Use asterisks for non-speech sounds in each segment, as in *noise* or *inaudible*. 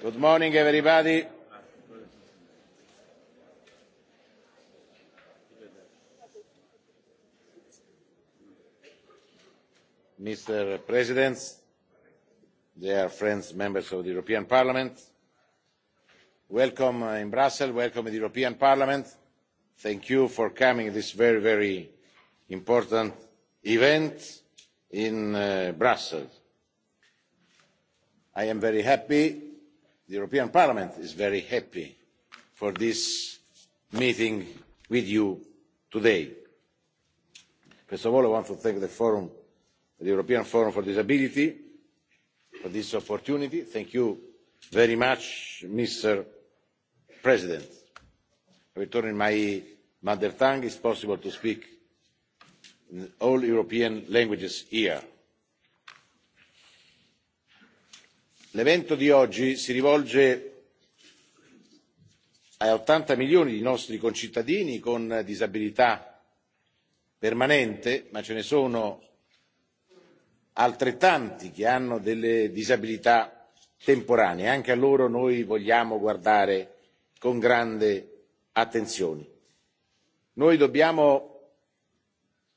Good morning everybody. Mr President, dear friends members of the European Parliament, welcome in Brussels, welcome to the European Parliament. Thank you for coming to this very, very important event in uh, Brussels i am very happy the european parliament is very happy for this meeting with you today. first of all i want to thank the forum the european forum for disability for this opportunity. thank you very much mr president. i in my mother tongue. it is possible to speak in all european languages here. l'evento di oggi si rivolge a ottanta milioni di nostri concittadini con disabilità permanente ma ce ne sono altrettanti che hanno delle disabilità temporanee anche a loro noi vogliamo guardare con grande attenzione. noi dobbiamo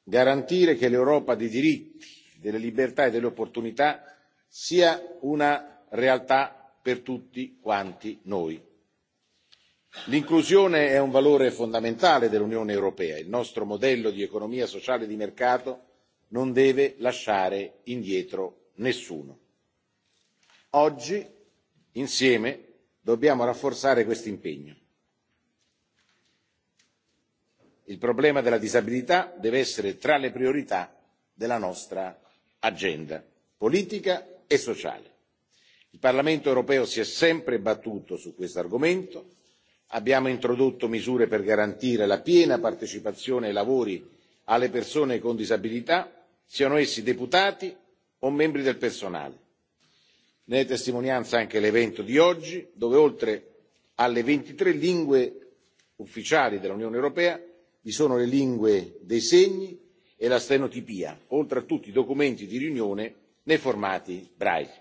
garantire che l'europa dei diritti delle libertà e delle opportunità sia una realtà per tutti quanti noi. l'inclusione è un valore fondamentale dell'unione europea il nostro modello di economia sociale di mercato non deve lasciare indietro nessuno. oggi insieme dobbiamo rafforzare questo impegno. il problema della disabilità deve essere tra le priorità della nostra agenda politica e sociale il parlamento europeo si è sempre battuto su questo argomento abbiamo introdotto misure per garantire la piena partecipazione ai lavori alle persone con disabilità siano essi deputati o membri del personale. ne è testimonianza anche l'evento di oggi dove oltre alle ventitré lingue ufficiali dell'unione europea vi sono le lingue dei segni e la stenotipia oltre a tutti i documenti di riunione nei formati braille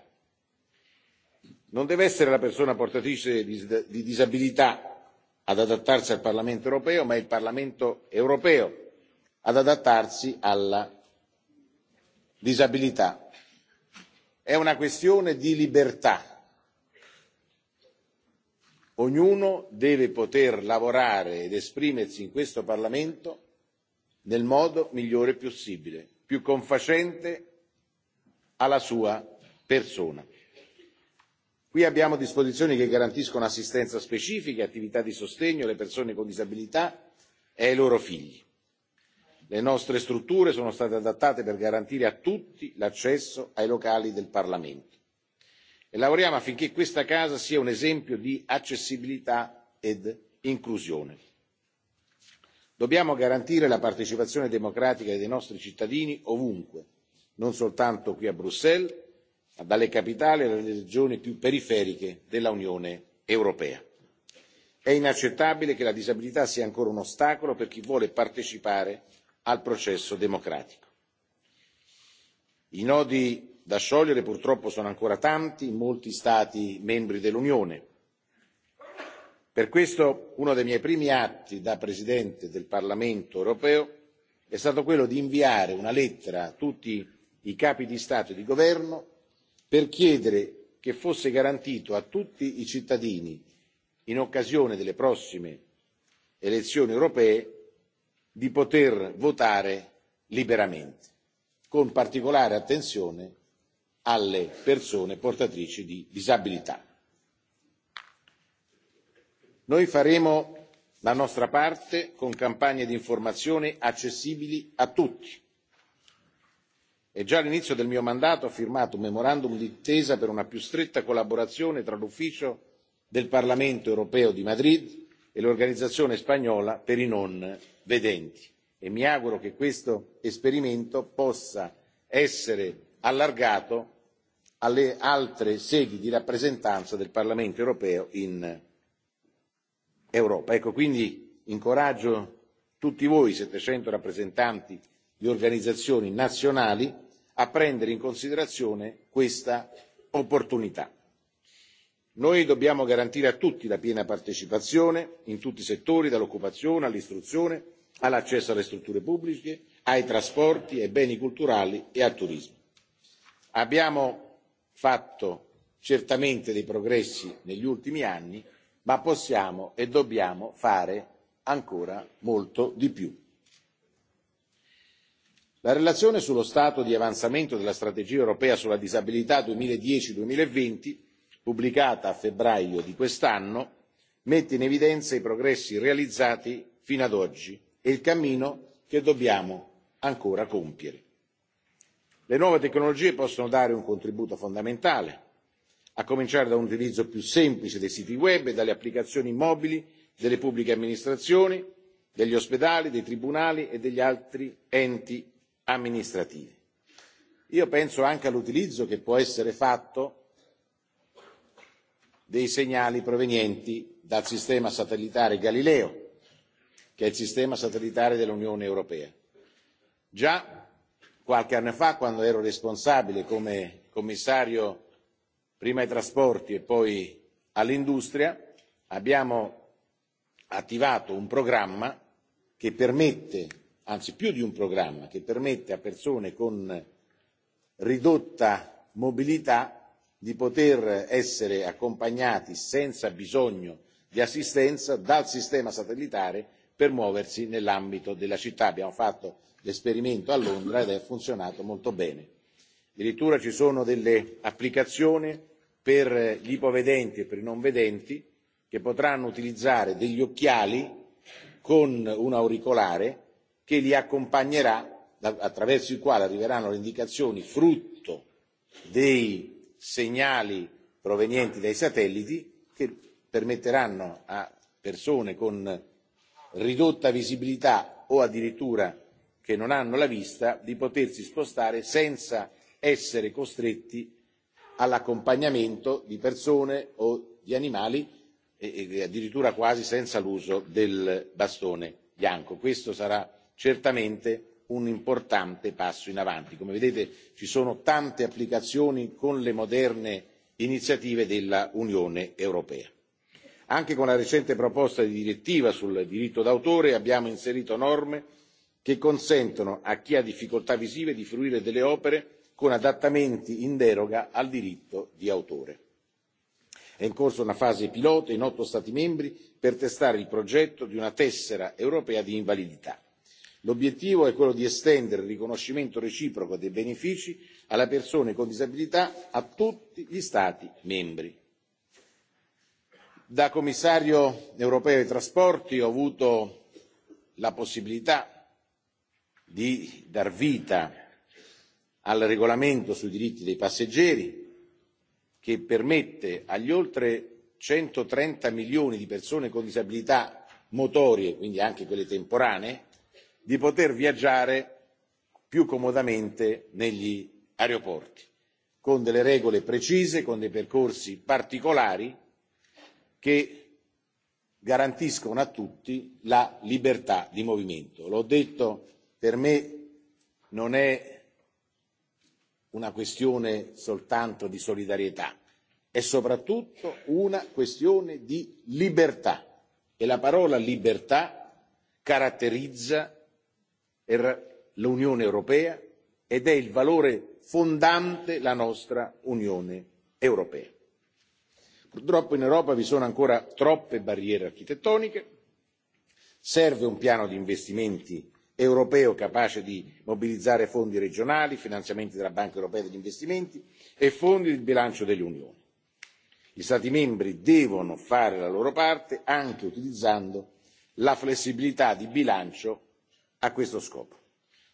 non deve essere la persona portatrice di disabilità ad adattarsi al parlamento europeo ma il parlamento europeo ad adattarsi alla disabilità. è una questione di libertà ognuno deve poter lavorare ed esprimersi in questo parlamento nel modo migliore possibile più confacente alla sua persona qui abbiamo disposizioni che garantiscono assistenza specifica e attività di sostegno alle persone con disabilità e ai loro figli. le nostre strutture sono state adattate per garantire a tutti l'accesso ai locali del parlamento e lavoriamo affinché questa casa sia un esempio di accessibilità ed inclusione. dobbiamo garantire la partecipazione democratica dei nostri cittadini ovunque non soltanto qui a bruxelles dalle capitali e alle regioni più periferiche dell'unione europea. è inaccettabile che la disabilità sia ancora un ostacolo per chi vuole partecipare al processo democratico. i nodi da sciogliere purtroppo sono ancora tanti in molti stati membri dell'unione. per questo uno dei miei primi atti da presidente del parlamento europeo è stato quello di inviare una lettera a tutti i capi di stato e di governo per chiedere che fosse garantito a tutti i cittadini in occasione delle prossime elezioni europee di poter votare liberamente con particolare attenzione alle persone portatrici di disabilità. noi faremo la nostra parte con campagne di informazione accessibili a tutti e già all'inizio del mio mandato ho firmato un memorandum d'intesa per una più stretta collaborazione tra l'ufficio del parlamento europeo di madrid e l'organizzazione spagnola per i non vedenti e mi auguro che questo esperimento possa essere allargato alle altre sedi di rappresentanza del parlamento europeo in europa. ecco quindi incoraggio tutti voi settecento rappresentanti di organizzazioni nazionali a prendere in considerazione questa opportunità. noi dobbiamo garantire a tutti la piena partecipazione in tutti i settori dall'occupazione all'istruzione all'accesso alle strutture pubbliche ai trasporti ai beni culturali e al turismo. abbiamo fatto certamente dei progressi negli ultimi anni ma possiamo e dobbiamo fare ancora molto di più la relazione sullo stato di avanzamento della strategia europea sulla disabilità duemiladieci duemilaventi pubblicata a febbraio di quest'anno mette in evidenza i progressi realizzati fino ad oggi e il cammino che dobbiamo ancora compiere. le nuove tecnologie possono dare un contributo fondamentale a cominciare da un utilizzo più semplice dei siti web e dalle applicazioni mobili delle pubbliche amministrazioni degli ospedali dei tribunali e degli altri enti amministrative. Io penso anche all'utilizzo che può essere fatto dei segnali provenienti dal sistema satellitare Galileo, che è il sistema satellitare dell'Unione Europea. Già qualche anno fa, quando ero responsabile come commissario prima ai trasporti e poi all'industria, abbiamo attivato un programma che permette anzi più di un programma che permette a persone con ridotta mobilità di poter essere accompagnati senza bisogno di assistenza dal sistema satellitare per muoversi nell'ambito della città. abbiamo fatto l'esperimento a londra ed è funzionato molto bene. addirittura ci sono delle applicazioni per gli ipovedenti e per i non vedenti che potranno utilizzare degli occhiali con un auricolare che li accompagnerà attraverso il quale arriveranno le indicazioni frutto dei segnali provenienti dai satelliti che permetteranno a persone con ridotta visibilità o addirittura che non hanno la vista di potersi spostare senza essere costretti all'accompagnamento di persone o di animali e, e addirittura quasi senza l'uso del bastone bianco. questo sarà certamente un importante passo in avanti. come vedete ci sono tante applicazioni con le moderne iniziative dell'unione europea. anche con la recente proposta di direttiva sul diritto d'autore abbiamo inserito norme che consentono a chi ha difficoltà visive di fruire delle opere con adattamenti in deroga al diritto di autore. è in corso una fase pilota in otto stati membri per testare il progetto di una tessera europea di invalidità l'obiettivo è quello di estendere il riconoscimento reciproco dei benefici alle persone con disabilità a tutti gli stati membri. da commissario europeo ai trasporti ho avuto la possibilità di dar vita al regolamento sui diritti dei passeggeri che permette agli oltre centotrenta milioni di persone con disabilità motorie quindi anche quelle temporanee di poter viaggiare più comodamente negli aeroporti con delle regole precise con dei percorsi particolari che garantiscono a tutti la libertà di movimento. l'ho detto per me non è una questione soltanto di solidarietà è soprattutto una questione di libertà e la parola libertà caratterizza l'unione europea ed è il valore fondante la nostra unione europea. purtroppo in europa vi sono ancora troppe barriere architettoniche serve un piano di investimenti europeo capace di mobilizzare fondi regionali finanziamenti della banca europea degli investimenti e fondi del bilancio dell'unione. gli stati membri devono fare la loro parte anche utilizzando la flessibilità di bilancio a questo scopo.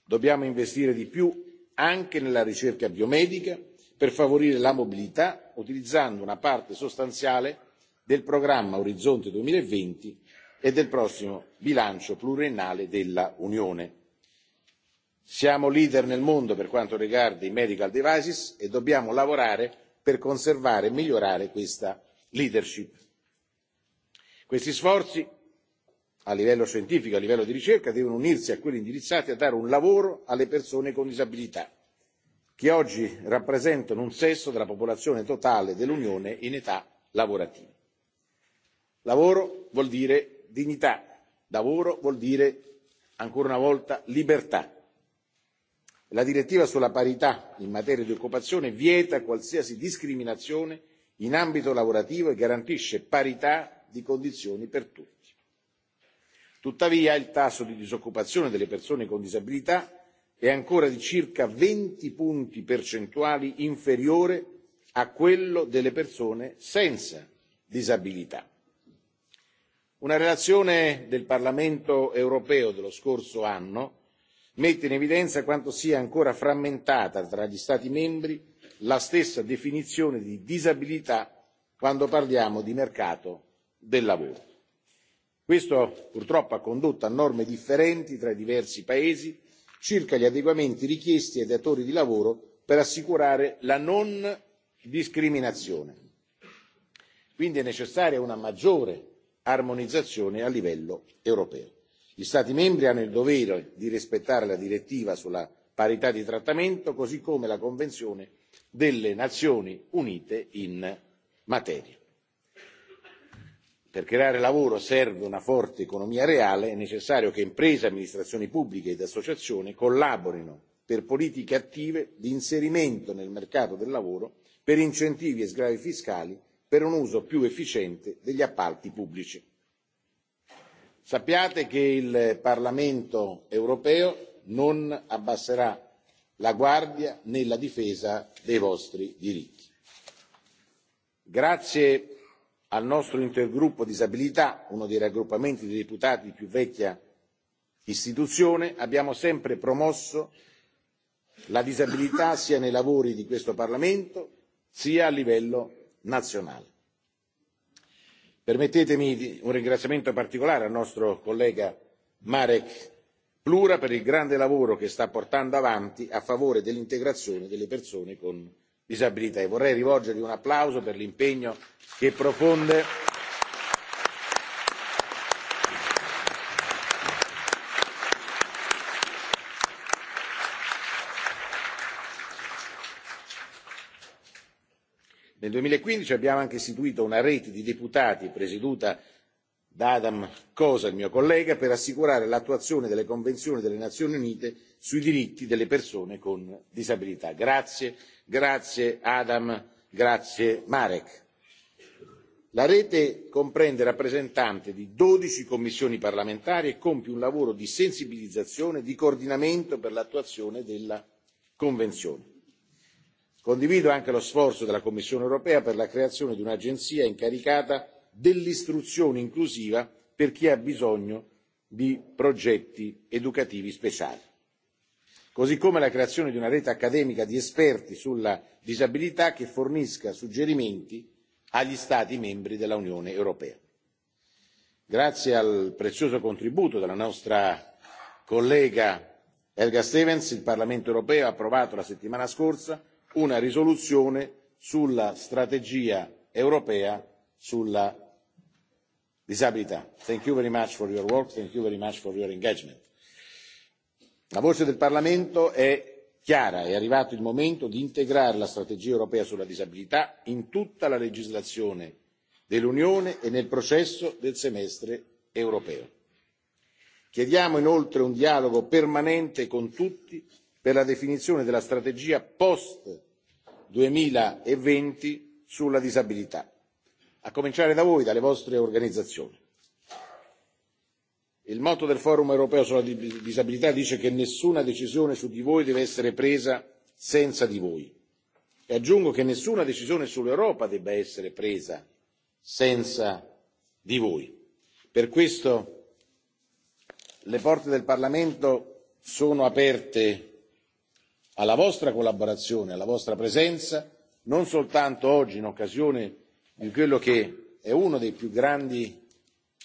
dobbiamo investire di più anche nella ricerca biomedica per favorire la mobilità utilizzando una parte sostanziale del programma orizzonte duemilaventi e del prossimo bilancio pluriennale dell'unione. siamo leader nel mondo per quanto riguarda i medical devices e dobbiamo lavorare per conservare e migliorare questa leadership. questi sforzi a livello scientifico a livello di ricerca devono unirsi a quelli indirizzati a dare un lavoro alle persone con disabilità che oggi rappresentano un sesto della popolazione totale dell'unione in età lavorativa. lavoro vuol dire dignità lavoro vuol dire ancora una volta libertà. la direttiva sulla parità in materia di occupazione vieta qualsiasi discriminazione in ambito lavorativo e garantisce parità di condizioni per tutti tuttavia il tasso di disoccupazione delle persone con disabilità è ancora di circa 20 punti percentuali inferiore a quello delle persone senza disabilità. una relazione del parlamento europeo dello scorso anno mette in evidenza quanto sia ancora frammentata tra gli stati membri la stessa definizione di disabilità quando parliamo di mercato del lavoro questo purtroppo ha condotto a norme differenti tra i diversi paesi circa gli adeguamenti richiesti ai datori di lavoro per assicurare la non discriminazione. quindi è necessaria una maggiore armonizzazione a livello europeo. gli stati membri hanno il dovere di rispettare la direttiva sulla parità di trattamento così come la convenzione delle nazioni unite in materia per creare lavoro serve una forte economia reale è necessario che imprese amministrazioni pubbliche ed associazioni collaborino per politiche attive di inserimento nel mercato del lavoro per incentivi e sgravi fiscali per un uso più efficiente degli appalti pubblici. sappiate che il parlamento europeo non abbasserà la guardia nella difesa dei vostri diritti. grazie al nostro intergruppo disabilità uno dei raggruppamenti dei deputati di più vecchia istituzione abbiamo sempre promosso la disabilità sia nei lavori di questo parlamento sia a livello nazionale. permettetemi un ringraziamento particolare al nostro collega marek plura per il grande lavoro che sta portando avanti a favore dell'integrazione delle persone con disabilità e vorrei rivolgergli un applauso per l'impegno che profonde nel 2015 e abbiamo anche istituito una rete di deputati presieduta da adam cosa il mio collega per assicurare l'attuazione delle convenzioni delle nazioni unite sui diritti delle persone con disabilità. grazie grazie adam grazie marek. la rete comprende rappresentanti di dodici commissioni parlamentari e compie un lavoro di sensibilizzazione e di coordinamento per l'attuazione della convenzione. condivido anche lo sforzo della commissione europea per la creazione di un'agenzia incaricata dell'istruzione inclusiva per chi ha bisogno di progetti educativi speciali così come la creazione di una rete accademica di esperti sulla disabilità che fornisca suggerimenti agli stati membri dell'unione europea. grazie al prezioso contributo della nostra collega helga stevens il parlamento europeo ha approvato la settimana scorsa una risoluzione sulla strategia europea sulla disabilità. thank you very much for your work thank you very much for your engagement. la voce del parlamento è chiara è arrivato il momento di integrare la strategia europea sulla disabilità in tutta la legislazione dell'unione e nel processo del semestre europeo. chiediamo inoltre un dialogo permanente con tutti per la definizione della strategia post duemilaventi sulla disabilità a cominciare da voi dalle vostre organizzazioni. il motto del forum europeo sulla disabilità dice che nessuna decisione su di voi deve essere presa senza di voi e aggiungo che nessuna decisione sull'europa debba essere presa senza di voi. per questo le porte del parlamento sono aperte alla vostra collaborazione alla vostra presenza non soltanto oggi in occasione in quello che è uno dei più grandi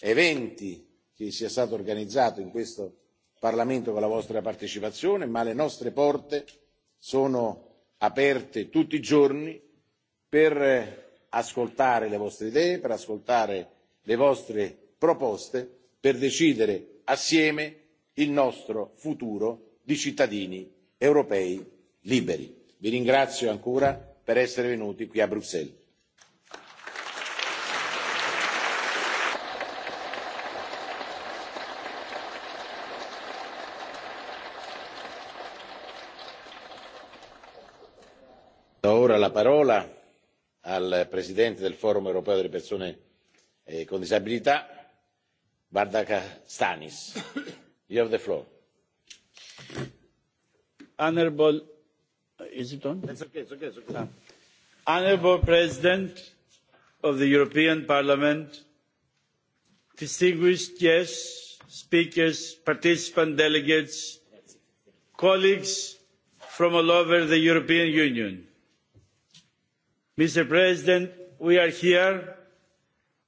eventi che sia stato organizzato in questo parlamento con la vostra partecipazione ma le nostre porte sono aperte tutti i giorni per ascoltare le vostre idee per ascoltare le vostre proposte per decidere assieme il nostro futuro di cittadini europei liberi. vi ringrazio ancora per essere venuti qui a bruxelles. la parola al presidente del forum europeo delle persone eh, con disabilità vardaka stanis. you have the floor. honourable ah. president of the european parliament distinguished guests speakers participant delegates colleagues from all over the european union mr president we are here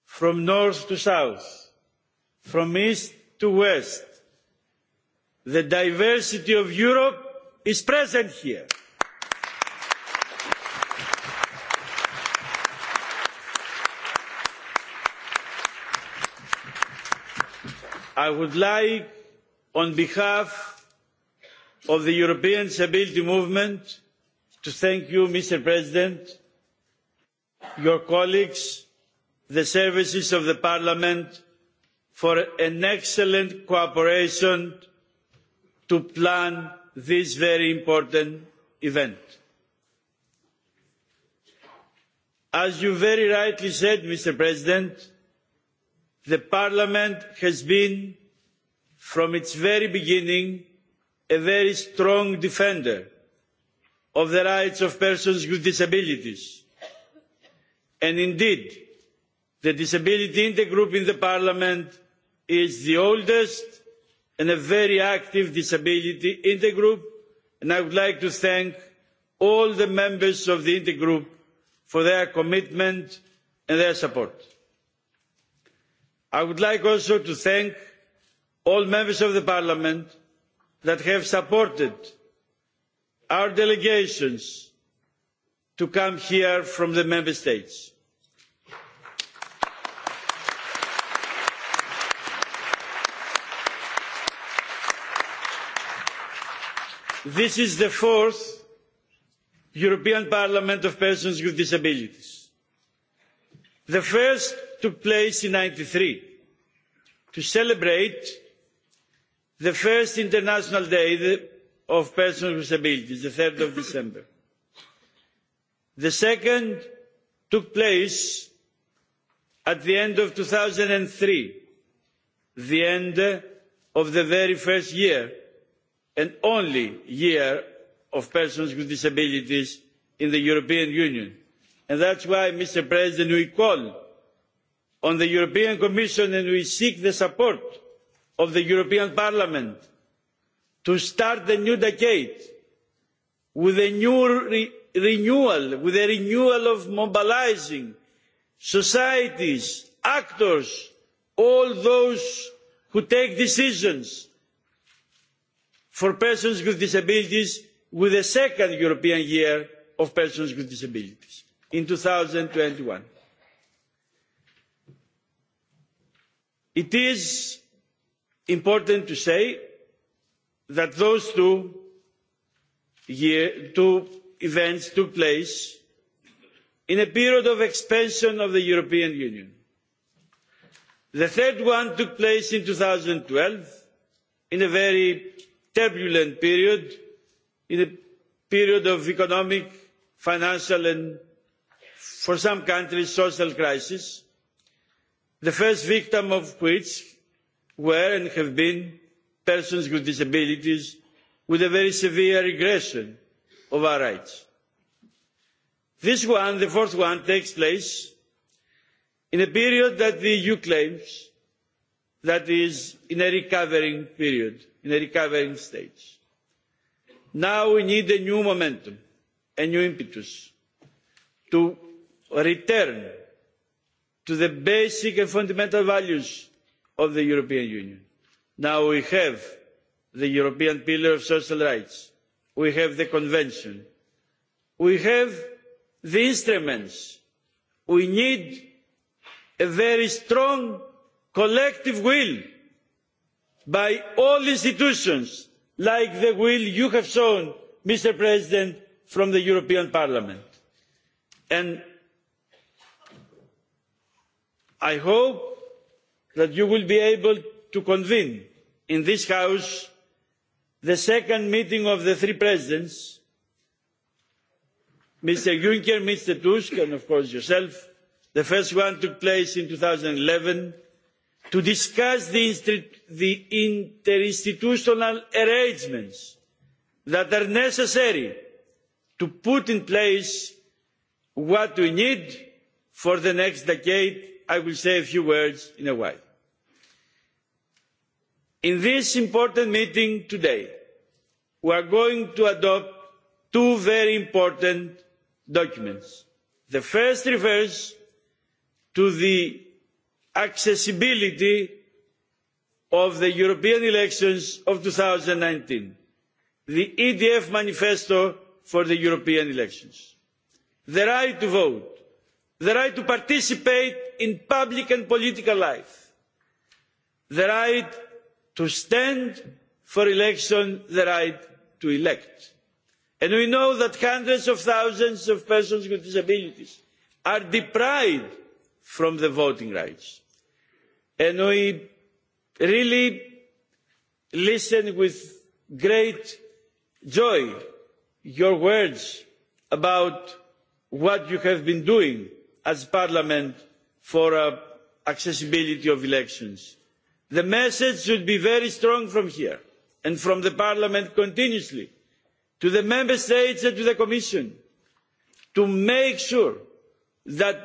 from north to south from east to west the diversity of europe is present here. i would like on behalf of the european stability movement to thank you mr president your colleagues the services of the parliament for an excellent cooperation to plan this very important event. as you very rightly said mr president the parliament has been from its very beginning a very strong defender of the rights of persons with disabilities and indeed the disability intergroup in the parliament is the oldest and a very active disability intergroup and i would like to thank all the members of the intergroup for their commitment and their support. i would like also to thank all members of the parliament that have supported our delegations to come here from the member states. this is the fourth european parliament of persons with disabilities the first took place in one thousand ninety three to celebrate the first international day of persons with disabilities the three december the second took place at the end of two thousand three the end of the very first year and only year of persons with disabilities in the european union and that's why mr president we call on the european commission and we seek the support of the european parliament to start the new decade with a new renewal, with a renewal of mobilising societies, actors, all those who take decisions for persons with disabilities with a second European year of persons with disabilities in 2021. It is important to say that those two, two events took place in a period of expansion of the european union. the third one took place in 2012, twelve in a very turbulent period in a period of economic financial and for some countries social crisis. the first victims of which were and have been persons with disabilities with a very severe regression of our rights. This one, the fourth one, takes place in a period that the EU claims that is in a recovering period, in a recovering stage. Now we need a new momentum, a new impetus to return to the basic and fundamental values of the European Union. Now we have the European Pillar of Social Rights we have the convention we have the instruments we need a very strong collective will by all institutions like the will you have shown mr president from the european parliament and i hope that you will be able to convene in this house the second meeting of the three presidents mr juncker mr tusk and of course yourself the first one took place in two eleven to discuss the, the interinstitutional arrangements that are necessary to put in place what we need for the next decade. i will say a few words in a while in this important meeting today we are going to adopt two very important documents. the first refers to the accessibility of the european elections of 2019, nineteen the edf manifesto for the european elections the right to vote the right to participate in public and political life the right to stand for election the right to elect and we know that hundreds of thousands of persons with disabilities are deprived from the voting rights and we really listen with great joy your words about what you have been doing as parliament for uh, accessibility of elections the message should be very strong from here and from the parliament continuously to the member states and to the commission to make sure that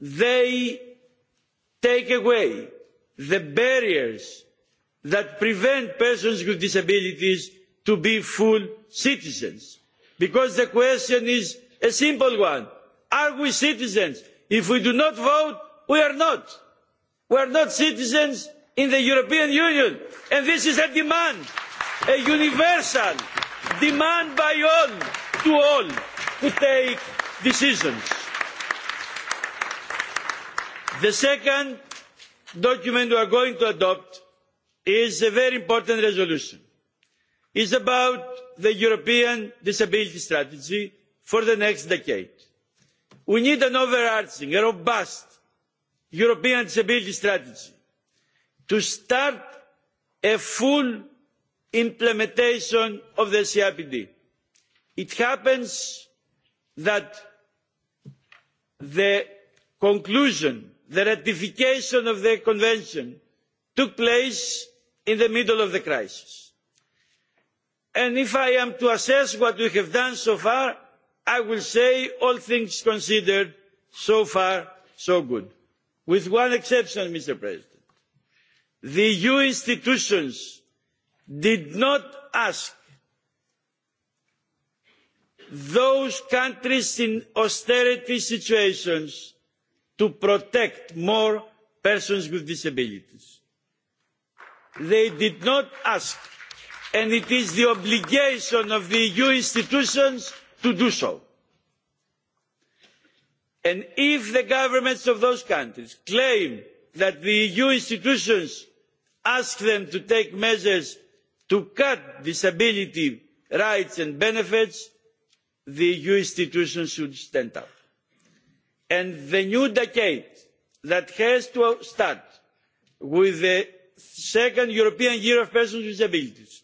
they take away the barriers that prevent persons with disabilities from being full citizens because the question is a simple one are we citizens? if we do not vote we are not. we are not citizens in the European Union. And this is a demand, a universal demand by all, to all, to take decisions. The second document we are going to adopt is a very important resolution. It is about the European disability strategy for the next decade. We need an overarching, a robust European disability strategy to start a full implementation of the crpd. it happens that the conclusion the ratification of the convention took place in the middle of the crisis and if i am to assess what we have done so far i will say all things considered so far so good with one exception mr president the eu institutions did not ask those countries in austerity situations to protect more persons with disabilities. they did not ask and it is the obligation of the eu institutions to do so. and if the governments of those countries claim that the eu institutions ask them to take measures to cut disability rights and benefits the eu institutions should stand up. and the new decade that has to start with the second european year of persons with disabilities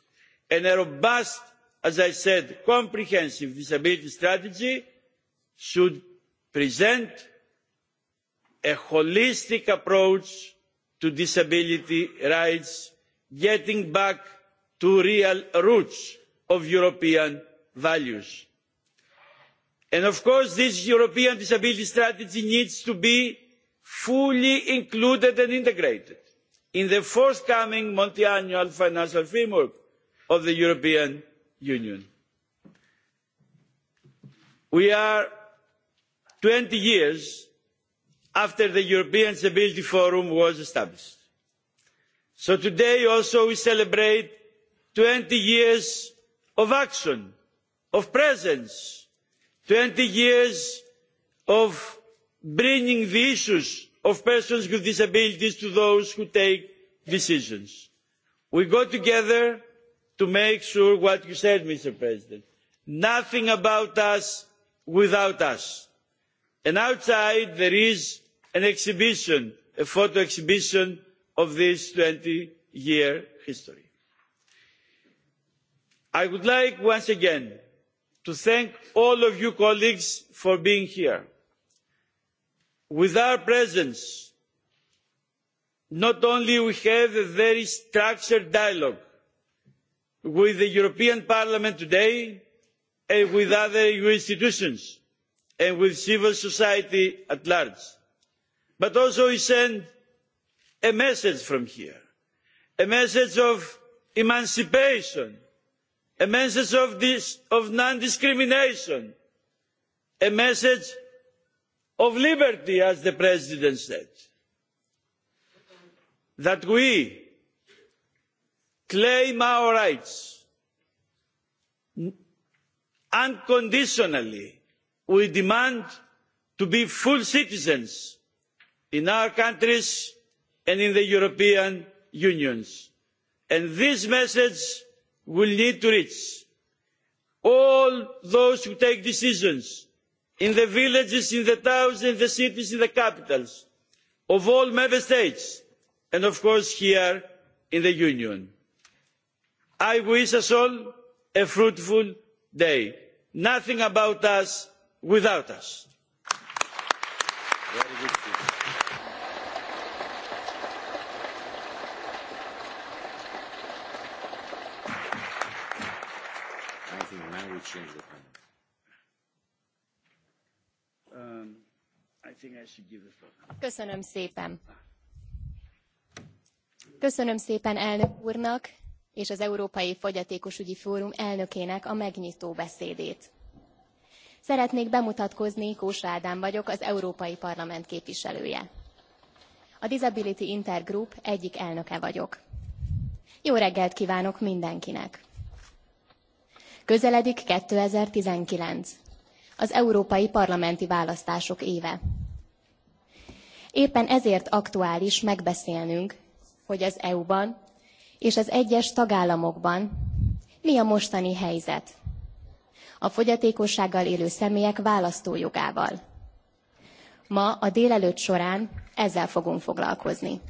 and a robust as i said comprehensive disability strategy should present a holistic approach to disability rights getting back to real roots of european values. and of course this european disability strategy needs to be fully included and integrated in the forthcoming multiannual financial framework of the european union. we are twenty years after the european stability forum was established. so today also we celebrate twenty years of action of presence twenty years of bringing the issues of persons with disabilities to those who take decisions. we go together to make sure what you said mr president nothing about us without us and outside there is an exhibition a photo exhibition of this twenty year history. i would like once again to thank all of you colleagues for being here. with our presence not only we have a very structured dialogue with the european parliament today and with other eu institutions and with civil society at large but also we send a message from here a message of emancipation a message of, of non discrimination a message of liberty as the president said that we claim our rights unconditionally we demand to be full citizens in our countries and in the european union and this message will need to reach all those who take decisions in the villages in the towns in the cities in the capitals of all member states and of course here in the union. i wish us all a fruitful day. nothing about us without us. change um, the Köszönöm szépen. Köszönöm szépen elnök úrnak és az Európai Fogyatékosügyi Fórum elnökének a megnyitó beszédét. Szeretnék bemutatkozni, Kós Ádám vagyok, az Európai Parlament képviselője. A Disability Intergroup egyik elnöke vagyok. Jó reggelt kívánok mindenkinek! Közeledik 2019, az európai parlamenti választások éve. Éppen ezért aktuális megbeszélnünk, hogy az EU-ban és az egyes tagállamokban mi a mostani helyzet a fogyatékossággal élő személyek választójogával. Ma a délelőtt során ezzel fogunk foglalkozni.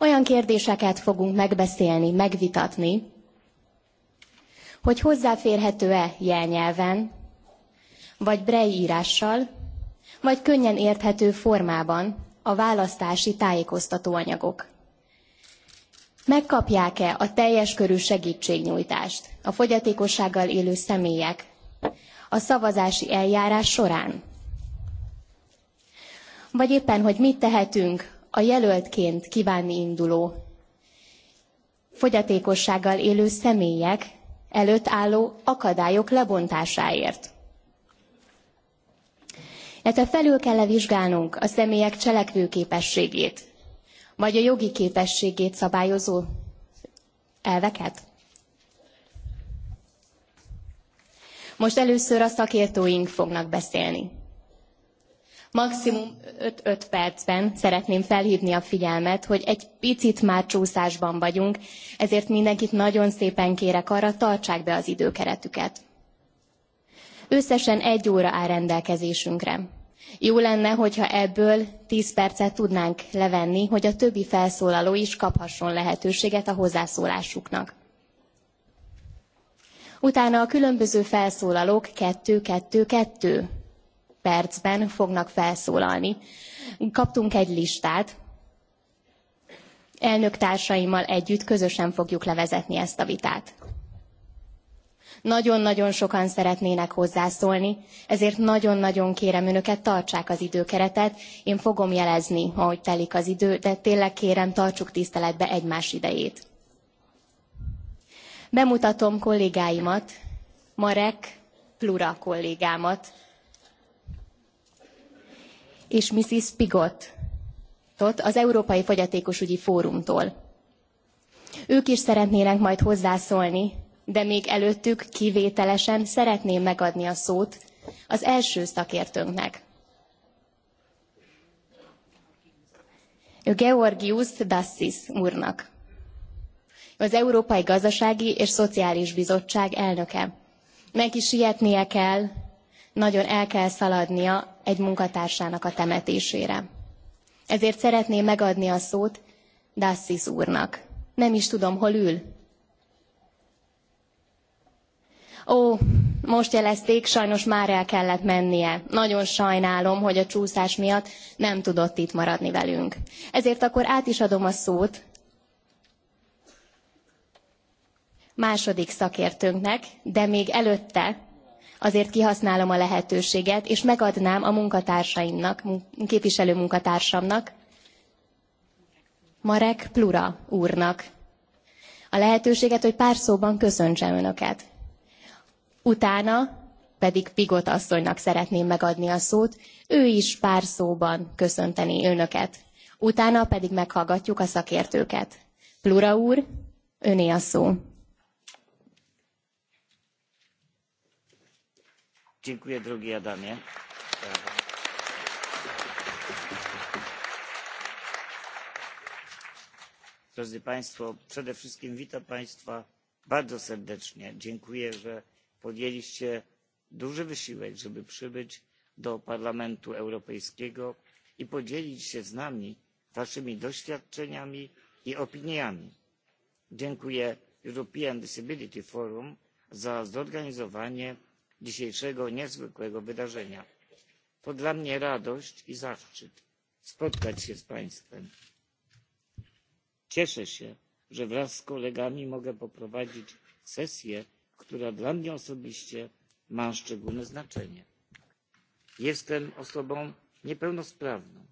Olyan kérdéseket fogunk megbeszélni, megvitatni, hogy hozzáférhető-e jelnyelven, vagy Brei írással, vagy könnyen érthető formában a választási tájékoztatóanyagok. Megkapják-e a teljes körű segítségnyújtást a fogyatékossággal élő személyek a szavazási eljárás során? Vagy éppen, hogy mit tehetünk a jelöltként kívánni induló fogyatékossággal élő személyek előtt álló akadályok lebontásáért. Illetve felül kell -e vizsgálnunk a személyek cselekvőképességét, vagy a jogi képességét szabályozó elveket? Most először a szakértőink fognak beszélni. Maximum 5-5 percben szeretném felhívni a figyelmet, hogy egy picit már csúszásban vagyunk, ezért mindenkit nagyon szépen kérek arra, tartsák be az időkeretüket. Összesen egy óra áll rendelkezésünkre. Jó lenne, hogyha ebből 10 percet tudnánk levenni, hogy a többi felszólaló is kaphasson lehetőséget a hozzászólásuknak. Utána a különböző felszólalók kettő-kettő-kettő percben fognak felszólalni. Kaptunk egy listát, elnök társaimmal együtt közösen fogjuk levezetni ezt a vitát. Nagyon-nagyon sokan szeretnének hozzászólni, ezért nagyon-nagyon kérem önöket, tartsák az időkeretet. Én fogom jelezni, ahogy telik az idő, de tényleg kérem, tartsuk tiszteletbe egymás idejét. Bemutatom kollégáimat, Marek Plura kollégámat, és Mrs. tot az Európai Fogyatékosügyi Fórumtól. Ők is szeretnének majd hozzászólni, de még előttük kivételesen szeretném megadni a szót az első szakértőnknek. Georgius Dassis úrnak. Az Európai Gazdasági és Szociális Bizottság elnöke. Neki sietnie kell, nagyon el kell szaladnia, egy munkatársának a temetésére. Ezért szeretném megadni a szót Dassis úrnak. Nem is tudom, hol ül. Ó, most jelezték, sajnos már el kellett mennie. Nagyon sajnálom, hogy a csúszás miatt nem tudott itt maradni velünk. Ezért akkor át is adom a szót második szakértőnknek, de még előtte azért kihasználom a lehetőséget, és megadnám a munkatársaimnak, képviselő munkatársamnak, Marek Plura úrnak a lehetőséget, hogy pár szóban köszöntsem önöket. Utána pedig Pigot asszonynak szeretném megadni a szót, ő is pár szóban köszönteni önöket. Utána pedig meghallgatjuk a szakértőket. Plura úr, öné a szó. Dziękuję drogi Adamie. Drodzy Państwo, przede wszystkim witam Państwa bardzo serdecznie. Dziękuję, że podjęliście duży wysiłek, żeby przybyć do Parlamentu Europejskiego i podzielić się z nami Waszymi doświadczeniami i opiniami. Dziękuję European Disability Forum za zorganizowanie dzisiejszego niezwykłego wydarzenia. To dla mnie radość i zaszczyt spotkać się z Państwem. Cieszę się, że wraz z kolegami mogę poprowadzić sesję, która dla mnie osobiście ma szczególne znaczenie. Jestem osobą niepełnosprawną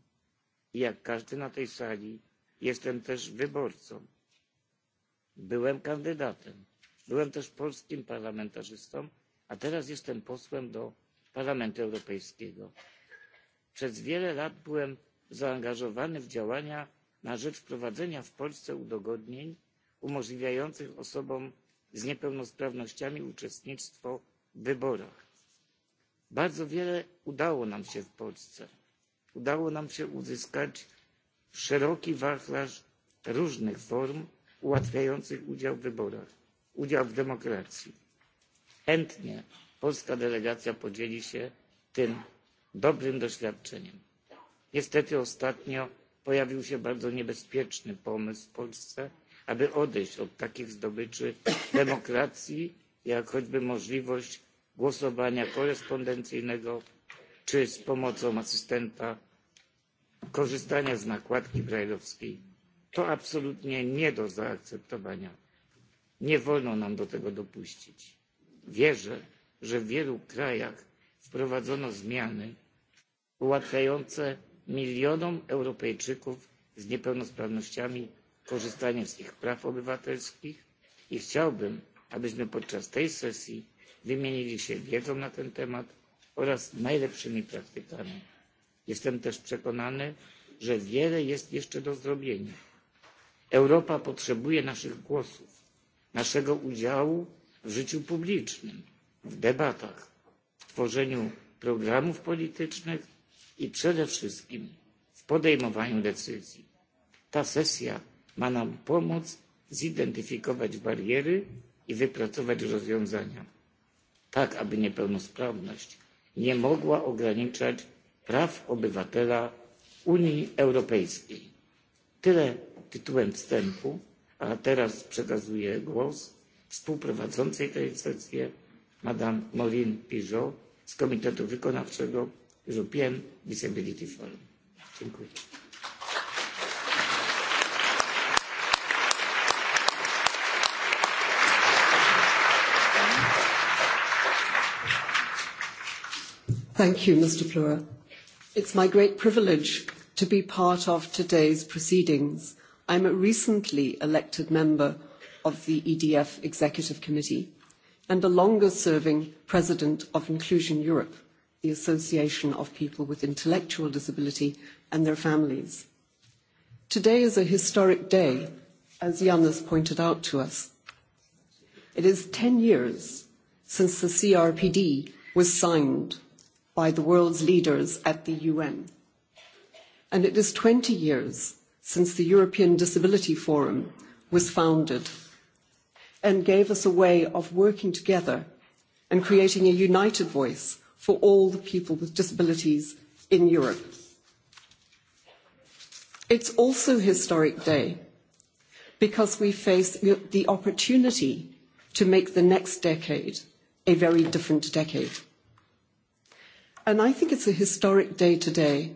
i jak każdy na tej sali jestem też wyborcą. Byłem kandydatem, byłem też polskim parlamentarzystą a teraz jestem posłem do parlamentu europejskiego. przez wiele lat byłem zaangażowany w działania na rzecz wprowadzenia w polsce udogodnień umożliwiających osobom z niepełnosprawnościami uczestnictwo w wyborach. bardzo wiele udało nam się w polsce. udało nam się uzyskać szeroki wachlarz różnych form ułatwiających udział w wyborach udział w demokracji chętnie polska delegacja podzieli się tym dobrym doświadczeniem. niestety ostatnio pojawił się bardzo niebezpieczny pomysł w polsce aby odejść od takich zdobyczy demokracji jak choćby możliwość głosowania korespondencyjnego czy z pomocą asystenta korzystania z nakładki brajlowskiej. to absolutnie nie do zaakceptowania. nie wolno nam do tego dopuścić. Wierzę, że w wielu krajach wprowadzono zmiany ułatwiające milionom Europejczyków z niepełnosprawnościami korzystanie z ich praw obywatelskich i chciałbym, abyśmy podczas tej sesji wymienili się wiedzą na ten temat oraz najlepszymi praktykami. Jestem też przekonany, że wiele jest jeszcze do zrobienia. Europa potrzebuje naszych głosów, naszego udziału w życiu publicznym, w debatach, w tworzeniu programów politycznych i przede wszystkim w podejmowaniu decyzji. Ta sesja ma nam pomóc zidentyfikować bariery i wypracować rozwiązania, tak aby niepełnosprawność nie mogła ograniczać praw obywatela Unii Europejskiej. Tyle tytułem wstępu, a teraz przekazuję głos współprowadzącej tej sesję Madame Maureen Pigeot z Komitetu Wykonawczego European Disability Forum. Dziękuję. Thank you, Mr. Flora. It's my great privilege to be part of today's proceedings. I'm a recently elected member of the EDF Executive Committee and the longest serving president of Inclusion Europe, the Association of People with Intellectual Disability and Their Families. Today is a historic day, as has pointed out to us. It is 10 years since the CRPD was signed by the world's leaders at the UN. And it is 20 years since the European Disability Forum was founded and gave us a way of working together and creating a united voice for all the people with disabilities in Europe. It's also a historic day because we face the opportunity to make the next decade a very different decade. And I think it's a historic day today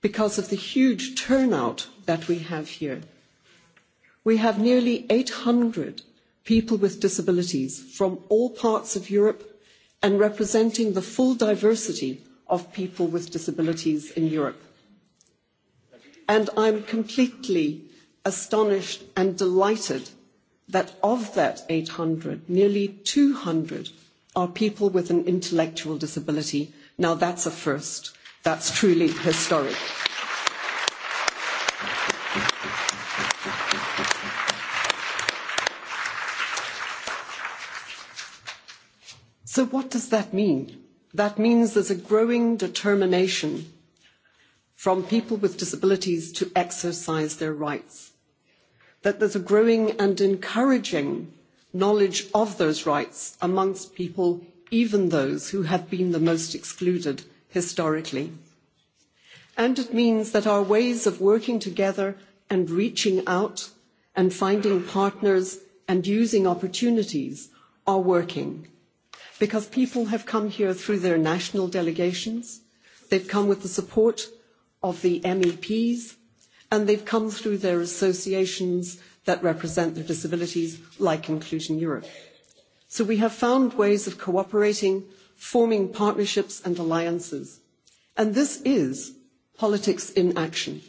because of the huge turnout that we have here. We have nearly 800 people with disabilities from all parts of Europe and representing the full diversity of people with disabilities in Europe. And I'm completely astonished and delighted that of that 800, nearly 200 are people with an intellectual disability. Now that's a first. That's truly historic. so what does that mean? that means there's a growing determination from people with disabilities to exercise their rights that there's a growing and encouraging knowledge of those rights amongst people even those who have been the most excluded historically and it means that our ways of working together and reaching out and finding partners and using opportunities are working because people have come here through their national delegations, they've come with the support of the MEPs, and they've come through their associations that represent their disabilities, like Inclusion Europe. So we have found ways of cooperating, forming partnerships and alliances. And this is politics in action.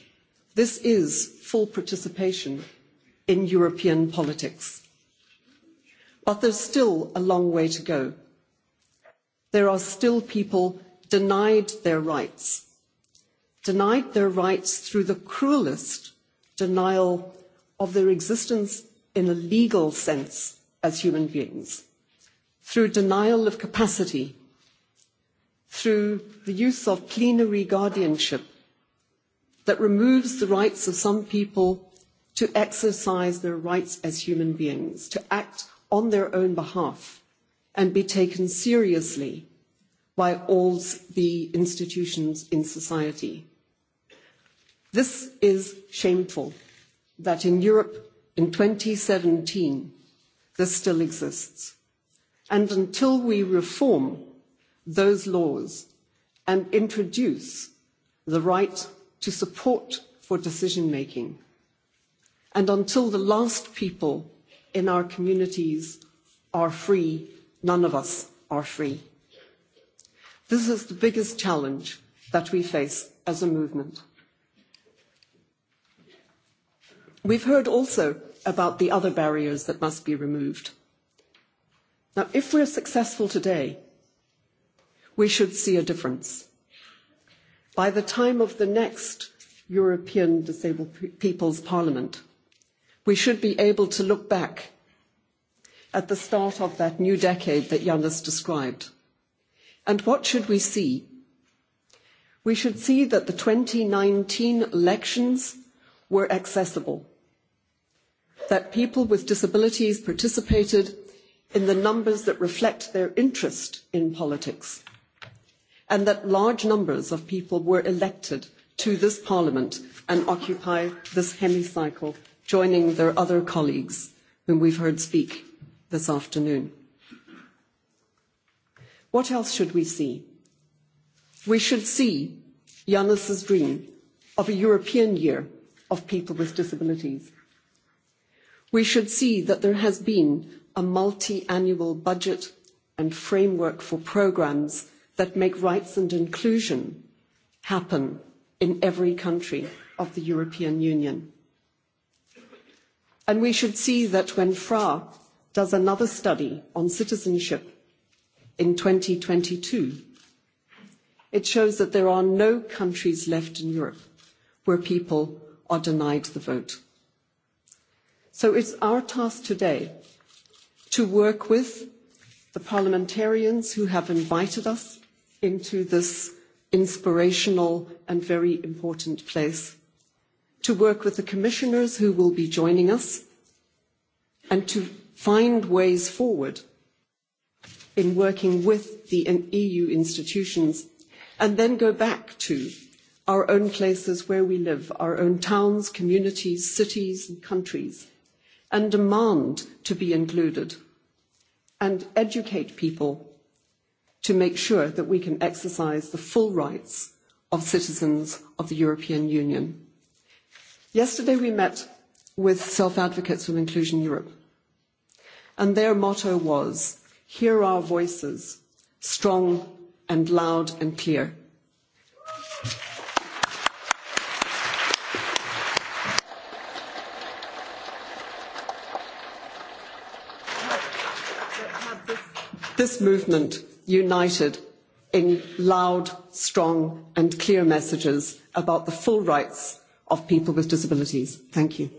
This is full participation in European politics. But there's still a long way to go there are still people denied their rights denied their rights through the cruelest denial of their existence in a legal sense as human beings through denial of capacity through the use of plenary guardianship that removes the rights of some people to exercise their rights as human beings to act on their own behalf and be taken seriously by all the institutions in society. This is shameful that in Europe in 2017 this still exists. And until we reform those laws and introduce the right to support for decision making, and until the last people in our communities are free none of us are free. this is the biggest challenge that we face as a movement. we've heard also about the other barriers that must be removed. now if we're successful today we should see a difference. by the time of the next european disabled people's parliament we should be able to look back at the start of that new decade that Yanis described. And what should we see? We should see that the 2019 elections were accessible, that people with disabilities participated in the numbers that reflect their interest in politics, and that large numbers of people were elected to this parliament and occupy this hemicycle, joining their other colleagues whom we've heard speak this afternoon. What else should we see? We should see Yanis's dream of a European year of people with disabilities. We should see that there has been a multi-annual budget and framework for programmes that make rights and inclusion happen in every country of the European Union. And we should see that when FRA does another study on citizenship in and twenty two it shows that there are no countries left in europe where people are denied the vote. so it's our task today to work with the parliamentarians who have invited us into this inspirational and very important place to work with the commissioners who will be joining us and to find ways forward in working with the eu institutions and then go back to our own places where we live our own towns communities cities and countries and demand to be included and educate people to make sure that we can exercise the full rights of citizens of the european union. yesterday we met with self advocates from inclusion europe and their motto was hear our voices strong and loud and clear. this movement united in loud strong and clear messages about the full rights of people with disabilities. thank you.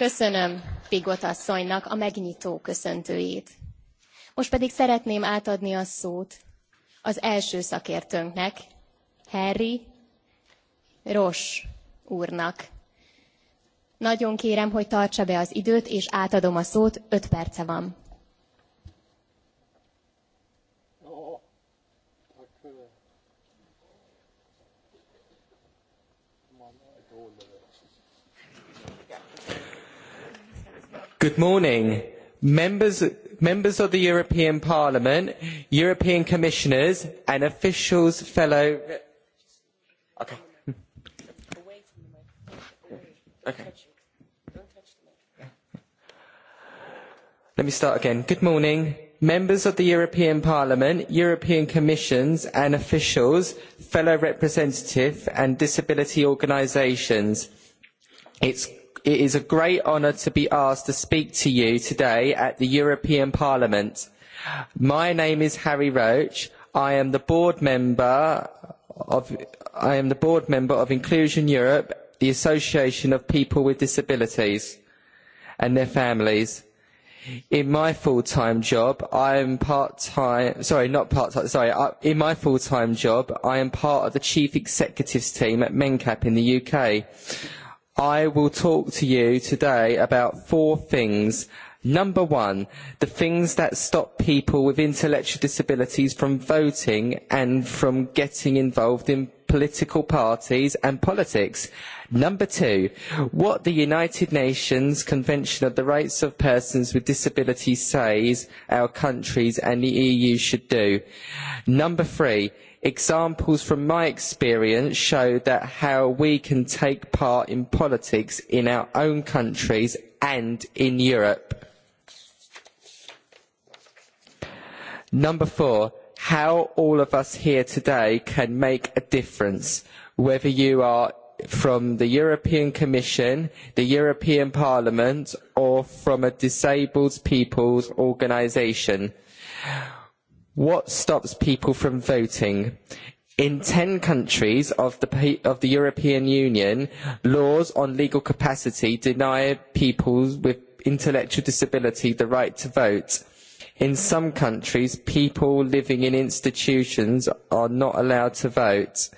Köszönöm Pigot asszonynak a megnyitó köszöntőjét. Most pedig szeretném átadni a szót az első szakértőnknek, Harry Ross úrnak. Nagyon kérem, hogy tartsa be az időt, és átadom a szót, öt perce van. Good morning. Members, members of the European Parliament, European commissioners and officials, fellow... Okay. Okay. Let me start again. Good morning. Members of the European Parliament, European Commissions and officials, fellow representatives and disability organisations. It's it is a great honour to be asked to speak to you today at the European Parliament. My name is Harry Roach. I am the board member of I am the board member of Inclusion Europe, the Association of People with Disabilities and their families. In my full-time job, I am part-time, sorry, not part-time, sorry, in my full-time job, I am part of the chief executives team at MenCap in the UK. I will talk to you today about four things. Number one, the things that stop people with intellectual disabilities from voting and from getting involved in political parties and politics. Number two, what the United Nations Convention of the Rights of Persons with Disabilities says our countries and the EU should do. Number three, examples from my experience show that how we can take part in politics in our own countries and in europe. number four how all of us here today can make a difference whether you are from the european commission the european parliament or from a disabled people's organisation What stops people from voting? In 10 countries of the, of the European Union, laws on legal capacity deny people with intellectual disability the right to vote. In some countries, people living in institutions are not allowed to vote.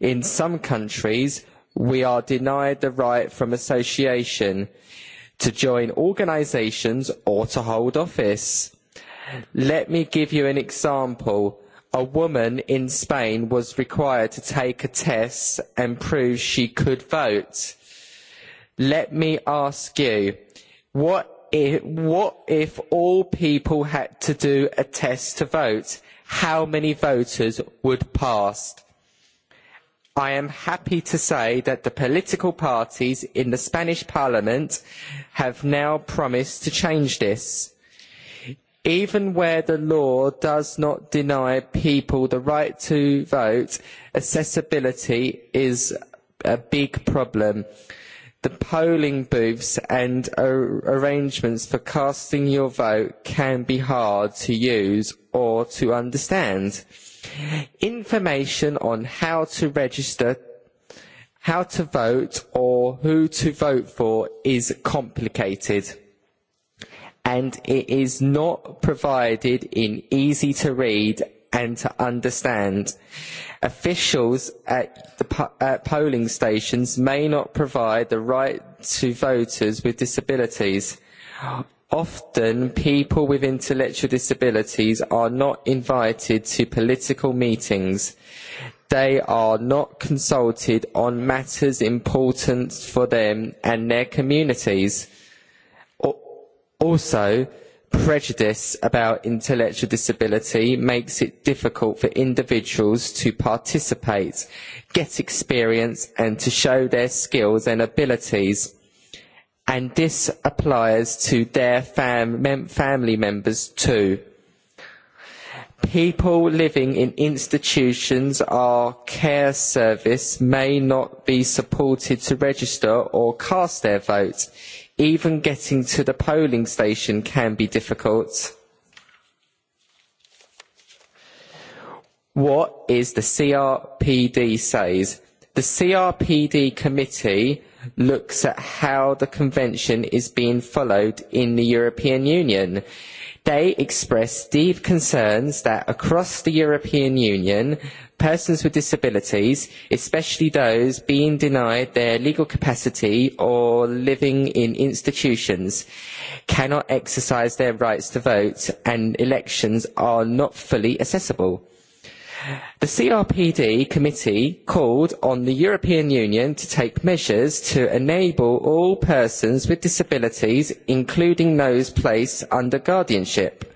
In some countries, we are denied the right from association to join organisations or to hold office Let me give you an example. A woman in Spain was required to take a test and prove she could vote. Let me ask you, what if, all people had to do a test to vote? How many voters would pass? I am happy to say that the political parties in the Spanish parliament have now promised to change this even where the law does not deny people the right to vote accessibility is a big problem the polling booths and arrangements for casting your vote can be hard to use or to understand information on how to register how to vote or who to vote for is complicated and it is not provided in easy to read and to understand. Officials at the at polling stations may not provide the right to voters with disabilities. Often people with intellectual disabilities are not invited to political meetings. They are not consulted on matters important for them and their communities also prejudice about intellectual disability makes it difficult for individuals to participate get experience and to show their skills and abilities and this applies to their fam family members too people living in institutions or care service may not be supported to register or cast their vote even getting to the polling station can be difficult. What is the CRPD says? The CRPD committee looks at how the convention is being followed in the European Union. They express deep concerns that across the European Union, persons with disabilities, especially those being denied their legal capacity or living in institutions, cannot exercise their rights to vote and elections are not fully accessible. The CRPD committee called on the European Union to take measures to enable all persons with disabilities, including those placed under guardianship,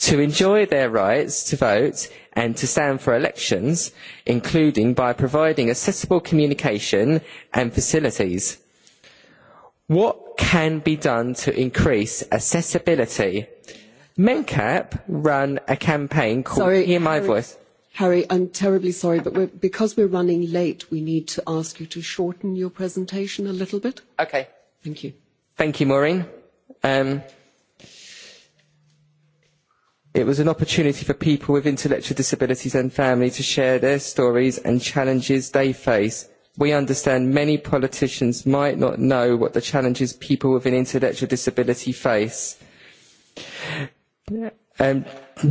to enjoy their rights to vote and to stand for elections, including by providing accessible communication and facilities. What can be done to increase accessibility? MenCap ran a campaign called Sorry, Hear My Voice Harry, I'm terribly sorry, but we're, because we're running late, we need to ask you to shorten your presentation a little bit. Thank you. Thank you, Maureen. Um, it was an opportunity for people with intellectual disabilities and family to share their stories and challenges they face. We understand many politicians might not know what the challenges people with an intellectual disability face. Um,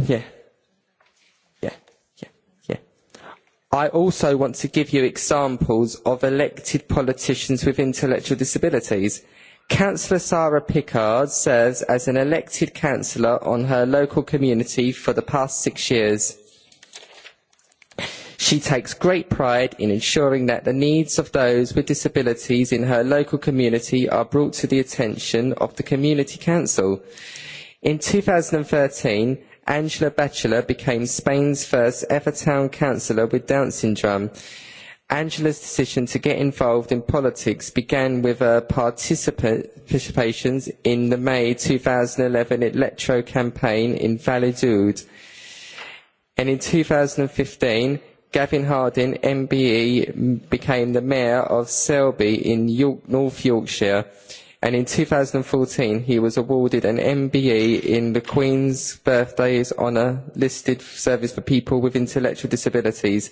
yeah I also want to give you examples of elected politicians with intellectual disabilities. Councillor Sarah Pickard serves as an elected councillor on her local community for the past six years. She takes great pride in ensuring that the needs of those with disabilities in her local community are brought to the attention of the Community Council. In 2013, Angela Batchelor became Spain's first ever town councillor with Down syndrome. Angela's decision to get involved in politics began with her participation in the May 2011 electro campaign in Valladolid. And in 2015, Gavin Hardin, MBE, became the mayor of Selby in York, North Yorkshire and in 2014 he was awarded an MBE in the Queen's Birthdays Honour Listed Service for People with Intellectual Disabilities.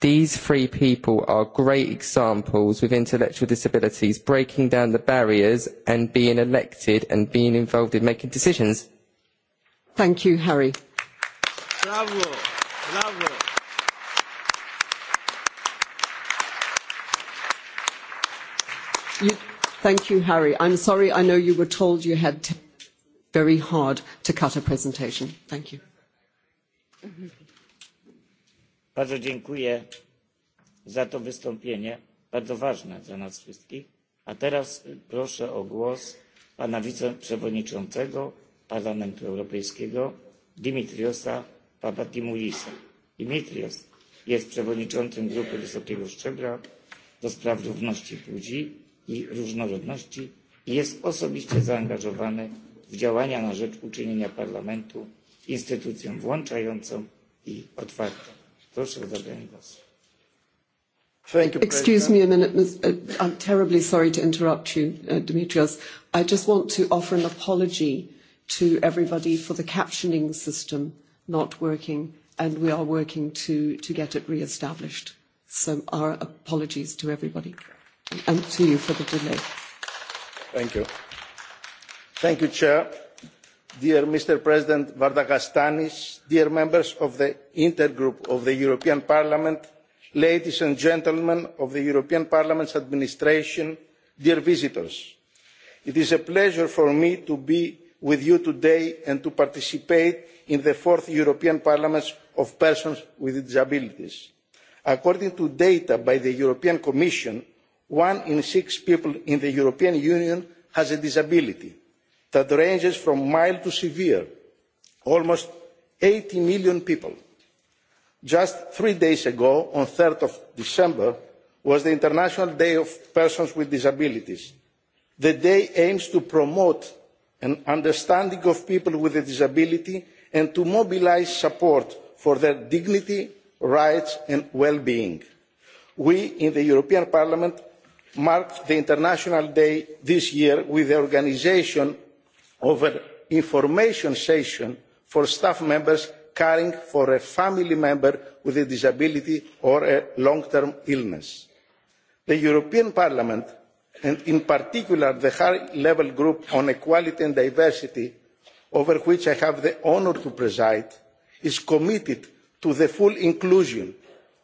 These three people are great examples with intellectual disabilities, breaking down the barriers and being elected and being involved in making decisions. Thank you, Harry. Bravo, bravo. Thank you, I'm sorry, I know you were told had hard to cut a presentation. Mhm. Bardzo dziękuję za to wystąpienie, bardzo ważne dla nas wszystkich. A teraz proszę o głos pana wiceprzewodniczącego Parlamentu Europejskiego Dimitriosa Papatimulisa. Dimitrios jest przewodniczącym Grupy Wysokiego Szczebla do spraw równości płci i różnorodności jest osobiście zaangażowany w działania na rzecz uczynienia Parlamentu instytucją włączającą i otwartą. Proszę o zabranie głosu. Excuse me a minute. Uh, I'm terribly sorry to interrupt you, uh, Dimitrios. I just want to offer an apology to everybody for the captioning system not working, and we are working to, to get it re-established. So our apologies to everybody and to you for the delay. Thank you. Thank you, Chair. Dear Mr. President Vardagastanis, dear members of the Intergroup of the European Parliament, ladies and gentlemen of the European Parliament's administration, dear visitors, it is a pleasure for me to be with you today and to participate in the fourth European Parliament of Persons with Disabilities. According to data by the European Commission, one in six people in the european union has a disability that ranges from mild to severe almost eighty million people. just three days ago on three december was the international day of persons with disabilities. the day aims to promote an understanding of people with a disability and to mobilise support for their dignity rights and well being. we in the european parliament marked the international day this year with the organisation of an information session for staff members caring for a family member with a disability or a long term illness. the european parliament and in particular the high level group on equality and diversity over which i have the honour to preside is committed to the full inclusion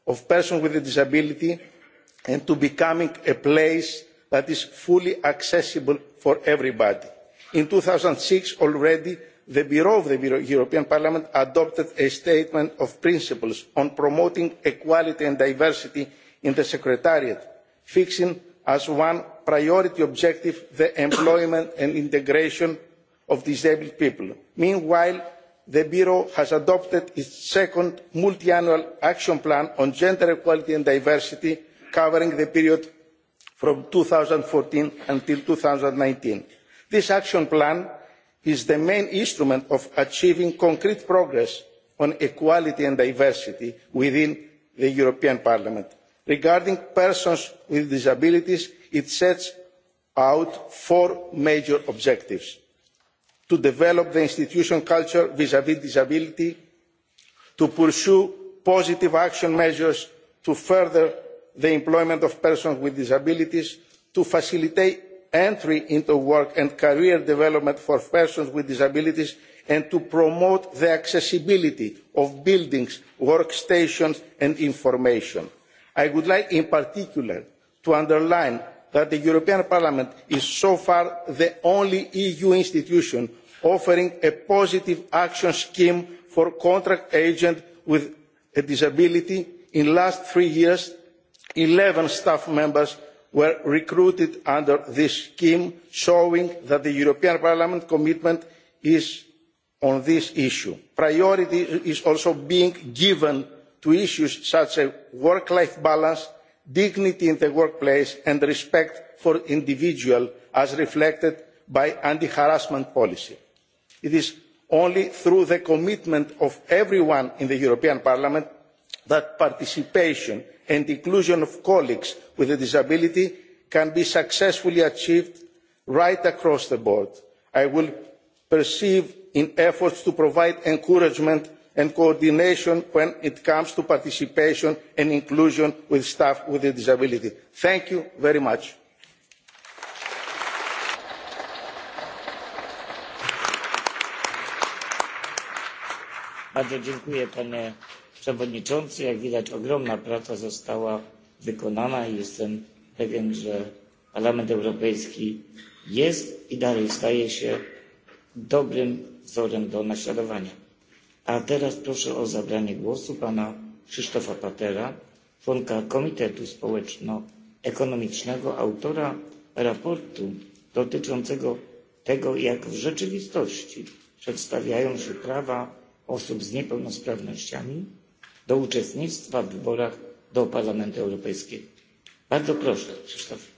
of persons with a disability and to becoming a place that is fully accessible for everybody. in two thousand and six already the bureau of the european parliament adopted a statement of principles on promoting equality and diversity in the secretariat fixing as one priority objective the employment and integration of disabled people. meanwhile the bureau has adopted its second multiannual action plan on gender equality and diversity covering the period from 2014 until 2019. This action plan is the main instrument of achieving concrete progress on equality and diversity within the European Parliament. Regarding persons with disabilities, it sets out four major objectives to develop the institutional culture vis vis disability, to pursue positive action measures to further the employment of persons with disabilities to facilitate entry into work and career development for persons with disabilities and to promote the accessibility of buildings workstations and information. i would like in particular to underline that the european parliament is so far the only eu institution offering a positive action scheme for contract agents with a disability in the last three years eleven staff members were recruited under this scheme showing that the european parliament commitment is on this issue. priority is also being given to issues such as work life balance dignity in the workplace and respect for individuals as reflected by anti harassment policy. it is only through the commitment of everyone in the european parliament that participation and inclusion of colleagues with a disability can be successfully achieved right across the board. i will perceive in efforts to provide encouragement and coordination when it comes to participation and inclusion with staff with a disability. thank you very much przewodniczący. Jak widać ogromna praca została wykonana i jestem pewien, że Parlament Europejski jest i dalej staje się dobrym wzorem do naśladowania. A teraz proszę o zabranie głosu pana Krzysztofa Patera, członka Komitetu Społeczno-Ekonomicznego, autora raportu dotyczącego tego, jak w rzeczywistości przedstawiają się prawa osób z niepełnosprawnościami do uczestnictwa w wyborach do parlamentu europejskiego. bardzo proszę krzysztof.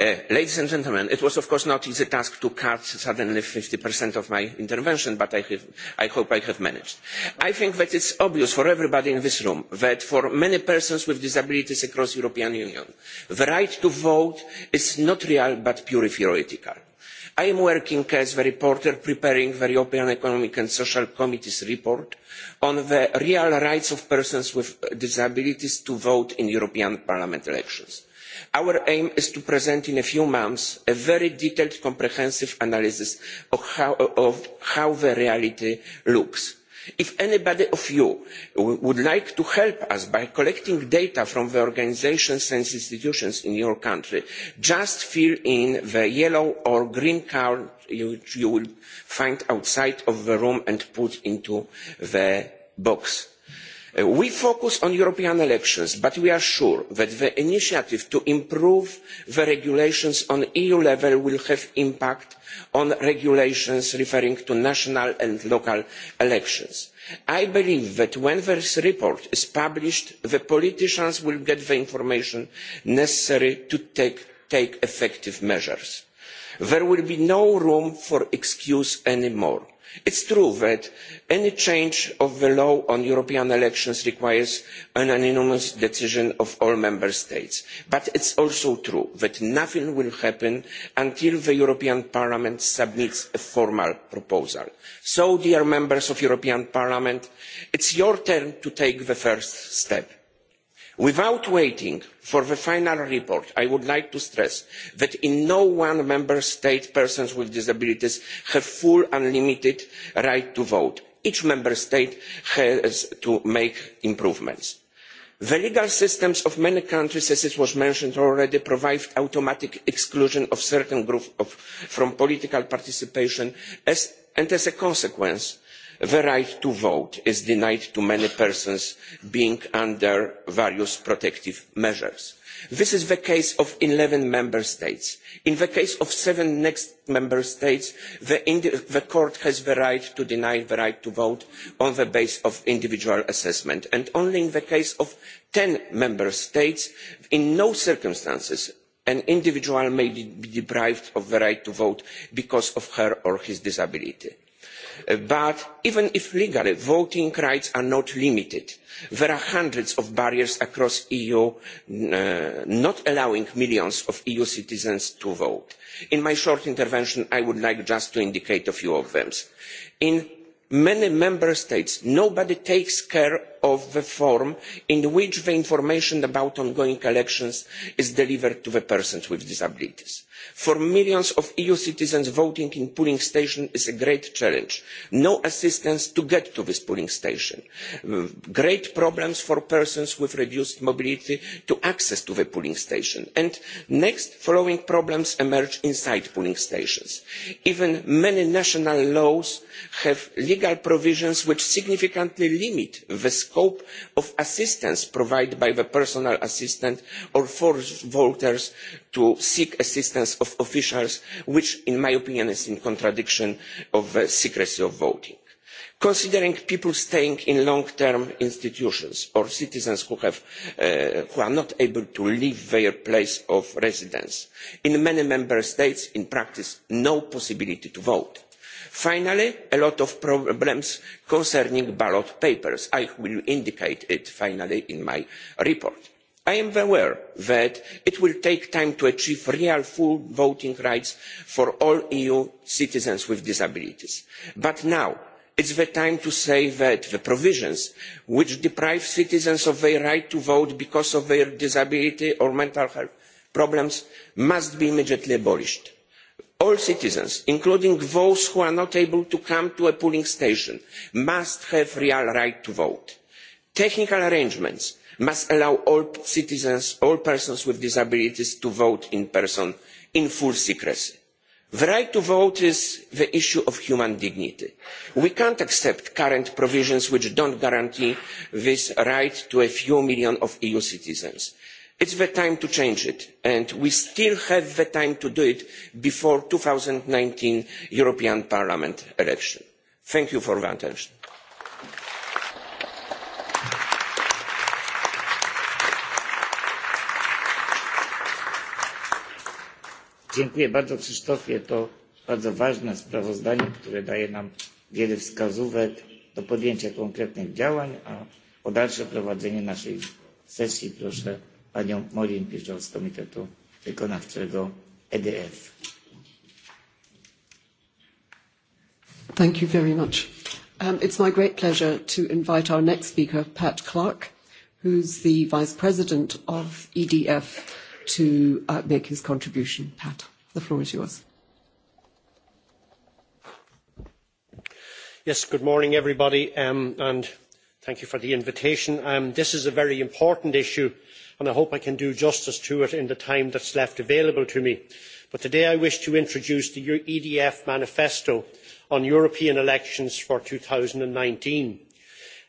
Uh, ladies and gentlemen it was of course not an easy task to cut suddenly 50% of my intervention but I, hope I have managed. I think that it's obvious for everybody in this room that for many persons with disabilities across the European Union the right to vote is not real but purely theoretical. I am working as the reporter preparing the European Economic and Social Committee's report on the real rights of persons with disabilities to vote in European Parliament elections our aim is to present in a few months a very detailed comprehensive analysis of how, the reality looks. if anybody of you would like to help us by collecting data from the organisations and institutions in your country just fill in the yellow or green card which you will find outside of the room and put into the box. Uh, we focus on European elections, but we are sure that the initiative to improve the regulations on EU level will have impact on regulations referring to national and local elections. I believe that when this report is published, the politicians will get the information necessary to take, take effective measures. There will be no room for excuse anymore it is true that any change of the law on european elections requires an unanimous decision of all member states but it is also true that nothing will happen until the european parliament submits a formal proposal. so dear members of the european parliament it is your turn to take the first step without waiting for the final report i would like to stress that in no one member state persons with disabilities have full unlimited right to vote. each member state has to make improvements. the legal systems of many countries as was mentioned already provide automatic exclusion of certain groups from political participation and as a consequence the right to vote is denied to many persons being under various protective measures. this is the case of eleven member states. in the case of seven next member states the, court has the right to deny the right to vote on the basis of individual assessment and only in the case of ten member states in no circumstances an individual may be deprived of the right to vote because of her or his disability. Uh, but even if legally voting rights are not limited there are hundreds of barriers across the eu uh, not allowing millions of eu citizens to vote. in my short intervention i would like just to indicate a few of them. in many member states nobody takes care of the form in which the information about ongoing elections is delivered to persons with disabilities. for millions of eu citizens voting in polling stations is a great challenge no assistance to get to this polling station mm, great problems for persons with reduced mobility to access to the polling station and next following problems emerge inside polling stations. even many national laws have legal provisions which significantly limit the scope of assistance provided by the personal assistant or force voters to seek assistance of officials which in my opinion is in contradiction of the secrecy of voting considering people staying in long term institutions or citizens who, have, uh, who are not able to leave their place of residence in many member states in practice no possibility to vote finally a lot of problems concerning ballot papers i will indicate it finally in my report. i am aware that it will take time to achieve real full voting rights for all eu citizens with disabilities but now is the time to say that the provisions which deprive citizens of their right to vote because of their disability or mental health problems must be immediately abolished all citizens including those who are not able to come to a polling station must have a real right to vote. technical arrangements must allow all citizens all persons with disabilities to vote in person in full secrecy. the right to vote is the issue of human dignity. we cannot accept current provisions which do not guarantee this right to a few million of eu citizens it's the time to change it and we still have the time to do it before the two thousand and nineteen european parliament election. thank you for your attention. dziękuję bardzo krzysztofie to bardzo ważne sprawozdanie które daje nam wiele wskazówek do podjęcia konkretnych działań a o dalsze prowadzenie naszej sesji proszę panią Morin Piżol z Komitetu Wykonawczego EDF. Thank you very much. Um, it's my great pleasure to invite our next speaker, Pat Clark, who's the Vice President of EDF, to uh, make his contribution. Pat, the floor is yours. Yes, good morning, everybody, um, and thank you for the invitation. Um, this is a very important issue and i hope i can do justice to it in the time that is left available to me but today i wish to introduce the edf manifesto on european elections for. two thousand and nineteen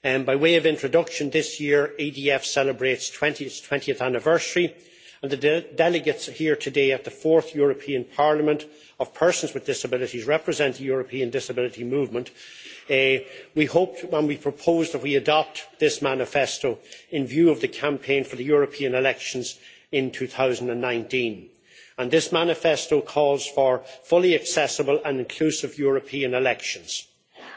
um, by way of introduction this year edf celebrates its twentieth anniversary and the delegates here today at the fourth european parliament of persons with disabilities represent the european disability movement. Uh, we hoped when we proposed that we adopt this manifesto in view of the campaign for the european elections in two thousand and nineteen and this manifesto calls for fully accessible and inclusive european elections.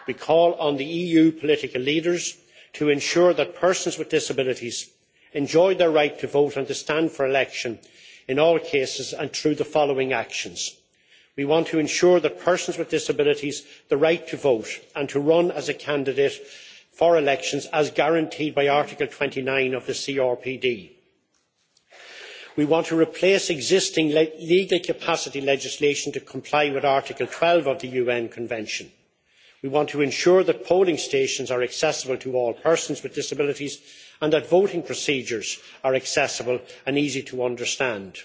we call on the eu political leaders to ensure that persons with disabilities enjoy their right to vote and to stand for election in all cases and through the following actions we want to ensure that persons with disabilities have the right to vote and to run as a candidate for elections as guaranteed by article twenty nine of the crpd. we want to replace existing legal capacity legislation to comply with article twelve of the un convention. we want to ensure that polling stations are accessible to all persons with disabilities and that voting procedures are accessible and easy to understand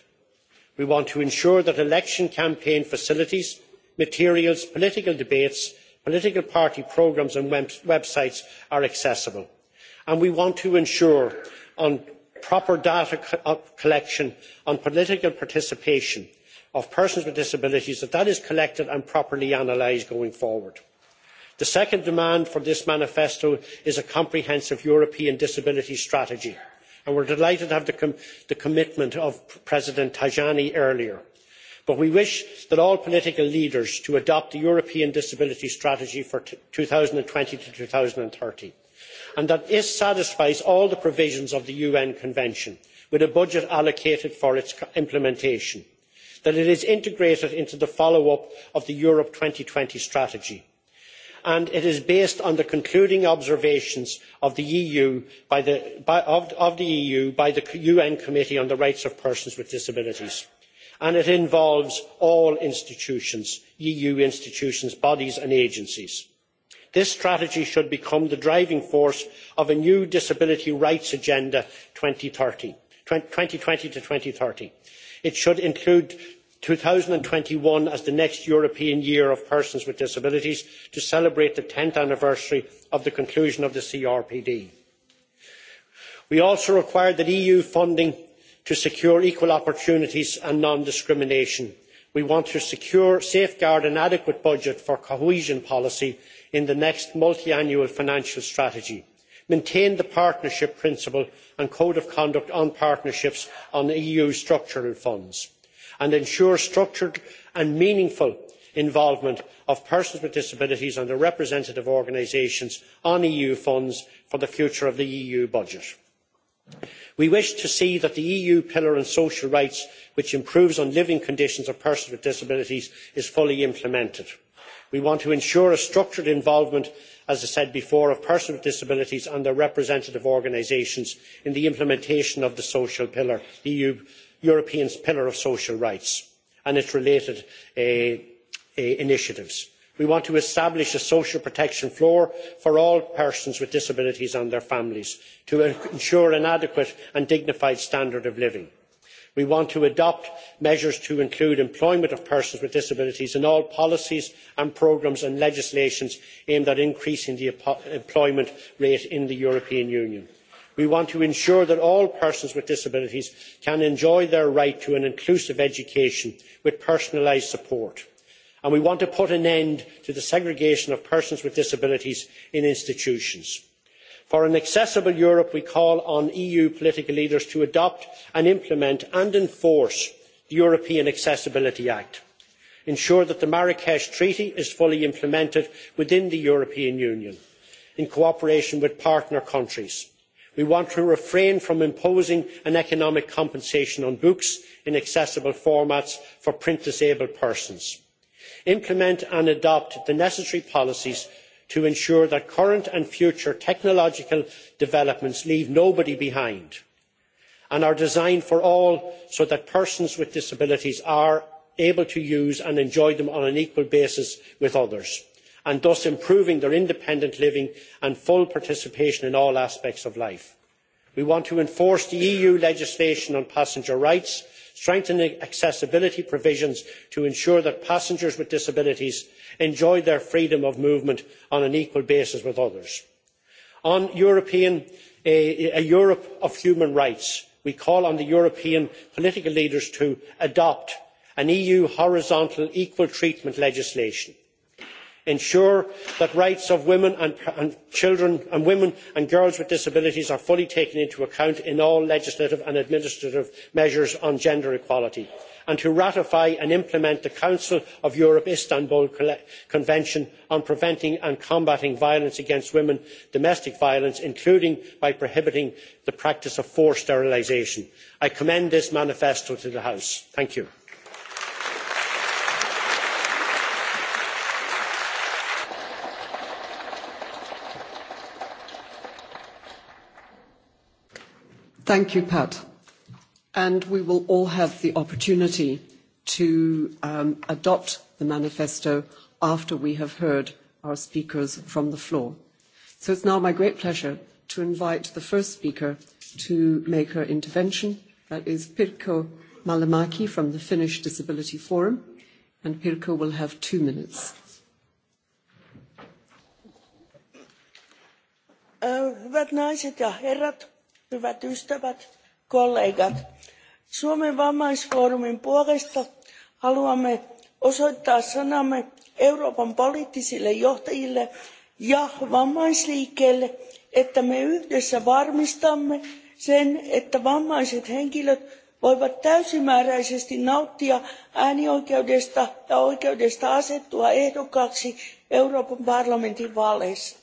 we want to ensure that election campaign facilities materials political debates political party programmes and websites are accessible and we want to ensure proper data uh, collection on political participation of persons with disabilities that that is collected and properly analysed going forward. the second demand for this manifesto is a comprehensive european disability strategy we are delighted to have the commitment of president tajani earlier but we wish that all political leaders to adopt the european disability strategy for two thousand and twenty to two thousand and thirty and that this satisfies all the provisions of the un convention with a budget allocated for its implementation that it is integrated into the follow up of the europe two thousand and twenty strategy and it is based on the concluding observations of the eu by the e un committee on the rights of persons with disabilities and it involves all institutions eu institutions bodies and agencies. this strategy should become the driving force of a new disability rights agenda two thousand and twenty to. two thirty it should include two thousand and twenty one as the next european year of persons with disabilities to celebrate the tenth anniversary of the conclusion of the crpd. we also require that eu funding to secure equal opportunities and non discrimination. we want to secure safeguard an adequate budget for cohesion policy in the next multiannual financial strategy maintain the partnership principle and code of conduct on partnerships on eu structural funds and ensure structured and meaningful involvement of persons with disabilities and their representative organisations on eu funds for the future of the eu budget. we wish to see that the eu pillar on social rights which improves on living conditions of persons with disabilities is fully implemented. we want to ensure a structured involvement as i said before of persons with disabilities and their representative organisations in the implementation of the social pillar eu european pillar of social rights and its related uh, uh, initiatives. we want to establish a social protection floor for all persons with disabilities and their families to ensure an adequate and dignified standard of living. we want to adopt measures to include employment of persons with disabilities in all policies and programmes and legislation aimed at increasing the employment rate in the european union we want to ensure that all persons with disabilities can enjoy their right to an inclusive education with personalised support and we want to put an end to the segregation of persons with disabilities in institutions. for an accessible europe we call on eu political leaders to adopt and implement and enforce the european accessibility act ensure that the marrakesh treaty is fully implemented within the european union in cooperation with partner countries we want to refrain from imposing an economic compensation on books in accessible formats for print disabled persons. implement and adopt the necessary policies to ensure that current and future technological developments leave nobody behind and are designed for all so that persons with disabilities are able to use and enjoy them on an equal basis with others and thus improving their independent living and full participation in all aspects of life. we want to enforce the eu legislation on passenger rights strengthening accessibility provisions to ensure that passengers with disabilities enjoy their freedom of movement on an equal basis with others. on a europe of human rights we call on the european political leaders to adopt an eu horizontal equal treatment legislation ensure that the rights of women and children and women and girls with disabilities are fully taken into account in all legislative and administrative measures on gender equality and to ratify and implement the council of europe istanbul convention on preventing and combating violence against women domestic violence including by prohibiting the practice of forced sterilisation. i commend this manifesto to the house. thank you. Thank you, Pat. And we will all have the opportunity to um, adopt the manifesto after we have heard our speakers from the floor. So it's now my great pleasure to invite the first speaker to make her intervention. That is Pirko Malamaki from the Finnish Disability Forum. And Pirko will have two minutes. Äh, hyvät naiset ja herrat, hyvät ystävät kollegat suomen vammaisfoorumin puolesta haluamme osoittaa sanamme euroopan poliittisille johtajille ja vammaisliikkeelle että me yhdessä varmistamme sen että vammaiset henkilöt voivat täysimääräisesti nauttia äänioikeudesta ja oikeudesta asettua ehdokkaaksi euroopan parlamentin vaaleissa.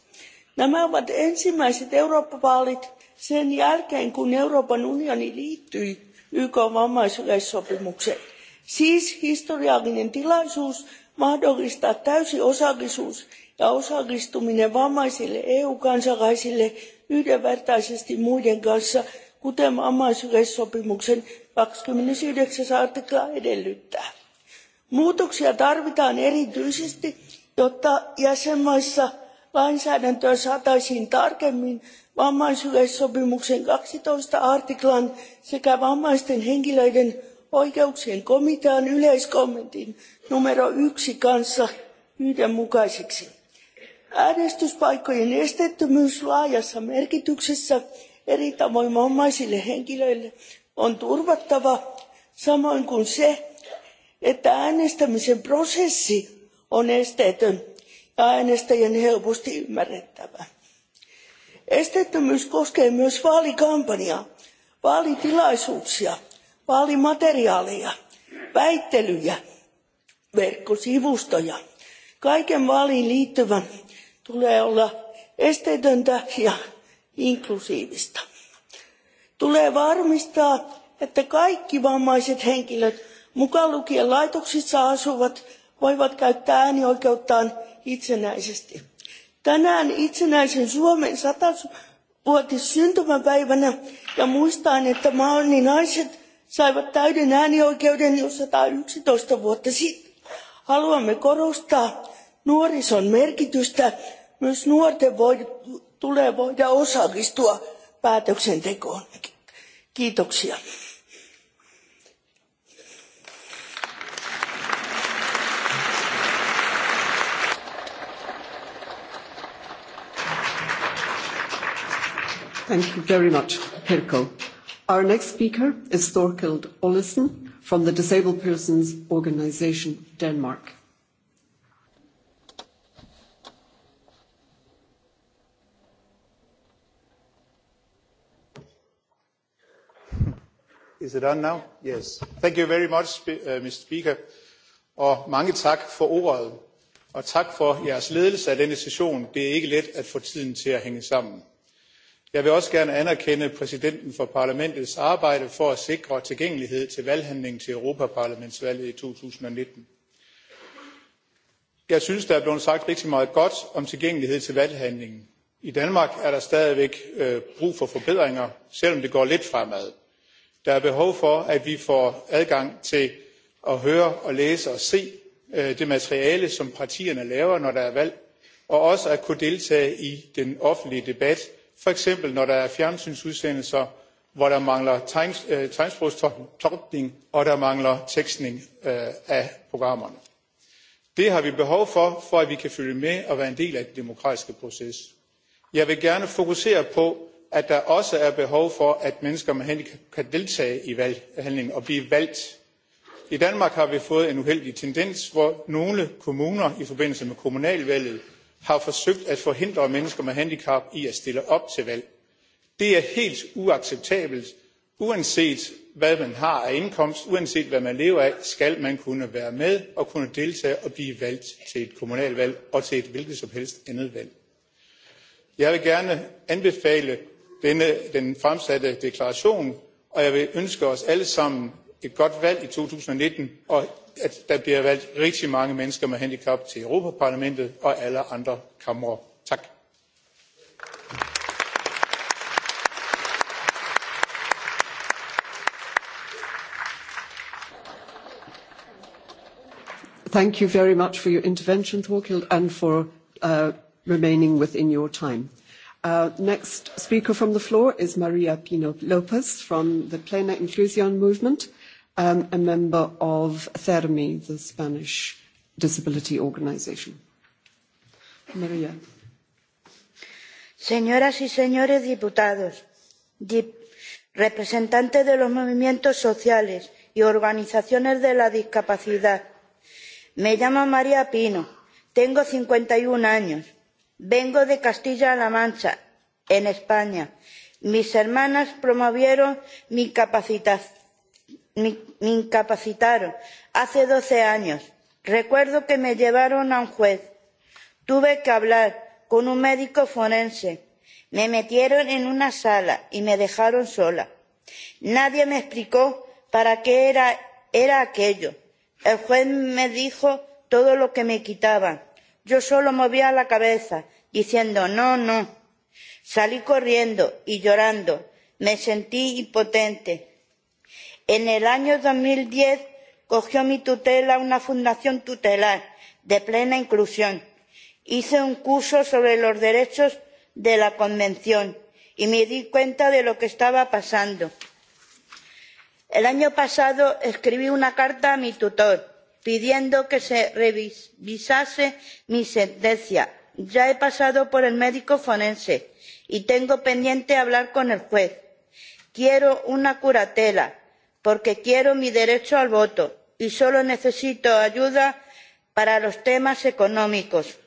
nämä ovat ensimmäiset eurooppa vaalit sen jälkeen kun euroopan unioni liittyi ykn vammaisyleissopimukseen. siis historiallinen tilaisuus mahdollistaa täysi osallisuus ja osallistuminen vammaisille eu kansalaisille yhdenvertaisesti muiden kanssa kuten vammaisyleissopimuksen 29. artikla edellyttää. muutoksia tarvitaan erityisesti jotta jäsenmaissa lainsäädäntöä saataisiin tarkemmin vammaisyleissopimuksen 12 artiklan sekä vammaisten henkilöiden oikeuksien komitean yleiskommentin numero yksi kanssa yhdenmukaiseksi. Äänestyspaikkojen estettömyys laajassa merkityksessä eri tavoin vammaisille henkilöille on turvattava, samoin kuin se, että äänestämisen prosessi on esteetön äänestäjien helposti ymmärrettävä. Esteettömyys koskee myös vaalikampanjaa, vaalitilaisuuksia, vaalimateriaaleja, väittelyjä, verkkosivustoja. Kaiken vaaliin liittyvän tulee olla esteetöntä ja inklusiivista. Tulee varmistaa, että kaikki vammaiset henkilöt, mukaan lukien laitoksissa asuvat, voivat käyttää äänioikeuttaan itsenäisesti. Tänään itsenäisen Suomen syntymäpäivänä ja muistan, että maani naiset saivat täyden äänioikeuden jo 111 vuotta sitten. Haluamme korostaa nuorison merkitystä. Myös nuorten voi, tulee voida osallistua päätöksentekoon. Kiitoksia. Thank you very much, Pirko. Our next speaker is Thorkild Olesen from the Disabled Persons Organization, Denmark. Is it on now? Yes. Thank you very much, uh, Mr. Speaker. Og mange tak for ordet, og tak for jeres ledelse af denne session. Det er ikke let at få tiden til at hænge sammen jeg vil også gerne anerkende præsidenten for parlamentets arbejde for at sikre tilgængelighed til valghandlingen til europaparlamentsvalget i to tusind og nitten jeg synes der er blevet sagt rigtig meget godt om tilgængelighed til valghandlingen i danmark er der stadig øh, brug for forbedringer selvom det går lidt fremad der er behov for at vi får adgang til at høre og læse og se øh, det materiale som partierne laver når der er valg og også at kunne deltage i den offentlige debat for eksempel når der er fjernsynsudsendelser hvor der mangler øh, tegnsprogstolkning og der mangler tekstning øh, af programmerne det har vi behov for for at vi kan følge med og være en del af den demokratiske proces jeg vil gerne fokusere på at der også er behov for at mennesker med handicap kan deltage i valghandlingen og blive valgt i danmark har vi fået en uheldig tendens hvor nogle kommuner i forbindelse med kommunalvalget har forsøgt at forhindre mennesker med handicap i at stille op til valg det er helt uacceptabelt uanset hvad man har af indkomst uanset hvad man lever af skal man kunne være med og kunne deltage og blive valgt til et kommunalvalg og til et hvilket som helst andet valg jeg vil gerne anbefale den fremsatte deklaration og jeg vil ønske os alle sammen et godt valg i to tusind og at der bliver valgt rigtig mange mennesker med handicap til europa parlamentet og alle andre kamre tak. thank you very much for your intervention thorkild and for uh, remaining within your time. Uh, next speaker from the floor is maria pino lopez from the plena inclusion movement um, a member of CERMI, the Spanish disability organization. Señoras y señores diputados, representante representantes de los movimientos sociales y organizaciones de la discapacidad, me llamo María Pino, tengo 51 años, vengo de Castilla-La Mancha, en España. Mis hermanas promovieron mi capacitación me incapacitaron hace doce años. recuerdo que me llevaron a un juez tuve que hablar con un médico forense me metieron en una sala y me dejaron sola. nadie me explicó para qué era, era aquello. el juez me dijo todo lo que me quitaban. yo solo movía la cabeza diciendo no no. salí corriendo y llorando. me sentí impotente en el año dos mil diez cogió mi tutela una fundación tutelar de plena inclusión hice un curso sobre los derechos de la convención y me di cuenta de lo que estaba pasando. el año pasado escribí una carta a mi tutor pidiendo que se revisase mi sentencia. ya he pasado por el médico forense y tengo pendiente hablar con el juez. quiero una curatela porque quiero mi derecho al voto y solo necesito ayuda para los temas económicos.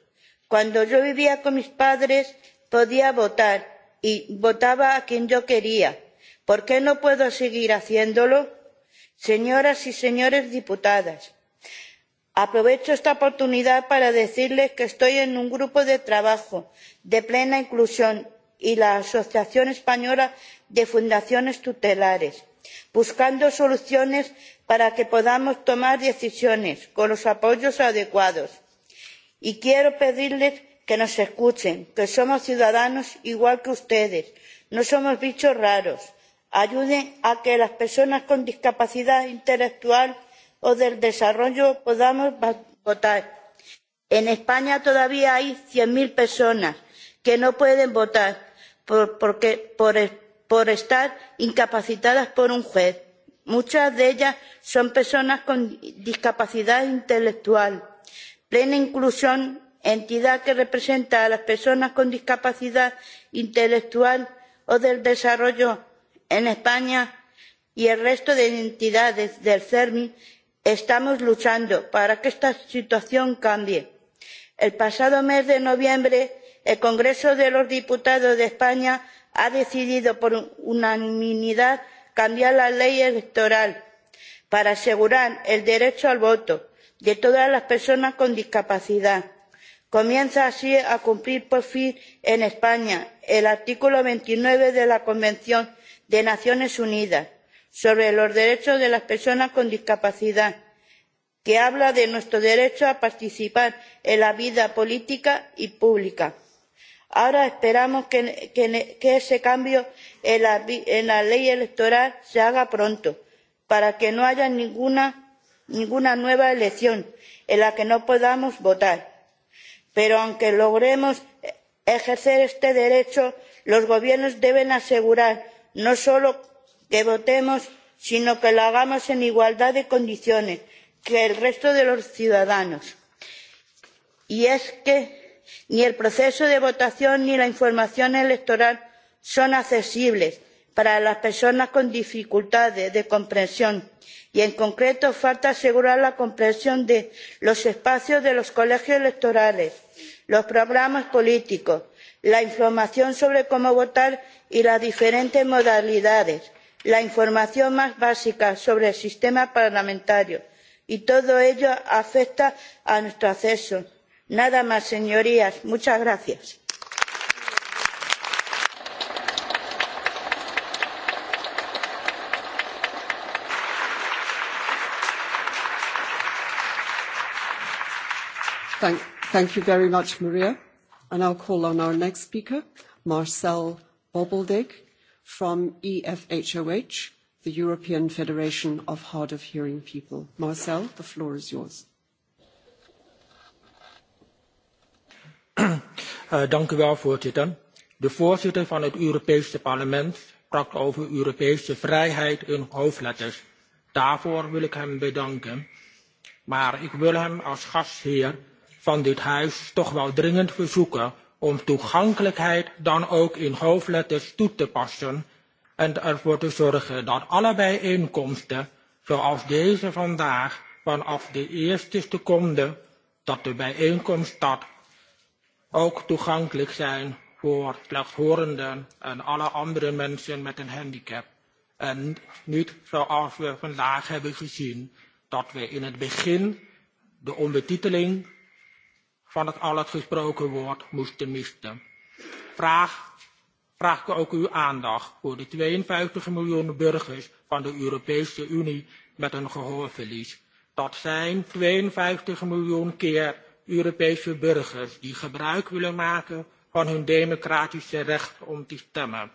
cuando yo vivía con mis padres podía votar y votaba a quien yo quería. por qué no puedo seguir haciéndolo? señoras y señores diputados aprovecho esta oportunidad para decirles que estoy en un grupo de trabajo de plena inclusión y la asociación española de fundaciones tutelares buscando soluciones para que podamos tomar decisiones con los apoyos adecuados y quiero pedirles que nos escuchen que somos ciudadanos igual que ustedes no somos bichos raros ayuden a que las personas con discapacidad intelectual o del desarrollo podamos votar. en españa todavía hay cien mil personas que no pueden votar porque por por estar incapacitadas por un juez. muchas de ellas son personas con discapacidad intelectual. plena inclusión entidad que representa a las personas con discapacidad intelectual o del desarrollo en españa y el resto de entidades del CERMI estamos luchando para que esta situación cambie. el pasado mes de noviembre el congreso de los diputados de españa ha decidido por unanimidad cambiar la ley electoral para asegurar el derecho al voto de todas las personas con discapacidad. comienza así a cumplir por fin en españa el artículo veintinueve de la convención de las naciones unidas sobre los derechos de las personas con discapacidad que habla de nuestro derecho a participar en la vida política y pública ahora esperamos que ese cambio en la ley electoral se haga pronto para que no haya ninguna nueva elección en la que no podamos votar pero aunque logremos ejercer este derecho los gobiernos deben asegurar no solo que votemos sino que lo hagamos en igualdad de condiciones que el resto de los ciudadanos. y es que ni el proceso de votación ni la información electoral son accesibles para las personas con dificultades de comprensión y en concreto falta asegurar la comprensión de los espacios de los colegios electorales los programas políticos la información sobre cómo votar y las diferentes modalidades la información más básica sobre el sistema parlamentario y todo ello afecta a nuestro acceso nada más señorías muchas gracias. Thank, thank you very much maria and i'll call on our next speaker marcel bobeldijk from efhoh the european federation of hard of hearing people. marcel the floor is yours. Eh, dank u wel voorzitter. de voorzitter van het europese parlement sprak over europese vrijheid in hoofdletters. daarvoor wil ik hem bedanken maar ik wil hem als gastheer van dit huis toch wel dringend verzoeken om toegankelijkheid dan ook in hoofdletters toe te passen en ervoor te zorgen dat alle bijeenkomsten zoals deze vandaag vanaf de eerste seconde dat de bijeenkomst start ook toegankelijk zijn voor slechthorenden en alle andere mensen met een handicap. En niet zoals we vandaag hebben gezien, dat we in het begin de ondertiteling van het al het gesproken woord moesten misten. Vraag, vraag ik ook uw aandacht voor de 52 miljoen burgers van de Europese Unie met een gehoorverlies. Dat zijn 52 miljoen keer Europese burgers die gebruik willen maken van hun democratische recht om te stemmen.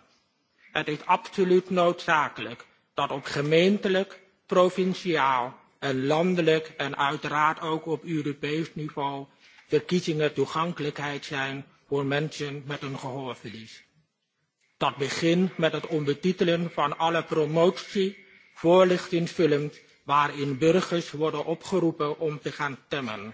Het is absoluut noodzakelijk dat op gemeentelijk, provinciaal en landelijk en uiteraard ook op Europees niveau verkiezingen toegankelijkheid zijn voor mensen met een gehoorverlies. Dat begint met het ondertitelen van alle promotie, voorlichtingsfilms waarin burgers worden opgeroepen om te gaan stemmen.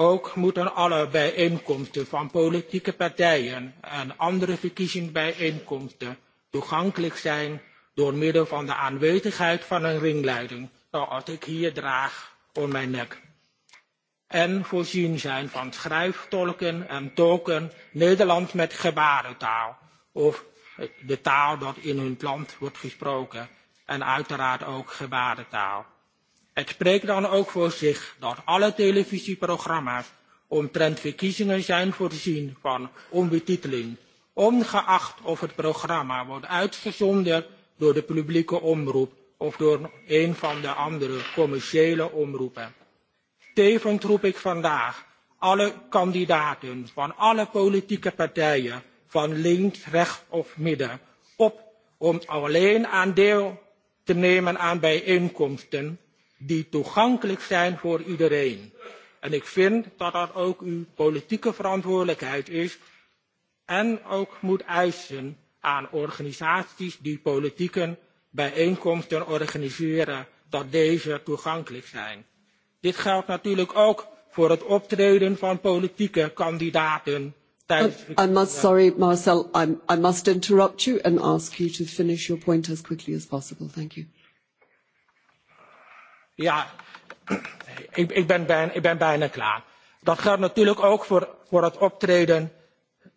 Ook moeten alle bijeenkomsten van politieke partijen en andere verkiezingsbijeenkomsten toegankelijk zijn door middel van de aanwezigheid van een ringleiding, zoals ik hier draag om mijn nek. En voorzien zijn van schrijftolken en tolken Nederlands met gebarentaal of de taal dat in hun land wordt gesproken en uiteraard ook gebarentaal. Het spreekt dan ook voor zich dat alle televisieprogramma's omtrent verkiezingen zijn voorzien van onbetiteling, ongeacht of het programma wordt uitgezonden door de publieke omroep of door een van de andere commerciële omroepen. Tevens roep ik vandaag alle kandidaten van alle politieke partijen van links, rechts of midden op om alleen aan deel te nemen aan bijeenkomsten die toegankelijk zijn voor iedereen. En ik vind dat dat ook uw politieke verantwoordelijkheid is en ook moet eisen aan organisaties die politieke bijeenkomsten organiseren dat deze toegankelijk zijn. Dit geldt natuurlijk ook voor het optreden van politieke kandidaten tijdens. Oh, interrupt you and ask finish your point as quickly as ja, ik, ik, ben bijna, ik ben bijna klaar. Dat geldt natuurlijk ook voor, voor het optreden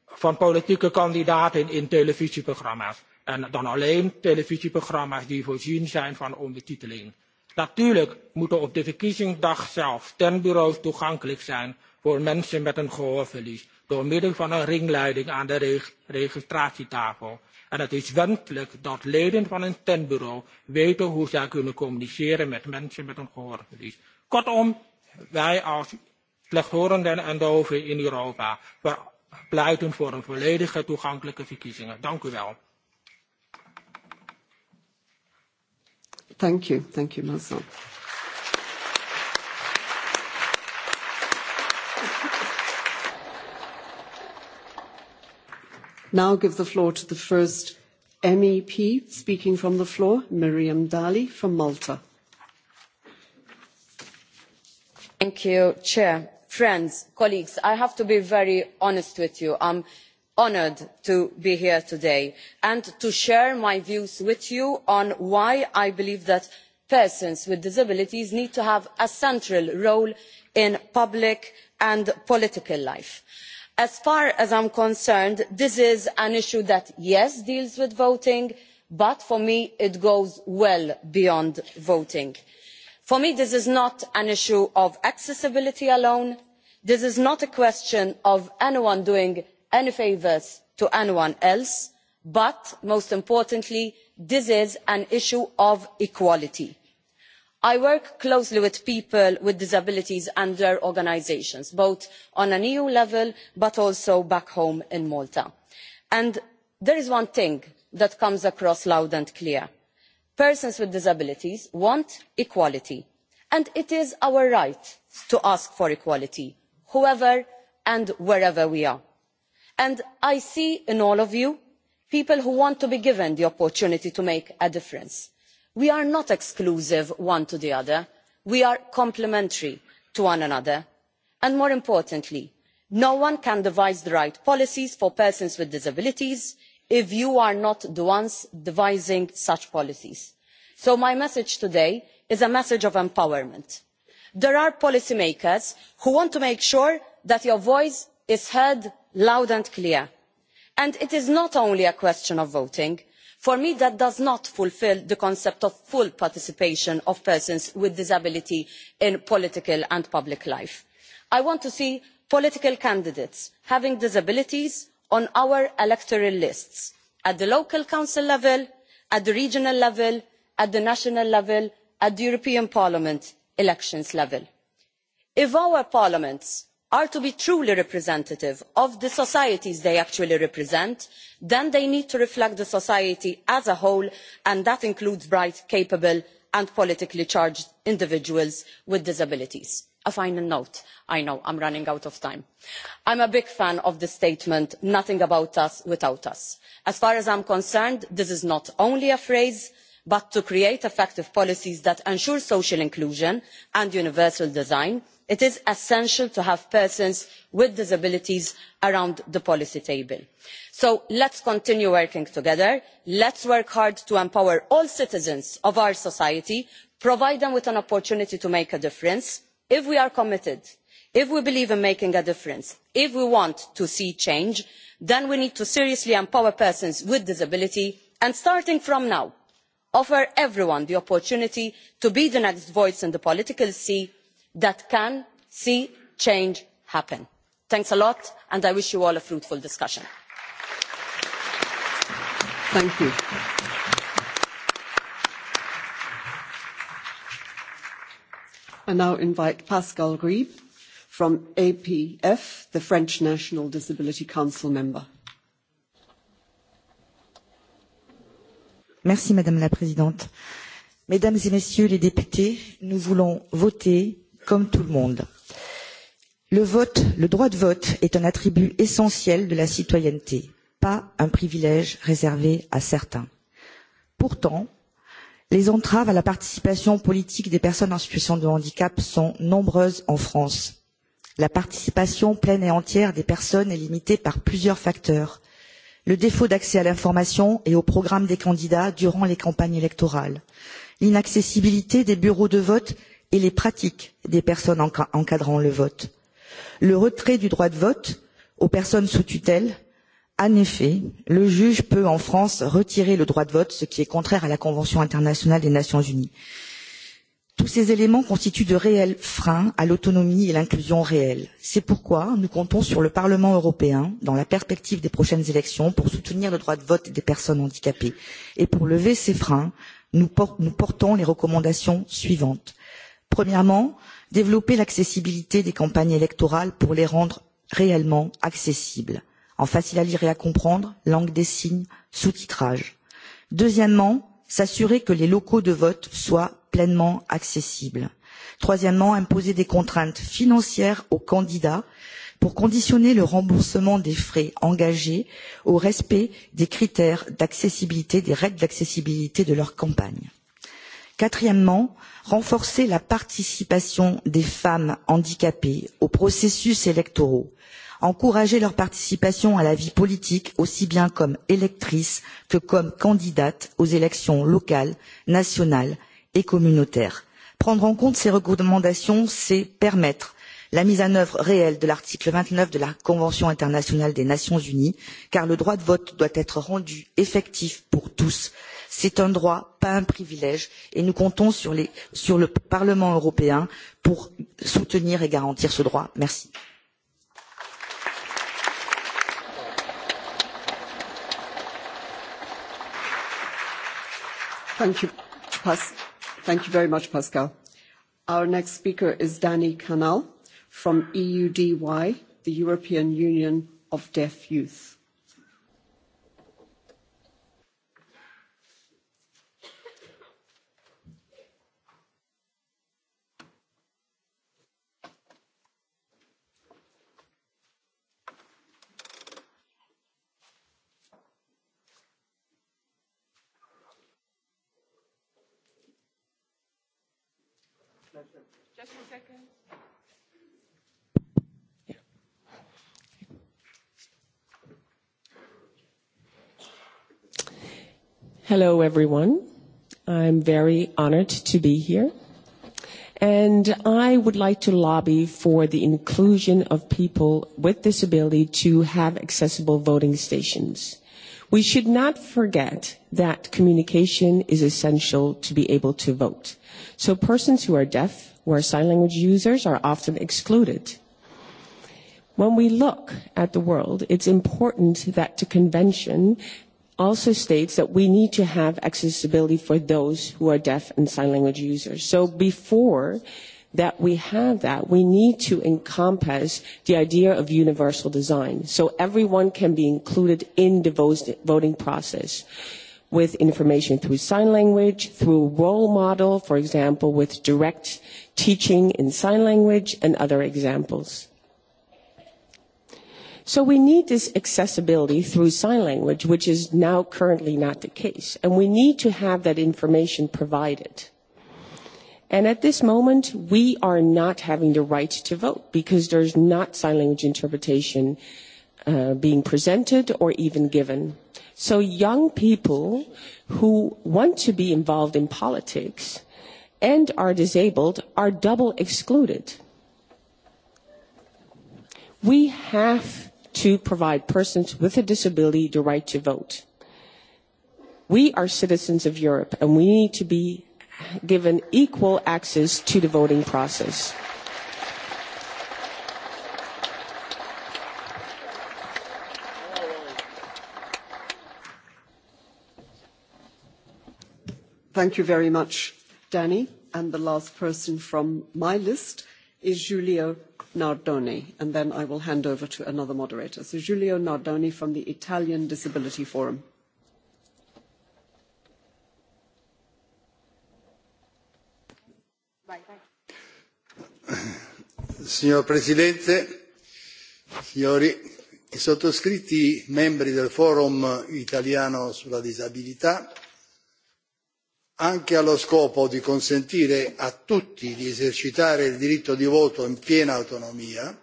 van politieke kandidaten in televisieprogramma's. En dan alleen televisieprogramma's die voorzien zijn van ondertiteling. Natuurlijk moeten op de verkiezingsdag zelf stembureaus toegankelijk zijn voor mensen met een gehoorverlies. Door middel van een ringleiding aan de registratietafel. En het is wenselijk dat leden van een stembureau weten hoe zij kunnen communiceren met mensen met een gehoorverlies. Kortom, wij als slechthorenden en doven in Europa pleiten voor een volledige toegankelijke verkiezingen. Dank u wel. now give the floor to the first mep speaking from the floor miriam dalli from malta. president friends colleagues i have to be very honest with you i am honoured to be here today and to share my views with you on why i believe that persons with disabilities need to have a central role in public and political life as far as i am concerned this is an issue that yes deals with voting but for me it goes well beyond voting. for me this is not an issue of accessibility alone this is not a question of anyone doing any favours to anyone else but most importantly this is an issue of equality i work closely with people with disabilities and their organisations both on an eu level but also back home in malta and there is one thing that comes across loud and clear persons with disabilities want equality and it is our right to ask for equality whoever and wherever we are and i see in all of you people who want to be given the opportunity to make a difference we are not exclusive one to the other we are complementary to one another and more importantly no one can devise the right policies for persons with disabilities if you are not the ones devising such policies. so my message today is a message of empowerment. there are policy makers who want to make sure that your voice is heard loud and clear and it is not only a question of voting for me that does not fulfil the concept of full participation of persons with disabilities in political and public life. i want to see political candidates having disabilities on our electoral lists at the local council level at the regional level at the national level at the european parliament elections level. if our parliaments are to be truly representative of the societies they actually represent then they need to reflect the society as a whole and that includes bright capable and politically charged individuals with disabilities. a final note i know i am running out of time. i am a big fan of the statement nothing about us without us'. as far as i am concerned this is not only a phrase but to create effective policies that ensure social inclusion and universal design; it is essential to have persons with disabilities around the policy table. so let's continue working together let's work hard to empower all citizens of our society provide them with an opportunity to make a difference. if we are committed if we believe in making a difference if we want to see change then we need to seriously empower persons with disabilities and starting from now offer everyone the opportunity to be the next voice in the political sea that can see change happen. thanks a lot and i wish you all a fruitful discussion. i now invite pascal gribe from apf the french national disability council member. Merci, madame la présidente mesdames et messieurs les députés nous voulons voter comme tout le monde. Le vote, le droit de vote est un attribut essentiel de la citoyenneté, pas un privilège réservé à certains. Pourtant, les entraves à la participation politique des personnes en situation de handicap sont nombreuses en France. La participation pleine et entière des personnes est limitée par plusieurs facteurs. Le défaut d'accès à l'information et au programme des candidats durant les campagnes électorales, l'inaccessibilité des bureaux de vote et les pratiques des personnes encadrant le vote. Le retrait du droit de vote aux personnes sous tutelle En effet, le juge peut en France retirer le droit de vote, ce qui est contraire à la Convention internationale des Nations unies. Tous ces éléments constituent de réels freins à l'autonomie et l'inclusion réelle. C'est pourquoi nous comptons sur le Parlement européen, dans la perspective des prochaines élections, pour soutenir le droit de vote des personnes handicapées. Et pour lever ces freins, nous portons les recommandations suivantes premièrement développer l'accessibilité des campagnes électorales pour les rendre réellement accessibles en facile à lire et à comprendre langue des signes sous titrage deuxièmement s'assurer que les locaux de vote soient pleinement accessibles troisièmement imposer des contraintes financières aux candidats pour conditionner le remboursement des frais engagés au respect des critères d'accessibilité des règles d'accessibilité de leur campagne quatrièmement renforcer la participation des femmes handicapées aux processus électoraux encourager leur participation à la vie politique aussi bien comme électrices que comme candidates aux élections locales nationales et communautaires. prendre en compte ces recommandations c'est permettre la mise en œuvre réelle de l'article vingt neuf de la convention internationale des nations unies car le droit de vote doit être rendu effectif pour tous c'est un droit pas un privilège et nous comptons sur, les, sur le parlement européen pour soutenir et garantir ce droit. merci. Thank you, Pas Thank you very much, Pascal. Our next speaker is Danny Canal from EUDY, the European Union of Deaf Youth. Hello, everyone. I'm very honored to be here. And I would like to lobby for the inclusion of people with disability to have accessible voting stations. We should not forget that communication is essential to be able to vote. So persons who are deaf, where sign language users are often excluded. When we look at the world, it's important that the convention also states that we need to have accessibility for those who are deaf and sign language users. So before that we have that, we need to encompass the idea of universal design so everyone can be included in the voting process with information through sign language, through role model, for example, with direct teaching in sign language and other examples. So we need this accessibility through sign language, which is now currently not the case. And we need to have that information provided. And at this moment, we are not having the right to vote because there's not sign language interpretation Uh, being presented or even given. So young people who want to be involved in politics and are disabled are double excluded. We have to provide persons with a disability the right to vote. We are citizens of Europe and we need to be given equal access to the voting process. Thank you very much, Danny. And the last person from my list is Giulio Nardoni, and then I will hand over to another moderator. So Giulio Nardoni from the Italian Disability Forum. Signor Presidente, signori i e sottoscritti membri del Forum italiano sulla disabilità anche allo scopo di consentire a tutti di esercitare il diritto di voto in piena autonomia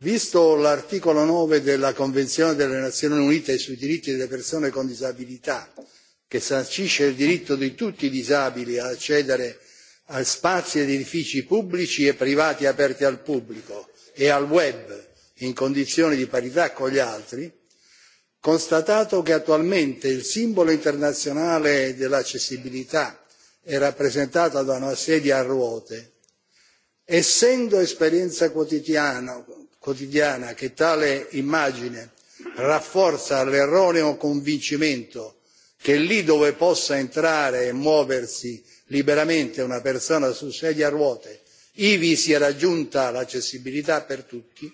visto l'articolo nove della convenzione delle nazioni unite sui diritti delle persone con disabilità che sancisce il diritto di tutti i disabili ad accedere a spazi ed edifici pubblici e privati aperti al pubblico e al web in condizioni di parità con gli altri constatato che attualmente il simbolo internazionale dell'accessibilità è rappresentato da una sedia a ruote essendo esperienza quotidiana che tale immagine rafforza l'erroneo convincimento che lì dove possa entrare e muoversi liberamente una persona su sedia a ruote ivi sia raggiunta l'accessibilità per tutti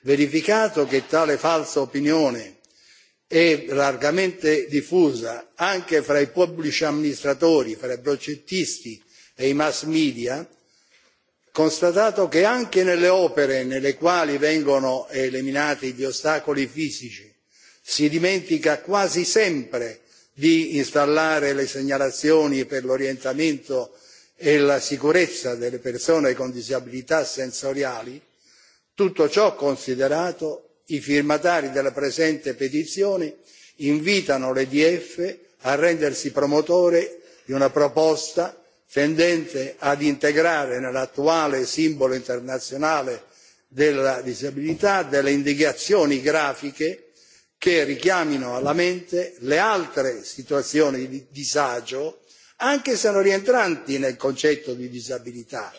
verificato che tale falsa opinione è largamente diffusa anche fra i pubblici amministratori fra i progettisti e i mass media constatato che anche nelle opere nelle quali vengono eliminati gli ostacoli fisici si dimentica quasi sempre di installare le segnalazioni per l'orientamento e la sicurezza delle persone con disabilità sensoriali tutto ciò considerato i firmatari della presente petizione invitano l'edf a rendersi promotore di una proposta tendente ad integrare nell'attuale simbolo internazionale della disabilità delle indicazioni grafiche che richiamino alla mente le altre situazioni di disagio anche se non rientranti nel concetto di disabilità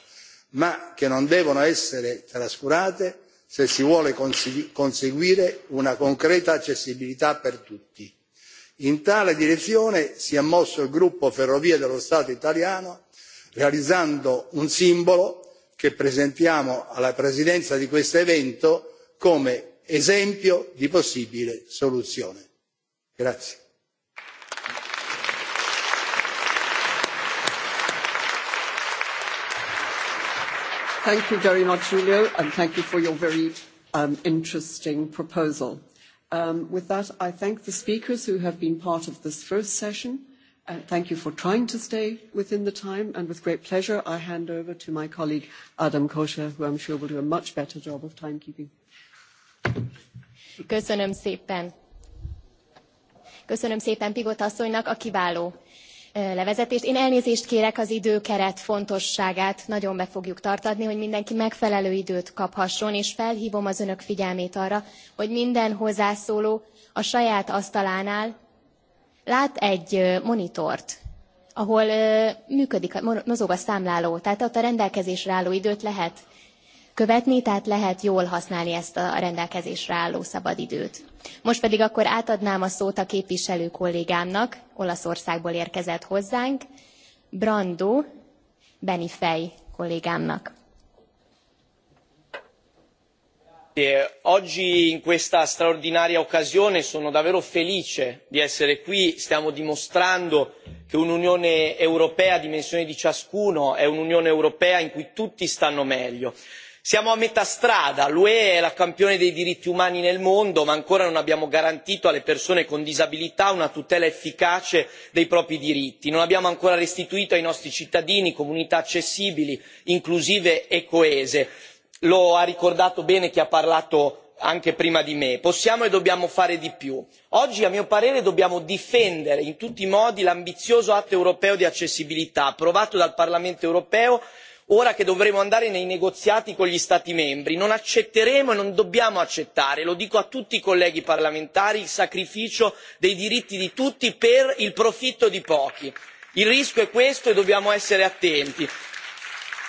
ma che non devono essere trascurate se si vuole conseguire una concreta accessibilità per tutti. in tale direzione si è mosso il gruppo ferrovie dello stato italiano realizzando un simbolo che presentiamo alla presidenza di questo evento come esempio di possibile soluzione. Thank you very much, Julio, and thank you for your very um, interesting proposal. Um, with that, I thank the speakers who have been part of this first session. and uh, thank you for trying to stay within the time, and with great pleasure, I hand over to my colleague, Adam Kosher, who I'm sure will do a much better job of timekeeping. Köszönöm szépen. Köszönöm szépen asszonynak a kiváló levezetést. Én elnézést kérek az időkeret fontosságát, nagyon be fogjuk tartani, hogy mindenki megfelelő időt kaphasson, és felhívom az önök figyelmét arra, hogy minden hozzászóló a saját asztalánál lát egy monitort, ahol működik, mozog a számláló, tehát ott a rendelkezésre álló időt lehet követni, tehát lehet jól használni ezt a rendelkezésre álló szabadidőt. Most pedig akkor átadnám a szót a képviselő kollégámnak, Olaszországból érkezett hozzánk, Brando Benifej kollégámnak. E, oggi in questa straordinaria occasione sono davvero felice di essere qui, stiamo dimostrando che un'Unione europea a dimensione di ciascuno è un'Unione europea in cui tutti stanno meglio siamo a metà strada l'ue è la campione dei diritti umani nel mondo ma ancora non abbiamo garantito alle persone con disabilità una tutela efficace dei propri diritti non abbiamo ancora restituito ai nostri cittadini comunità accessibili inclusive e coese lo ha ricordato bene chi ha parlato anche prima di me possiamo e dobbiamo fare di più oggi a mio parere dobbiamo difendere in tutti i modi l'ambizioso atto europeo di accessibilità approvato dal parlamento europeo ora che dovremo andare nei negoziati con gli stati membri non accetteremo e non dobbiamo accettare lo dico a tutti i colleghi parlamentari il sacrificio dei diritti di tutti per il profitto di pochi il rischio è questo e dobbiamo essere attenti.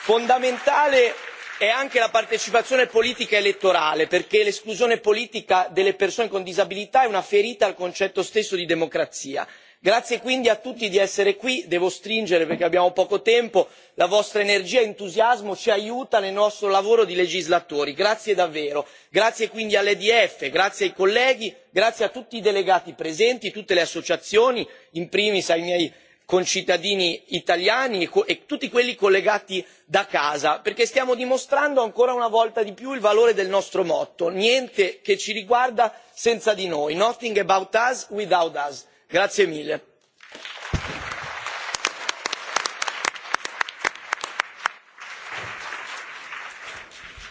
fondamentale è anche la partecipazione politica e elettorale perché l'esclusione politica delle persone con disabilità è una ferita al concetto stesso di democrazia grazie quindi a tutti di essere qui devo stringere perché abbiamo poco tempo la vostra energia e entusiasmo ci aiuta nel nostro lavoro di legislatori grazie davvero grazie quindi all'edf grazie ai colleghi grazie a tutti i delegati presenti tutte le associazioni in primis ai miei concittadini italiani e, e tutti quelli collegati da casa perché stiamo dimostrando ancora una volta di più il valore del nostro motto niente che ci riguarda senza di noi nothing about us without us grazie mille.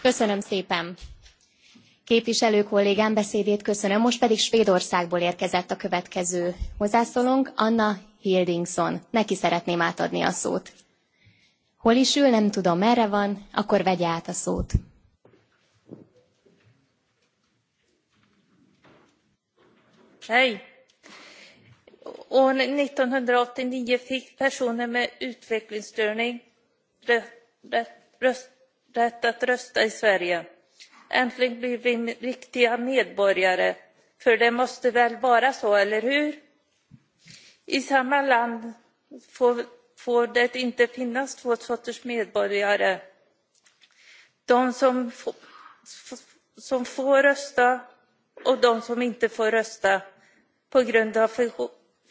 köszönöm szépen képviselő kollégám beszédét köszönöm most pedig svédországból érkezett a következő hozzászólónk anna hildingsson neki szeretném átadni a szót. hol is ül nem tudom merre van akkor vegye át a szót. Hej! år 1989 fick personer med utvecklingsstörning rätt att rösta i Sverige. Äntligen blir vi riktiga medborgare, för det måste väl vara så, eller hur? I samma land får, det inte finnas två sorters medborgare. De som, som får rösta och de som inte får rösta på grund av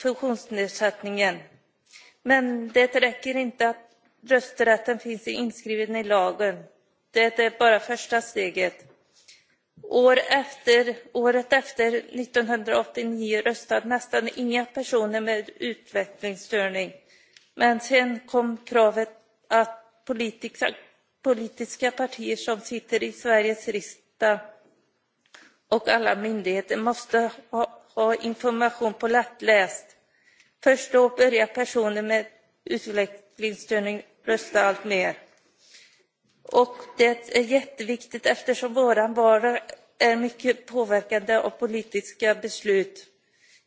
funktionsnedsättningen men det räcker inte att rösträtten finns inskriven i lagen. det är bara första steget. År efter, året efter 1989 röstade nästan inga personer med utvecklingsstörning men sen kom kravet att politiska partier som sitter i Sveriges riksdag och alla myndigheter måste ha information på lättläst Först då börjar personer med utvecklingsstörning rösta allt mer. Och det är jätteviktigt eftersom våran bara är mycket påverkande av politiska beslut.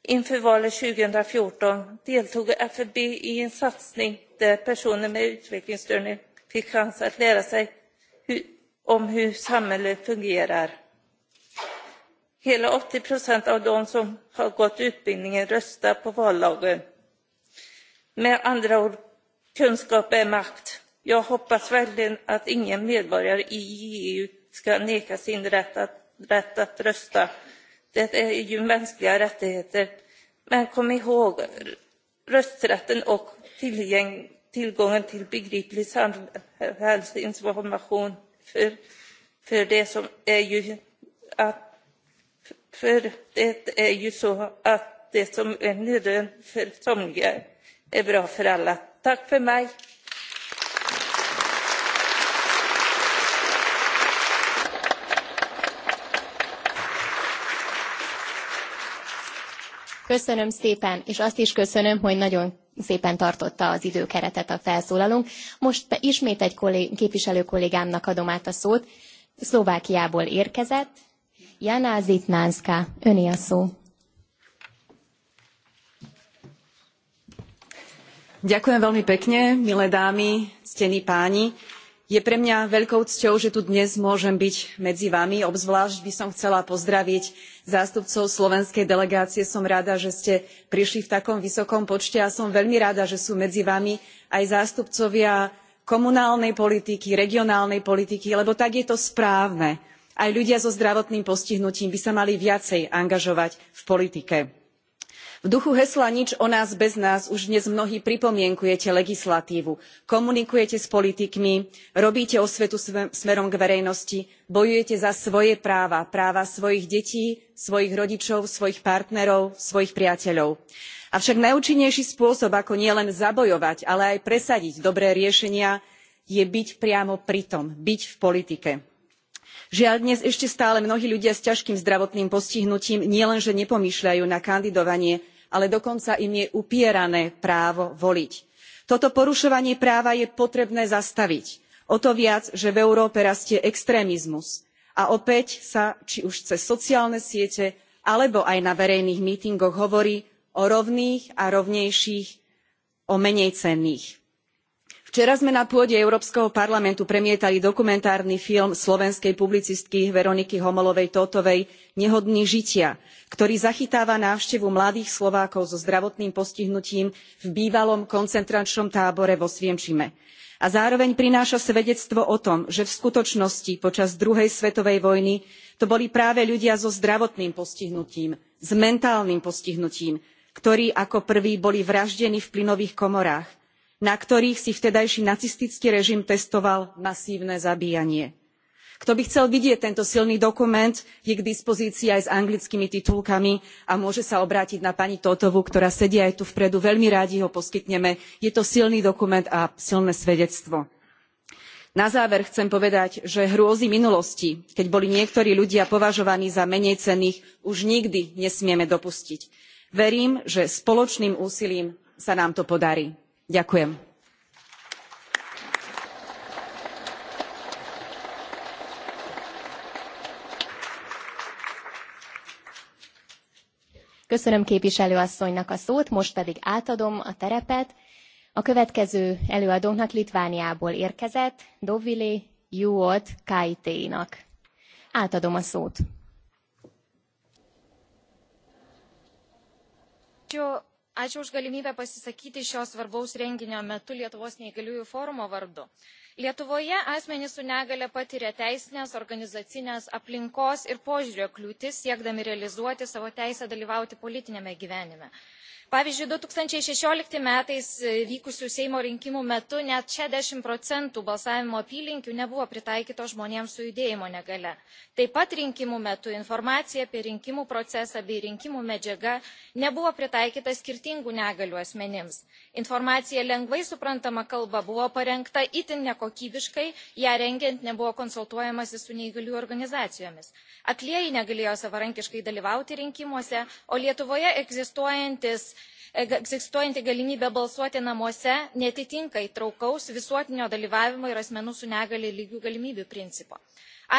Inför valet 2014 deltog FFB i en satsning där personer med utvecklingsstörning fick chans att lära sig om hur samhället fungerar hela 80 procent av de som har gått utbildningen rösta på vallagen. Med andra ord, kunskap är makt. Jag hoppas verkligen att ingen medborgare i EU ska neka sin rätt att, rösta. Det är ju mänskliga rättigheter. Men kom ihåg rösträtten och tillgången till begriplig samhällsinformation för, för det som är ju att för det är ju så att det som är nödvändigt för somliga är bra för alla. Tack för mig. Köszönöm szépen, és azt is köszönöm, hogy nagyon szépen tartotta az időkeretet a felszólalónk. Most ismét egy kollég, képviselő kollégámnak adom át a szót. Szlovákiából érkezett, Jana Zitnánszka, öné a szó. Ďakujem veľmi pekne, milé dámy, ctení páni. Je pre mňa veľkou cťou, že tu dnes môžem byť medzi vami. Obzvlášť by som chcela pozdraviť zástupcov slovenskej delegácie. Som rada, že ste prišli v takom vysokom počte a som veľmi rada, že sú medzi vami aj zástupcovia komunálnej politiky, regionálnej politiky, lebo tak je to správne aj ľudia so zdravotným postihnutím by sa mali viacej angažovať v politike. v duchu hesla nič o nás bez nás už dnes mnohí pripomienkujete legislatívu komunikujete s politikmi robíte osvetu smerom k verejnosti bojujete za svoje práva práva svojich detí svojich rodičov svojich partnerov svojich priateľov. avšak najúčinnejší spôsob ako nielen zabojovať ale aj presadiť dobré riešenia je byť priamo pritom, byť v politike žiaľ dnes ešte stále mnohí ľudia s ťažkým zdravotným postihnutím nielenže nepomýšľajú na kandidovanie ale dokonca im je upierané právo voliť. toto porušovanie práva je potrebné zastaviť o to viac že v európe rastie extrémizmus a opäť sa či už cez sociálne siete alebo aj na verejných mítingoch hovorí o rovných a rovnejších o menejcenných včera sme na pôde európskeho parlamentu premietali dokumentárny film slovenskej publicistky veroniky homolovej tótovej nehodný žitia ktorý zachytáva návštevu mladých slovákov so zdravotným postihnutím v bývalom koncentračnom tábore vo Sviemčime. a zároveň prináša svedectvo o tom že v skutočnosti počas druhej svetovej vojny to boli práve ľudia so zdravotným postihnutím s mentálnym postihnutím ktorí ako prví boli vraždení v plynových komorách na ktorých si vtedajší nacistický režim testoval masívne zabíjanie. kto by chcel vidieť tento silný dokument je k dispozícii aj s anglickými titulkami a môže sa obrátiť na pani Totovu, ktorá sedí aj tu vpredu veľmi rádi ho poskytneme je to silný dokument a silné svedectvo. na záver chcem povedať že hrôzy minulosti keď boli niektorí ľudia považovaní za cenných, už nikdy nesmieme dopustiť. verím že spoločným úsilím sa nám to podarí. Ďakujem. Köszönöm képviselő asszonynak a szót, most pedig átadom a terepet. A következő előadónak Litvániából érkezett dovili Juot Kaitéinak. Átadom a szót ačiū už galimybę pasisakyti šio svarbaus renginio metu lietuvos neįgaliųjų forumo vardu. lietuvoje asmenys su negale patiria teisines organizacinės aplinkos ir požiūrio kliūtis siekdami realizuoti savo teisę dalyvauti politiniame gyvenime pavyzdžiui du tūkstančiai šešiolika metais e, vykusių seimo rinkimų metu net šešiasdešimt procentų balsavimo apylinkių nebuvo pritaikytos žmonėms su judėjimo negalia taip pat rinkimų metu informacija apie rinkimų procesą bei rinkimų medžiaga nebuvo pritaikyta skirtingų negalių asmenims informacija lengvai suprantama kalba buvo parengta itin nekokybiškai ją rengiant nebuvo konsultuojamasi su neįgaliųjų organizacijomis aklieji negalėjo savarankiškai dalyvauti rinkimuose o lietuvoje egzistuojantis E, egzistuojanti galimybė balsuoti namuose neatitinka įtraukaus visuotinio dalyvavimo ir asmenų su negalia lygių galimybių principo.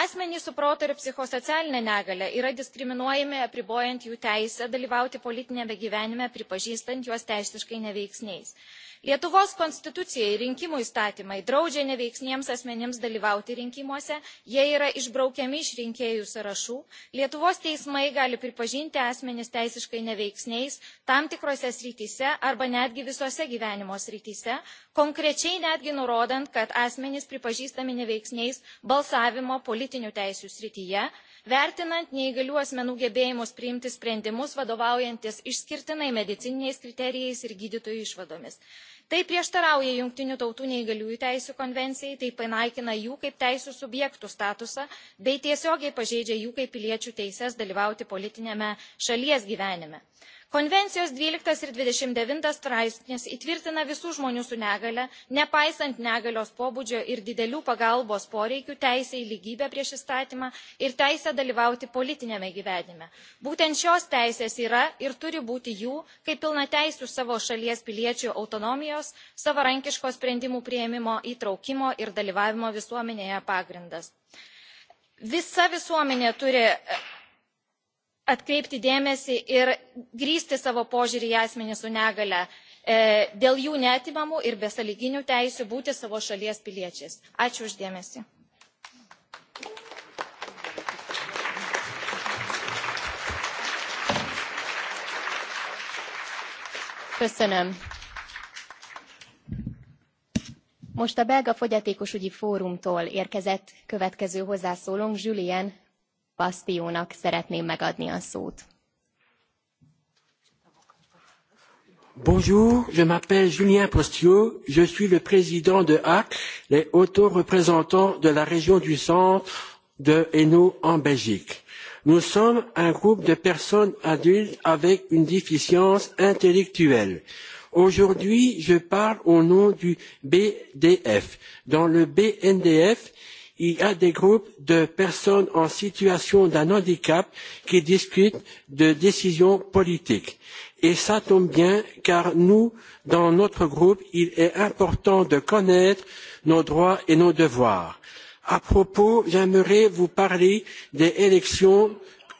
asmenys su proto ir psichosocialine negalia yra diskriminuojami apribojant jų teisę dalyvauti politiniame gyvenime pripažįstant juos teisiškai neveiksniais lietuvos konstitucijai ir rinkimų įstatymai draudžia neveiksniems asmenims dalyvauti rinkimuose jie yra išbraukiami iš rinkėjų sąrašų lietuvos teismai gali pripažinti asmenis teisiškai neveiksniais tam tikrose srityse arba netgi visose gyvenimo srityse konkrečiai netgi nurodant kad asmenys pripažįstami neveiksniais balsavimo politinių teisių srityje vertinant neįgalių asmenų gebėjimus priimti sprendimus vadovaujantis išskirtinai medicininiais kriterijais ir gydytojų išvadomis. tai prieštarauja jungtinių tautų neįgaliųjų teisių konvencijai tai panaikina jų kaip teisių subjektų statusą bei tiesiogiai pažeidžia jų kaip piliečių teises dalyvauti politiniame šalies gyvenime konvencijos dvyliktas ir dvidešimt devyni straipsnis įtvirtina visų žmonių su negalia nepaisant negalios pobūdžio ir didelių pagalbos poreikių teisę į lygybę prieš įstatymą ir teisę dalyvauti politiniame gyvenime. būtent šios teisės yra ir turi būti jų kaip pilnateisių savo šalies piliečių autonomijos savarankiško sprendimų priėmimo įtraukimo ir dalyvavimo visuomenėje pagrindas. visa visuomenė turi atkreipti dėmesį ir grįsti savo požiūrį į asmenį su negale e, dėl jų netimamų ir besaliginių teisių būti savo šalies piliečiais. Ačiū uždėmesi. Köszönöm. Most a Belga Fogyatékosügyi Fórumtól érkezett következő hozzászólónk Julien Bastiónak szeretném megadni a szót. Bonjour, je m'appelle Julien Postio, je suis le président de HAC, les auto représentants de la région du centre de Hainaut en Belgique. Nous sommes un groupe de personnes adultes avec une déficience intellectuelle. Aujourd'hui, je parle au nom du BDF. Dans le BNDF, il y a des groupes de personnes en situation de handicap qui discutent de décisions politiques et cela tombe bien car nous dans notre groupe il est important de connaître nos droits et nos devoirs. à propos j'aimerais vous parler des élections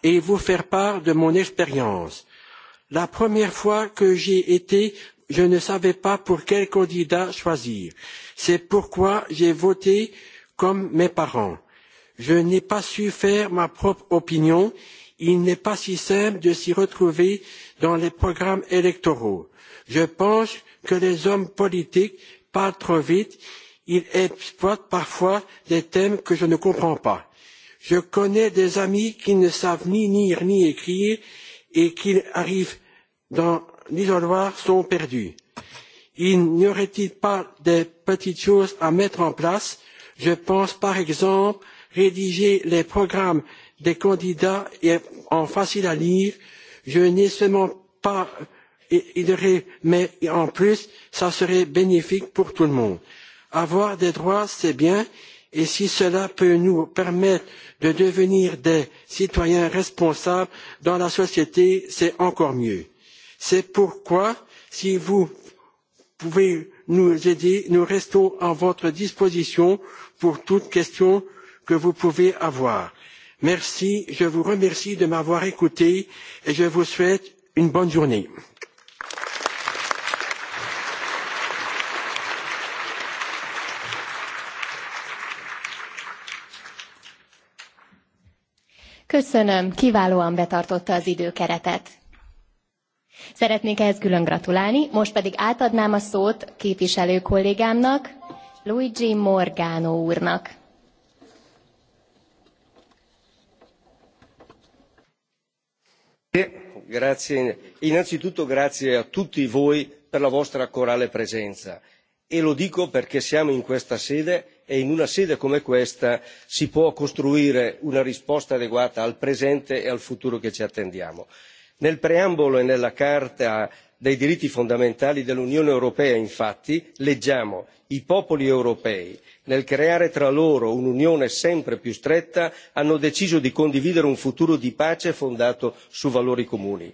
et vous faire part de mon expérience. la première fois que j'y été, je ne savais pas pour quel candidat choisir. c'est pourquoi j'ai voté comme mes parents. je n'ai pas su faire ma propre opinion il n'est pas si simple de s'y retrouver dans les programmes électoraux. je pense que les hommes politiques parlent trop vite ils exploitent parfois des thèmes que je ne comprends pas. je connais des amis qui ne savent ni lire ni écrire et qui arrivent dans l'isoloir sont perdus. n'y aurait il pas de petites choses à mettre en place je pense par exemple rédiger les programmes des candidats est en facile à lire je n'ai seulement pas idée, mais en plus ça serait bénéfique pour tout le monde. avoir des droits c'est bien et si cela peut nous permettre de devenir des citoyens responsables dans la société c'est encore mieux. c'est pourquoi si vous pouvez nous aider nous restons à votre disposition pour toute question que vous pouvez avoir. Merci, je vous remercie de m'avoir écouté et je vous souhaite une bonne journée. Köszönöm, kiválóan betartotta az időkeretet. Szeretnék ehhez külön gratulálni, most pedig átadnám a szót képviselő kollégámnak, Luigi Morgano úrnak. Grazie. Innanzitutto grazie a tutti voi per la vostra corale presenza e lo dico perché siamo in questa sede e in una sede come questa si può costruire una risposta adeguata al presente e al futuro che ci attendiamo nel preambolo e nella carta dei diritti fondamentali dell'unione europea infatti leggiamo i popoli europei nel creare tra loro un'unione sempre più stretta hanno deciso di condividere un futuro di pace fondato su valori comuni.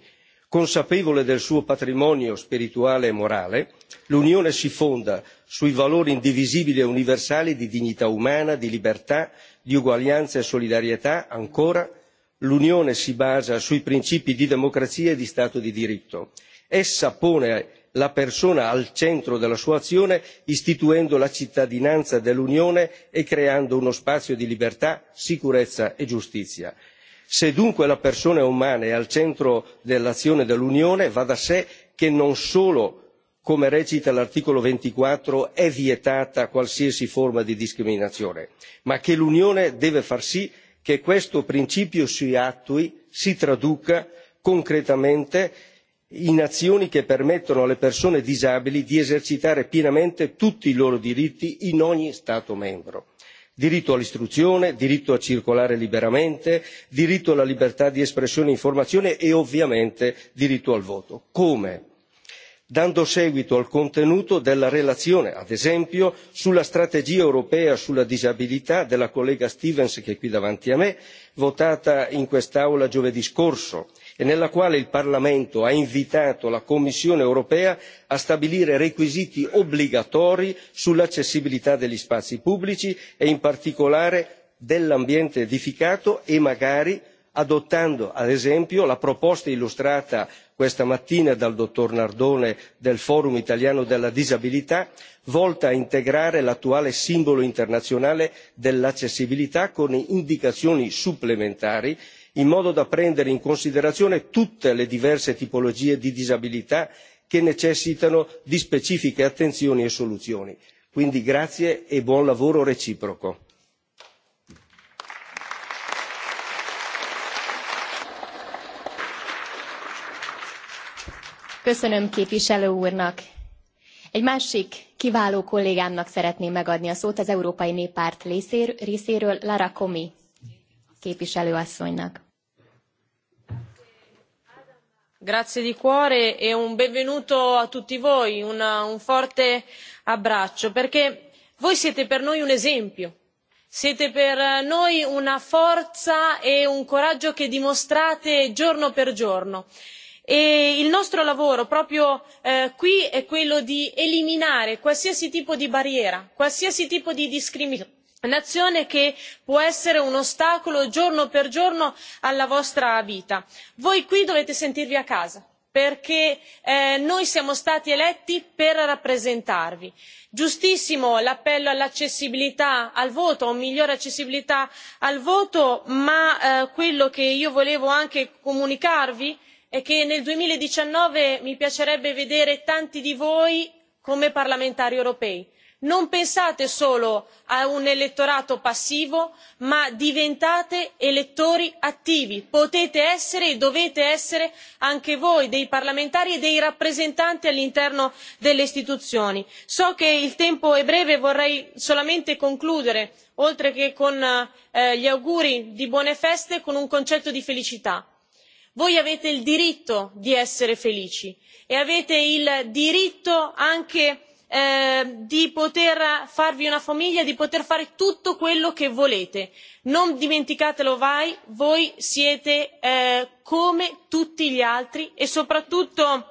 consapevole del suo patrimonio spirituale e morale l'unione si fonda sui valori indivisibili e universali di dignità umana di libertà di uguaglianza e solidarietà ancora l'unione si basa sui principi di democrazia e di stato di diritto essa pone la persona al centro della sua azione istituendo la cittadinanza dell'unione e creando uno spazio di libertà sicurezza e giustizia. se dunque la persona umana è e al centro dell'azione dell'unione va da sé che non solo come recita l'articolo ventiquattro è vietata qualsiasi forma di discriminazione ma che l'unione deve far sì che questo principio si attui si traduca concretamente in azioni che permettano alle persone disabili di esercitare pienamente tutti i loro diritti in ogni stato membro diritto all'istruzione diritto a circolare liberamente diritto alla libertà di espressione e informazione e ovviamente diritto al voto. come? dando seguito al contenuto della relazione ad esempio sulla strategia europea sulla disabilità della collega stevens che è qui davanti a me votata in quest'aula giovedì scorso e nella quale il parlamento ha invitato la commissione europea a stabilire requisiti obbligatori sull'accessibilità degli spazi pubblici e in particolare dell'ambiente edificato e magari adottando ad esempio la proposta illustrata questa mattina dal dottor nardone del forum italiano della disabilità volta a integrare l'attuale simbolo internazionale dell'accessibilità con indicazioni supplementari in modo da prendere in considerazione tutte le diverse tipologie di disabilità che necessitano di specifiche attenzioni e soluzioni. quindi grazie e buon lavoro reciproco. Köszönöm képviselő úrnak. Egy másik kiváló kollégámnak szeretném megadni a szót az Európai Néppárt részéről, Lara Komi képviselő asszonynak. Grazie di cuore e un benvenuto a tutti voi, una, un forte abbraccio, perché voi siete per noi un esempio, siete per noi una forza e un coraggio che dimostrate giorno per giorno e il nostro lavoro proprio eh, qui è quello di eliminare qualsiasi tipo di barriera qualsiasi tipo di discriminazione che può essere un ostacolo giorno per giorno alla vostra vita. voi qui dovete sentirvi a casa perché eh, noi siamo stati eletti per rappresentarvi. giustissimo l'appello all'accessibilità al voto a una migliore accessibilità al voto ma eh, quello che io volevo anche comunicarvi è e che nel duemiladiciannove mi piacerebbe vedere tanti di voi come parlamentari europei non pensate solo a un elettorato passivo ma diventate elettori attivi potete essere e dovete essere anche voi dei parlamentari e dei rappresentanti all'interno delle istituzioni. so che il tempo è breve vorrei solamente concludere oltre che con eh, gli auguri di buone feste con un concetto di felicità voi avete il diritto di essere felici e avete il diritto anche eh, di poter farvi una famiglia di poter fare tutto quello che volete non dimenticatelo mai voi siete eh, come tutti gli altri e soprattutto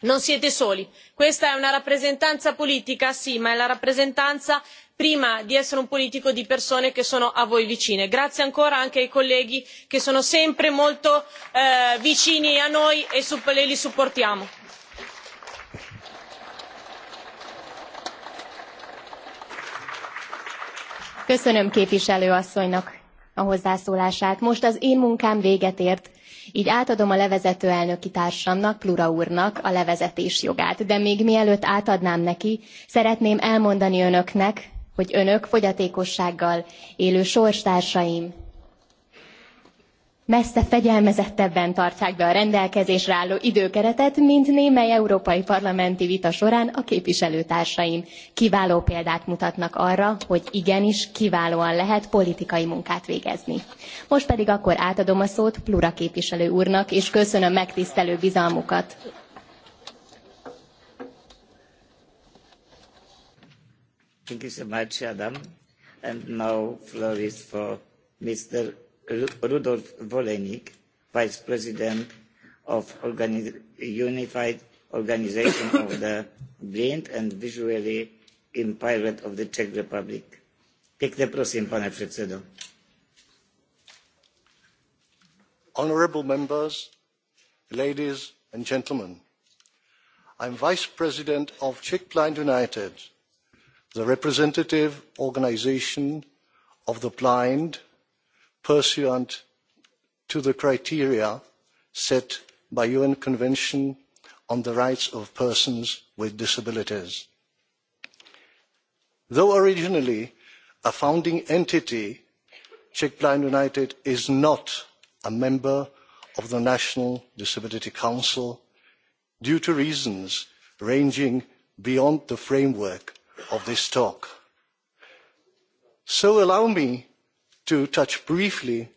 non siete soli questa è una rappresentanza politica sì ma è la rappresentanza prima di essere un politico di persone che sono a voi vicine. grazie ancora anche ai colleghi che sono sempre molto eh, vicini a noi e, e li supportiamo. köszönöm képviselő asszonynak a hozzászólását. most az én munkám véget ért így átadom a levezető elnöki társamnak plura úrnak a levezetés jogát de még mielőtt átadnám neki szeretném elmondani önöknek hogy önök fogyatékossággal élő sorstársaim messze fegyelmezettebben tartják be a rendelkezésre álló időkeretet, mint némely európai parlamenti vita során a képviselőtársaim. Kiváló példát mutatnak arra, hogy igenis kiválóan lehet politikai munkát végezni. Most pedig akkor átadom a szót Plura képviselő úrnak, és köszönöm megtisztelő bizalmukat. Thank you so Adam. And now floor is for Mr. Rudolf Volenik, Vice President of Unified Organization of the Blind and Visually Impaired of the Czech Republic. Pěkně prosím, pane předsedo. Honorable members, ladies and gentlemen, I'm Vice President of Czech Blind United, the representative organisation of the blind pursuant to the criteria set by the un convention on the rights of persons with disabilities. though originally a founding entity czech blind united is not a member of the national disability council due to reasons ranging beyond the framework of this talk. So allow me to touch briefly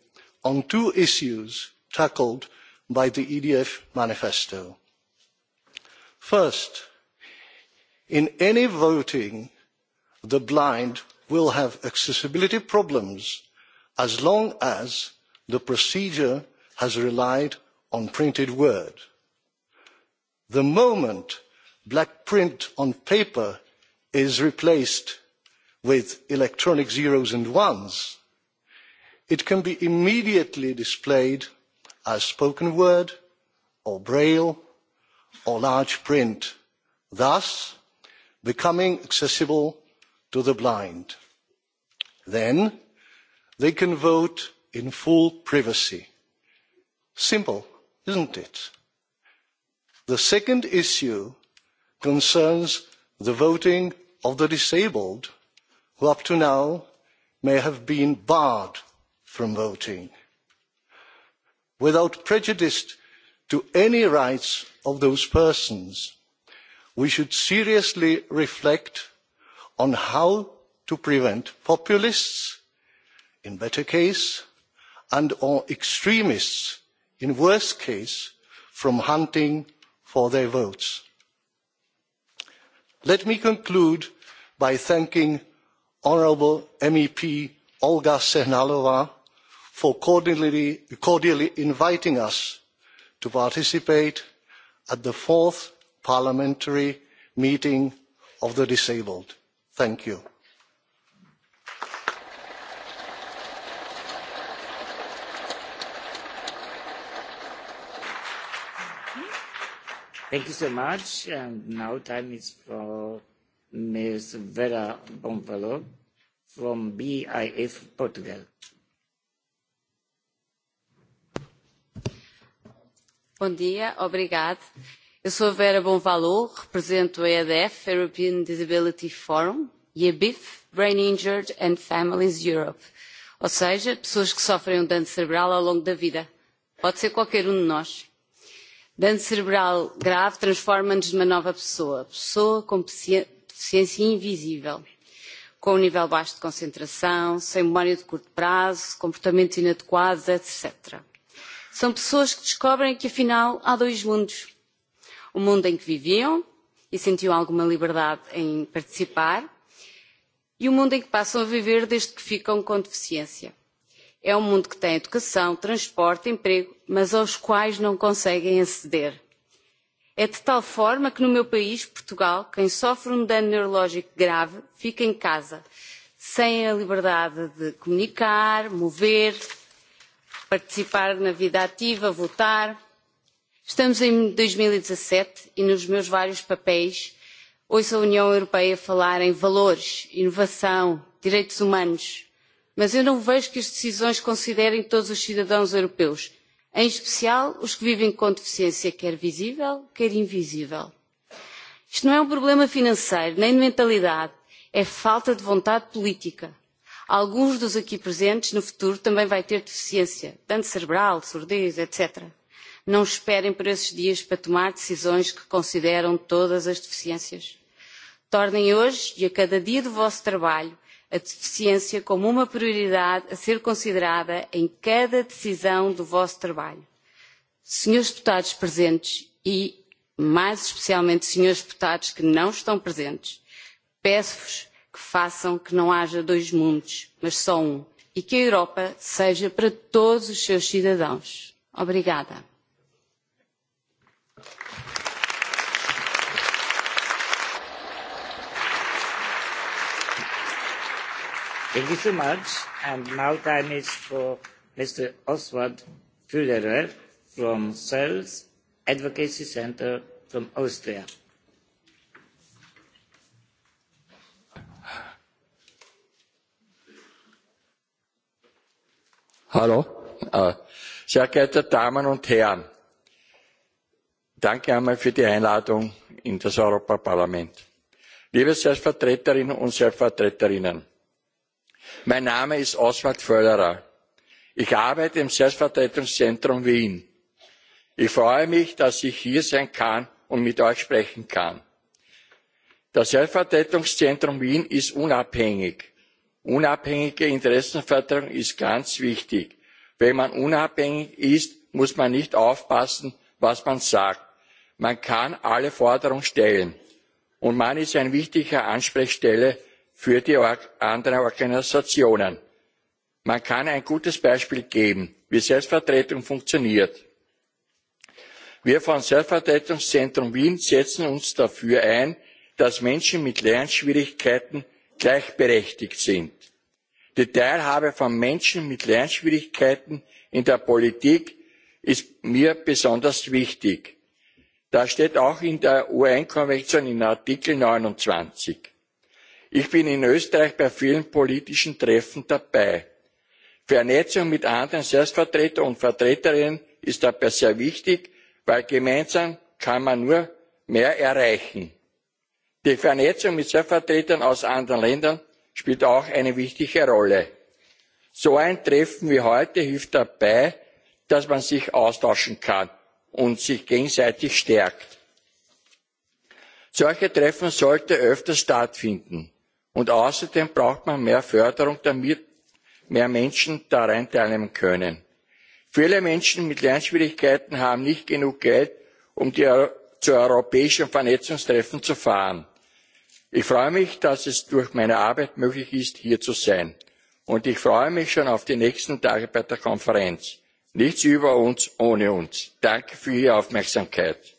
on two issues tackled by the EDF manifesto. First, in any voting, the blind will have accessibility problems as long as the procedure has relied on printed word. The moment black print on paper is replaced with electronic zeros and ones it can be immediately displayed as spoken word or braille or large print thus becoming accessible to the blind. then they can vote in full privacy. simple isn't it? the second issue concerns the voting of the disabled who up to now may have been barred from voting without prejudice to any rights of those persons we should seriously reflect on how to prevent populists in better case and or extremists in worse case from hunting for their votes let me conclude by thanking honourable mep olga sehnalov for cordially inviting us to participate at the fourth parliamentary meeting of the disabled. thank you. so much. And now time is Ms. Vera Bompalo from BIF Portugal. Bom dia, obrigado. Eu sou a Vera Bonvalo, represento a EDF, European Disability Forum, e a BIF, Brain Injured and Families Europe, ou seja, pessoas que sofrem um dano cerebral ao longo da vida. Pode ser qualquer um de nós. Dano cerebral grave transforma-nos numa nova pessoa, pessoa com Ciência invisível, com um nível baixo de concentração, sem memória de curto prazo, comportamentos inadequados, etc. São pessoas que descobrem que, afinal, há dois mundos. O mundo em que viviam e sentiam alguma liberdade em participar, e o mundo em que passam a viver desde que ficam com deficiência. É um mundo que tem educação, transporte, emprego, mas aos quais não conseguem aceder É de tal forma que no meu país, Portugal, quem sofre um dano neurológico grave fica em casa, sem a liberdade de comunicar, mover, participar na vida ativa, votar. Estamos em 2017 e, e nos meus vários papéis ouço a União Europeia falar em valores, inovação, direitos humanos, mas eu não vejo que as decisões considerem todos os cidadãos europeus em especial os que vivem com deficiência quer visível, quer invisível. Isto não é um problema financeiro, nem de mentalidade, é falta de vontade política. Alguns dos aqui presentes no futuro também vai ter deficiência, tanto cerebral, surdez, etc. Não esperem por esses dias para tomar decisões que consideram todas as deficiências. Tornem hoje e a cada dia do vosso trabalho a deficiência como uma prioridade a ser considerada em cada decisão do vosso trabalho. Senhores deputados presentes e, mais especialmente, senhores deputados que não estão presentes, peço-vos que façam que não haja dois mundos, mas só um, e que a Europa seja para todos os seus cidadãos. Obrigada. Thank you so much. And now time is for Mr. Oswald Füllerer from Cells Advocacy Center from Austria. Hallo, ah. sehr geehrte Damen und Herren, danke einmal für die Einladung in das Europaparlament. Liebe Selbstvertreterinnen und Selbstvertreterinnen, mein name ist oswald förderer. ich arbeite im Selbstvertretungszentrum wien. ich freue mich dass ich hier sein kann und mit euch sprechen kann. das Selbstvertretungszentrum wien ist unabhängig. unabhängige interessenvertretung ist ganz wichtig. wenn man unabhängig ist muss man nicht aufpassen was man sagt. man kann alle forderungen stellen und man ist eine wichtige ansprechstelle für die anderen organisationen. man kann ein gutes beispiel geben wie er selbstvertretung funktioniert. wir er vom selbstvertretungszentrum wien setzen uns dafür ein dass menschen mit lernschwierigkeiten gleichberechtigt sind. die teilhabe von menschen mit lernschwierigkeiten in der politik ist mir besonders wichtig. das steht auch in der un konvention in artikel 29 ich bin in österreich bei vielen politischen treffen dabei. vernetzung mit anderen selbstvertretern und vertreterinnen ist dabei sehr wichtig weil gemeinsam kann man nur mehr erreichen. die vernetzung mit selbstvertretern aus anderen ländern spielt auch eine wichtige rolle. so ein treffen wie heute hilft dabei dass man sich austauschen kann und sich gegenseitig stärkt. solche treffen sollten öfter stattfinden und außerdem braucht man mehr förderung damit mehr menschen daran teilnehmen können. viele menschen mit lernschwierigkeiten haben nicht genug geld um zu europäischen vernetzungstreffen zu fahren. ich freue mich dass es durch meine arbeit möglich ist hier zu sein und ich freue mich schon auf die nächsten tage bei der konferenz. nichts über uns ohne uns! danke für ihre aufmerksamkeit.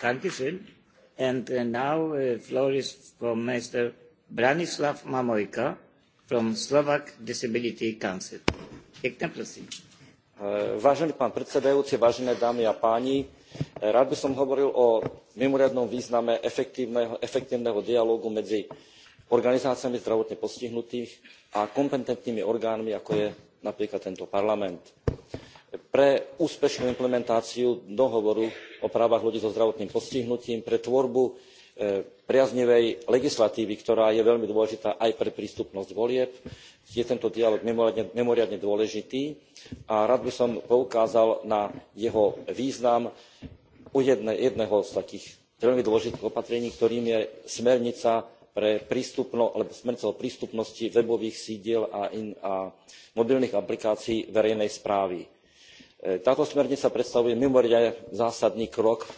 Dankeschön. And uh, now uh, floor is from Mr. Branislav Mamojka from Slovak Disability Council. Pěkně prosím. E, vážený pán predsedajúci, vážené dámy a páni, e, rád by som hovoril o mimoriadnom význame efektívneho, efektívneho dialógu medzi organizáciami zdravotne postihnutých a kompetentnými orgánmi, ako je napríklad tento parlament pre úspešnú implementáciu dohovoru o právach ľudí so zdravotným postihnutím pre tvorbu e, priaznivej legislatívy ktorá je veľmi dôležitá aj pre prístupnosť volieb je tento dialóg mimoriadne dôležitý a rád by som poukázal na jeho význam u jedného z takých veľmi dôležitých opatrení ktorým je smernica pre alebo smernica o prístupnosti webových sídiel a, in, a mobilných aplikácií verejnej správy E, táto smernica predstavuje mimoriadne zásadný krok e,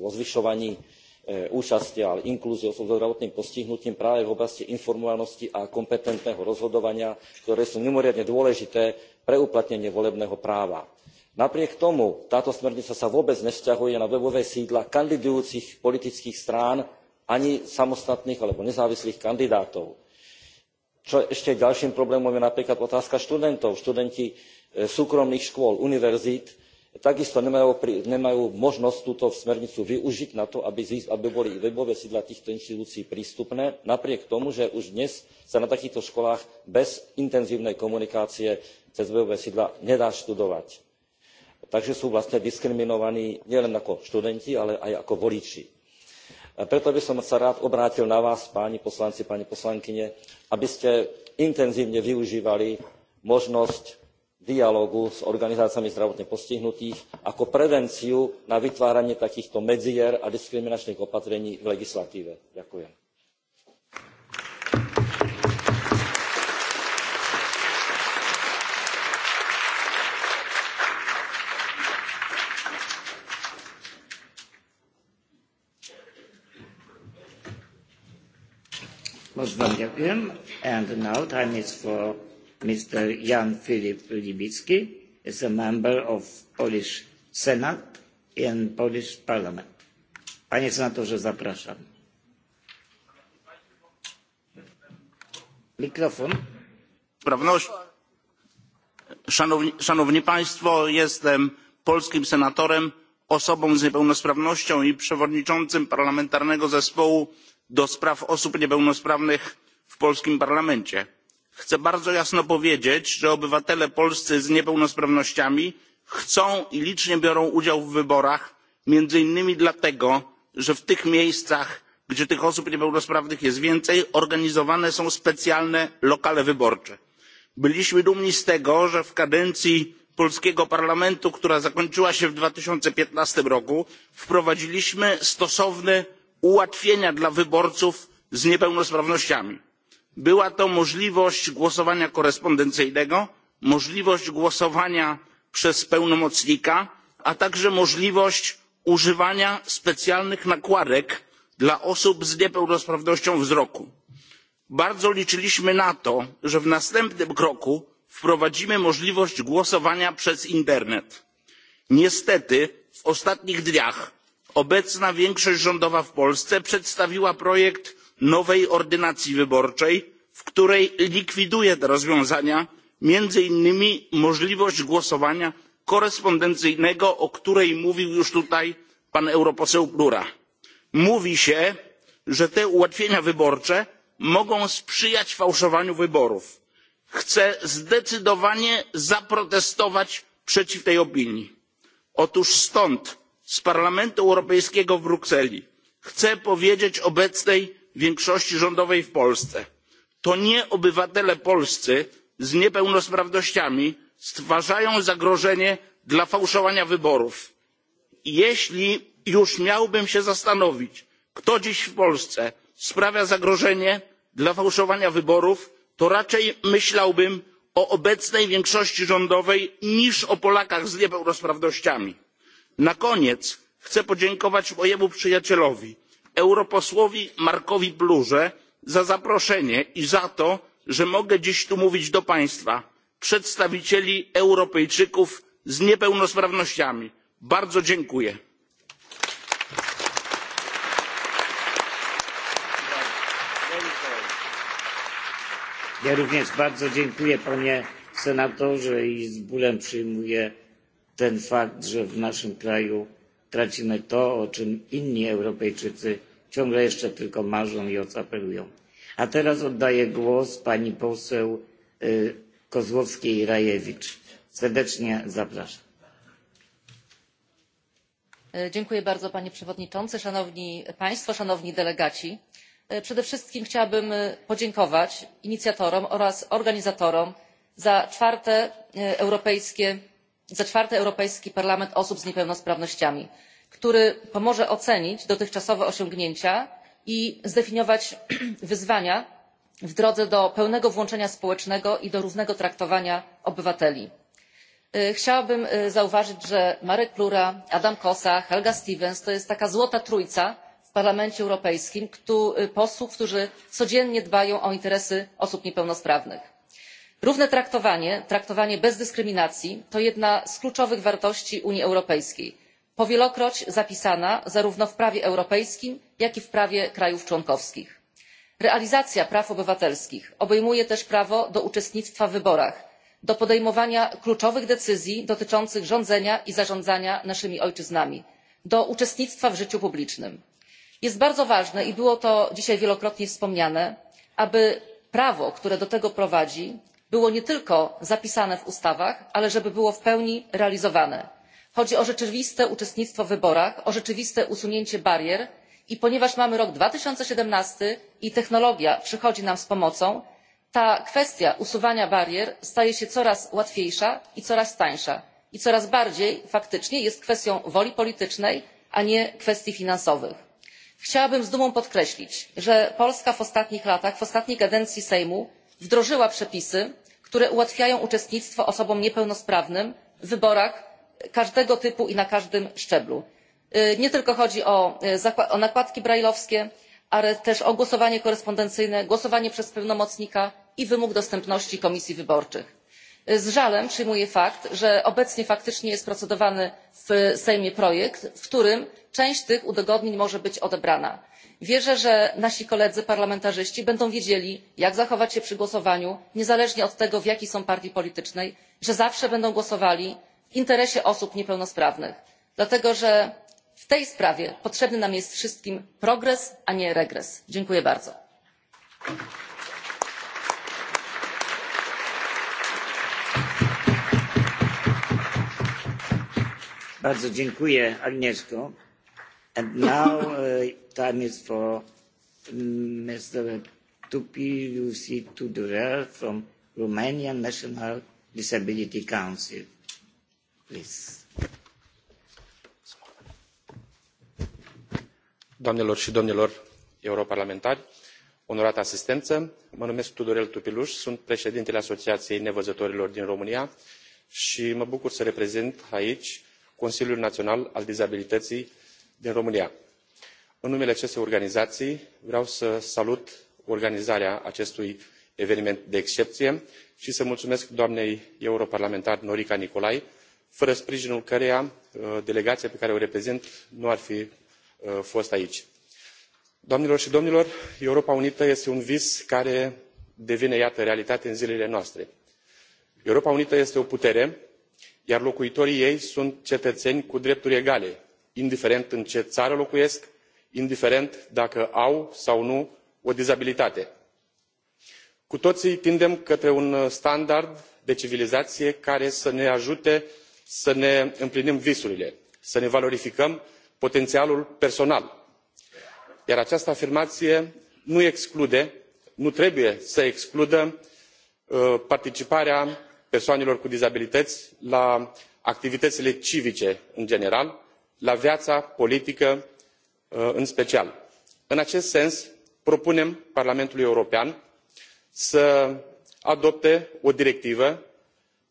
vo zvyšovaní e, účasti a inklúzie osôb so zdravotným postihnutím práve v oblasti informovanosti a kompetentného rozhodovania ktoré sú mimoriadne dôležité pre uplatnenie volebného práva. napriek tomu táto smernica sa vôbec nevzťahuje na webové sídla kandidujúcich politických strán ani samostatných alebo nezávislých kandidátov. čo ešte ďalším problémom je napríklad otázka študentov. študenti E, súkromných škôl univerzít takisto nemajú možnosť túto smernicu využiť na to aby boli webové sídla týchto inštitúcií prístupné napriek tomu že už dnes sa na takýchto školách bez intenzívnej komunikácie cez webové sídla nedá študovať. takže sú vlastne diskriminovaní nielen ako študenti ale aj ako voliči. preto by som sa rád obrátil na vás páni poslanci pani poslankyne aby ste intenzívne využívali možnosť dialógu s organizáciami zdravotne postihnutých ako prevenciu na vytváranie takýchto medzier a diskriminačných opatrení v legislatíve. ďakujem. Mr. Jan Filip Libicki is a member of Polish Senate and Polish Parliament. Panie senatorze, zapraszam. Mikrofon. Prawność. Szanowni, Państwo, jestem polskim senatorem, osobą z niepełnosprawnością i przewodniczącym parlamentarnego zespołu do spraw osób niepełnosprawnych w polskim parlamencie chcę bardzo jasno powiedzieć że obywatele polscy z niepełnosprawnościami chcą i licznie biorą udział w wyborach między innymi dlatego że w tych miejscach gdzie tych osób niepełnosprawnych jest więcej organizowane są specjalne lokale wyborcze. byliśmy dumni z tego że w kadencji polskiego parlamentu która zakończyła się w dwa tysiące piętnaście roku wprowadziliśmy stosowne ułatwienia dla wyborców z niepełnosprawnościami była to możliwość głosowania korespondencyjnego możliwość głosowania przez pełnomocnika a także możliwość używania specjalnych nakładek dla osób z niepełnosprawnością wzroku. bardzo liczyliśmy na to że w następnym kroku wprowadzimy możliwość głosowania przez internet. niestety w ostatnich dniach obecna większość rządowa w polsce przedstawiła projekt nowej ordynacji wyborczej w której likwiduje te rozwiązania między innymi możliwość głosowania korespondencyjnego o której mówił już tutaj pan europoseł plura. mówi się że te ułatwienia wyborcze mogą sprzyjać fałszowaniu wyborów. chcę zdecydowanie zaprotestować przeciw tej opinii. otóż stąd z parlamentu europejskiego w brukseli chcę powiedzieć obecnej większości rządowej w polsce to nie obywatele polscy z niepełnosprawnościami stwarzają zagrożenie dla fałszowania wyborów. jeśli już miałbym się zastanowić kto dziś w polsce sprawia zagrożenie dla fałszowania wyborów to raczej myślałbym o obecnej większości rządowej niż o polakach z niepełnosprawnościami. na koniec chcę podziękować mojemu przyjacielowi europosłowi markowi blurze za zaproszenie i za to że mogę dziś tu mówić do państwa przedstawicieli europejczyków z niepełnosprawnościami. bardzo dziękuję. ja również bardzo dziękuję panie senatorze i z bólem przyjmuję ten fakt że w naszym kraju tracimy to o czym inni europejczycy ciągle jeszcze tylko marzą i o co apelują. a teraz oddaję głos pani poseł kozłowskiej rajewicz. serdecznie zapraszam. E, dziękuję bardzo, panie przewodniczący! szanowni państwo! szanowni delegaci! E, przede wszystkim chciałabym e, podziękować inicjatorom oraz organizatorom za czwarte europejskie za czwarte europejski parlament osób z niepełnosprawnościami który pomoże ocenić dotychczasowe osiągnięcia i zdefiniować *clears throat* wyzwania w drodze do pełnego włączenia społecznego i do równego traktowania obywateli. chciałabym zauważyć że marek plura adam kosa helga stevens to jest taka złota trójca w parlamencie europejskim posłów którzy codziennie dbają o interesy osób niepełnosprawnych równe traktowanie traktowanie bez dyskryminacji to jedna z kluczowych wartości unii europejskiej po wielokroć zapisana zarówno w prawie europejskim jak i w prawie krajów członkowskich. realizacja praw obywatelskich obejmuje też prawo do uczestnictwa w wyborach do podejmowania kluczowych decyzji dotyczących rządzenia i zarządzania naszymi ojczyznami do uczestnictwa w życiu publicznym. jest bardzo ważne i było to dzisiaj wielokrotnie wspomniane aby prawo które do tego prowadzi było nie tylko zapisane w ustawach ale żeby było w pełni realizowane. chodzi o rzeczywiste uczestnictwo w wyborach o rzeczywiste usunięcie barier i ponieważ mamy rok dwa tysiące siedemnaście i technologia przychodzi nam z pomocą ta kwestia usuwania barier staje się coraz łatwiejsza i coraz tańsza i coraz bardziej faktycznie jest kwestią woli politycznej a nie kwestii finansowych. chciałabym z dumą podkreślić że polska w ostatnich latach w ostatniej kadencji sejmu wdrożyła przepisy które ułatwiają uczestnictwo osobom niepełnosprawnym w wyborach każdego typu i na każdym szczeblu. nie tylko chodzi o nakładki brajlowskie, ale też o głosowanie korespondencyjne głosowanie przez pełnomocnika i wymóg dostępności komisji wyborczych z żalem przyjmuję fakt że obecnie faktycznie jest procedowany w sejmie projekt w którym część tych udogodnień może być odebrana. wierzę że nasi koledzy parlamentarzyści będą wiedzieli jak zachować się przy głosowaniu niezależnie od tego w jakiej są partii politycznej że zawsze będą głosowali w interesie osób niepełnosprawnych dlatego że w tej sprawie potrzebny nam jest wszystkim progres a nie regres. dziękuję bardzo. Bardzo dziękuję, Agnieszko. And now uh, time is for Mr. Mm, Tupi Lucy Tudorel from Romanian National Disability Council. Please. Doamnelor și domnilor europarlamentari, onorată asistență, mă numesc Tudorel Tupiluș, sunt președintele Asociației Nevăzătorilor din România și mă bucur să reprezint aici consiliul național al dizabilității din românia. în numele acestei organizații vreau să salut organizarea acestui eveniment de excepție și să mulțumesc doamnei europarlamentar norica nicolai fără sprijinul căreia uh, delegația pe care o reprezint nu ar fi uh, fost aici. doamnelor și domnilor europa unită este un vis care devine iată realitate în zilele noastre. europa unită este o putere iar locuitorii ei sunt cetățeni cu drepturi egale indiferent în ce țară locuiesc indiferent dacă au sau nu o dizabilitate. cu toții tindem către un standard de civilizație care să ne ajute să ne împlinim visurile să ne valorificăm potențialul personal iar această afirmație nu exclude nu trebuie să excludă uh, participarea persoanelor cu dizabilități la activitățile civice în general la viața politică uh, în special. în acest sens propunem parlamentului european să adopte o directivă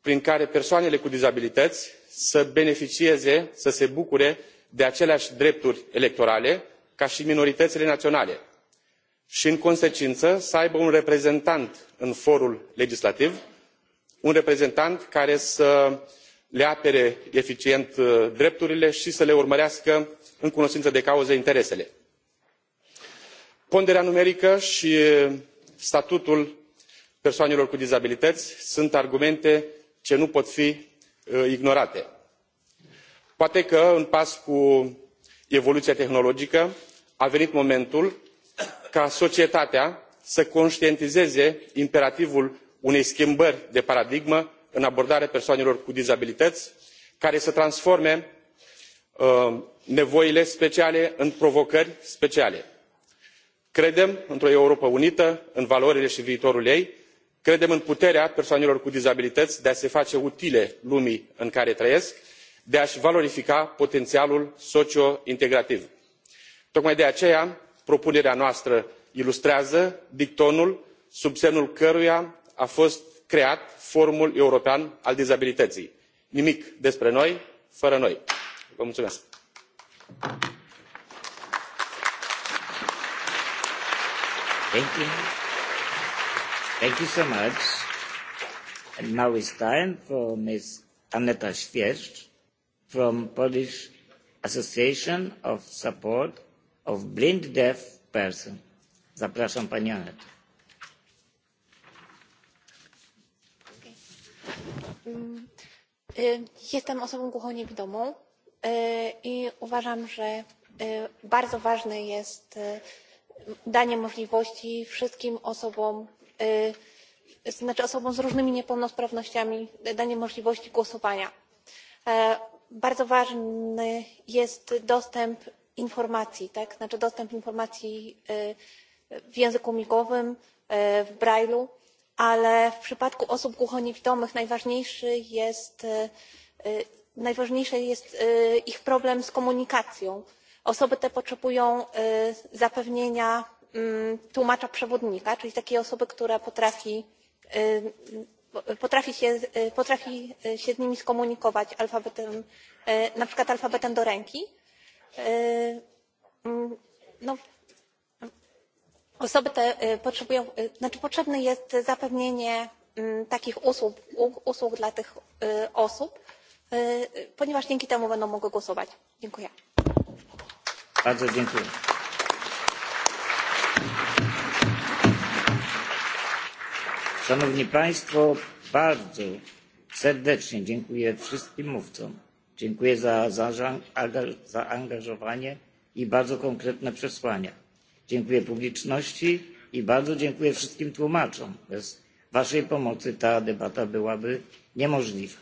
prin care persoanele cu dizabilități să beneficieze să se bucure de aceleași drepturi electorale ca și minoritățile naționale și în consecință să aibă un reprezentant în forul legislativ un reprezentant care să le apere eficient uh, drepturile și să le urmărească în cunoștință de cauză interesele. ponderea numerică și statutul persoanelor cu dizabilități sunt argumente ce nu pot fi uh, ignorate. poate că în pas cu evoluția tehnologică a venit momentul ca societatea să conștientizeze imperativul unei schimbări de paradigmă în abordarea persoanelor cu dizabilități care să transforme uh, nevoile speciale în provocări speciale. credem într o europă unită în valorile și viitorul ei credem în puterea persoanelor cu dizabilități de a se face utile lumii în care trăiesc de a și valorifica potențialul socio integrativ. tocmai de aceea propunerea noastră ilustrează dictonul sub semnul căruia a fost creat forumul european al dizabilității nimic despre noi fără noi. vă mulțumesc. Thank you. Thank you so much. And now it's time for Ms. Aneta Świerz from Polish Association of Support of Blind Deaf Person. Zapraszam Panią Anetę. Jestem osobą głuchoniewidomą i uważam, że bardzo ważne jest danie możliwości wszystkim osobom znaczy osobom z różnymi niepełnosprawnościami danie możliwości głosowania. E, bardzo ważny jest dostęp informacji, tak? Znaczy dostęp informacji w języku migowym, w brajlu ale w przypadku osób głuchoniewidomych najważniejszy jest, e, e, jest e, ich problem z komunikacją. osoby te potrzebują zapewnienia mm, tłumacza przewodnika czyli takiej osoby która potrafi się, z nimi skomunikować alfabetem na przykład alfabetem do ręki. No, osoby te potrzebują, znaczy potrzebne jest zapewnienie mm, takich usług, dla tych osób, ponieważ dzięki temu będą mogły głosować. Dziękuję. Bardzo Szanowni Państwo, bardzo serdecznie dziękuję wszystkim mówcom. Dziękuję za, za zaangażowanie i bardzo konkretne przesłania dziękuję publiczności i bardzo dziękuję wszystkim tłumaczom. bez waszej pomocy ta debata byłaby niemożliwa.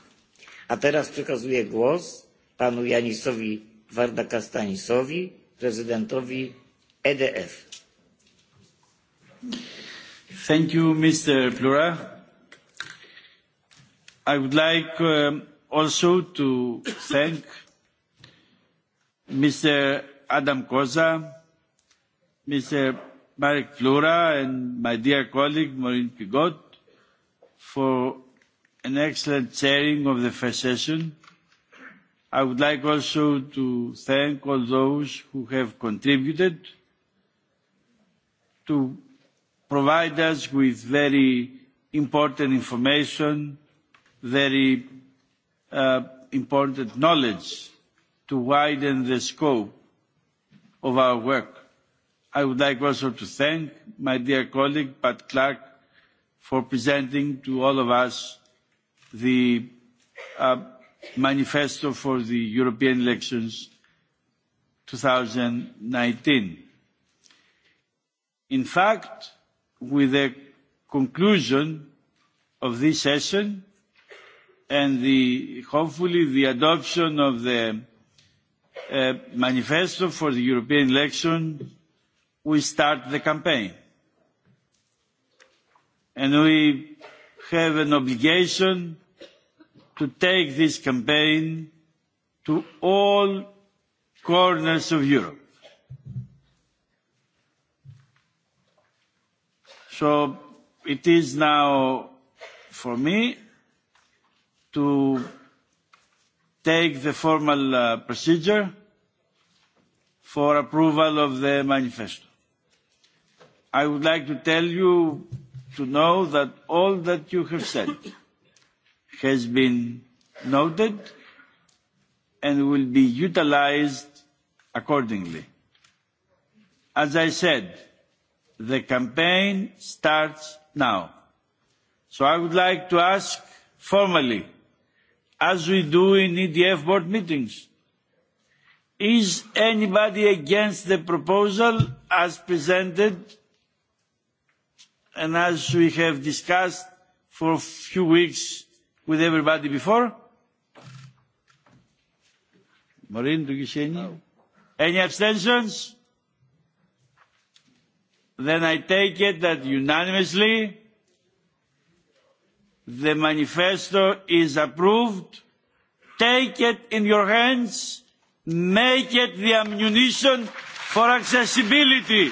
a teraz przekazuję głos panu janisowi Wardakastanisowi, prezydentowi edf. Thank you, Mr. Plura. I would like um, also to thank Mr. Adam Koza, Mr. Marek Flura and my dear colleague Maureen Pigot for an excellent chairing of the first session. I would like also to thank all those who have contributed to provide us with very important information, very uh, important knowledge to widen the scope of our work i would like also to thank my dear colleague Pat Clark for presenting to all of us the uh, manifesto for the European elections 2019. In fact, with the conclusion of this session and the, hopefully the adoption of the uh, manifesto for the European elections, we start the campaign and we have an obligation to take this campaign to all corners of Europe. So it is now for me to take the formal uh, procedure for approval of the manifesto. I would like to tell you to know that all that you have said has been noted and will be utilised accordingly. As I said, the campaign starts now. So I would like to ask formally, as we do in EDF board meetings, is anybody against the proposal as presented and as we have discussed for a few weeks with everybody before? Maureen, do you see any? No. Any abstentions? Then I take it that unanimously the manifesto is approved. Take it in your hands. Make it the ammunition for accessibility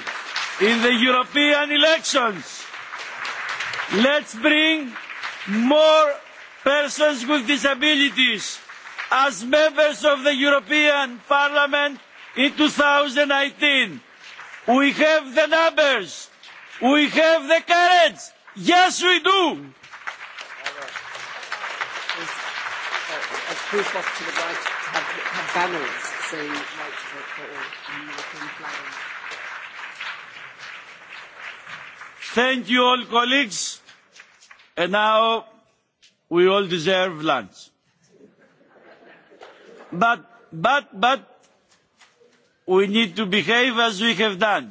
in the European elections. Let's bring more persons with disabilities as members of the European Parliament in 2019. We have the numbers. We have the courage. Yes, we do. Thank you all colleagues and now we all deserve lunch. But, but, but we need to behave as we have done.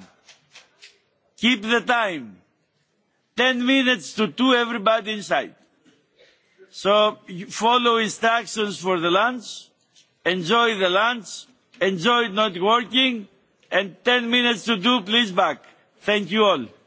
Keep the time. Ten minutes to two everybody inside. So follow instructions for the lunch, enjoy the lunch, enjoy not working, and ten minutes to do please back. Thank you all.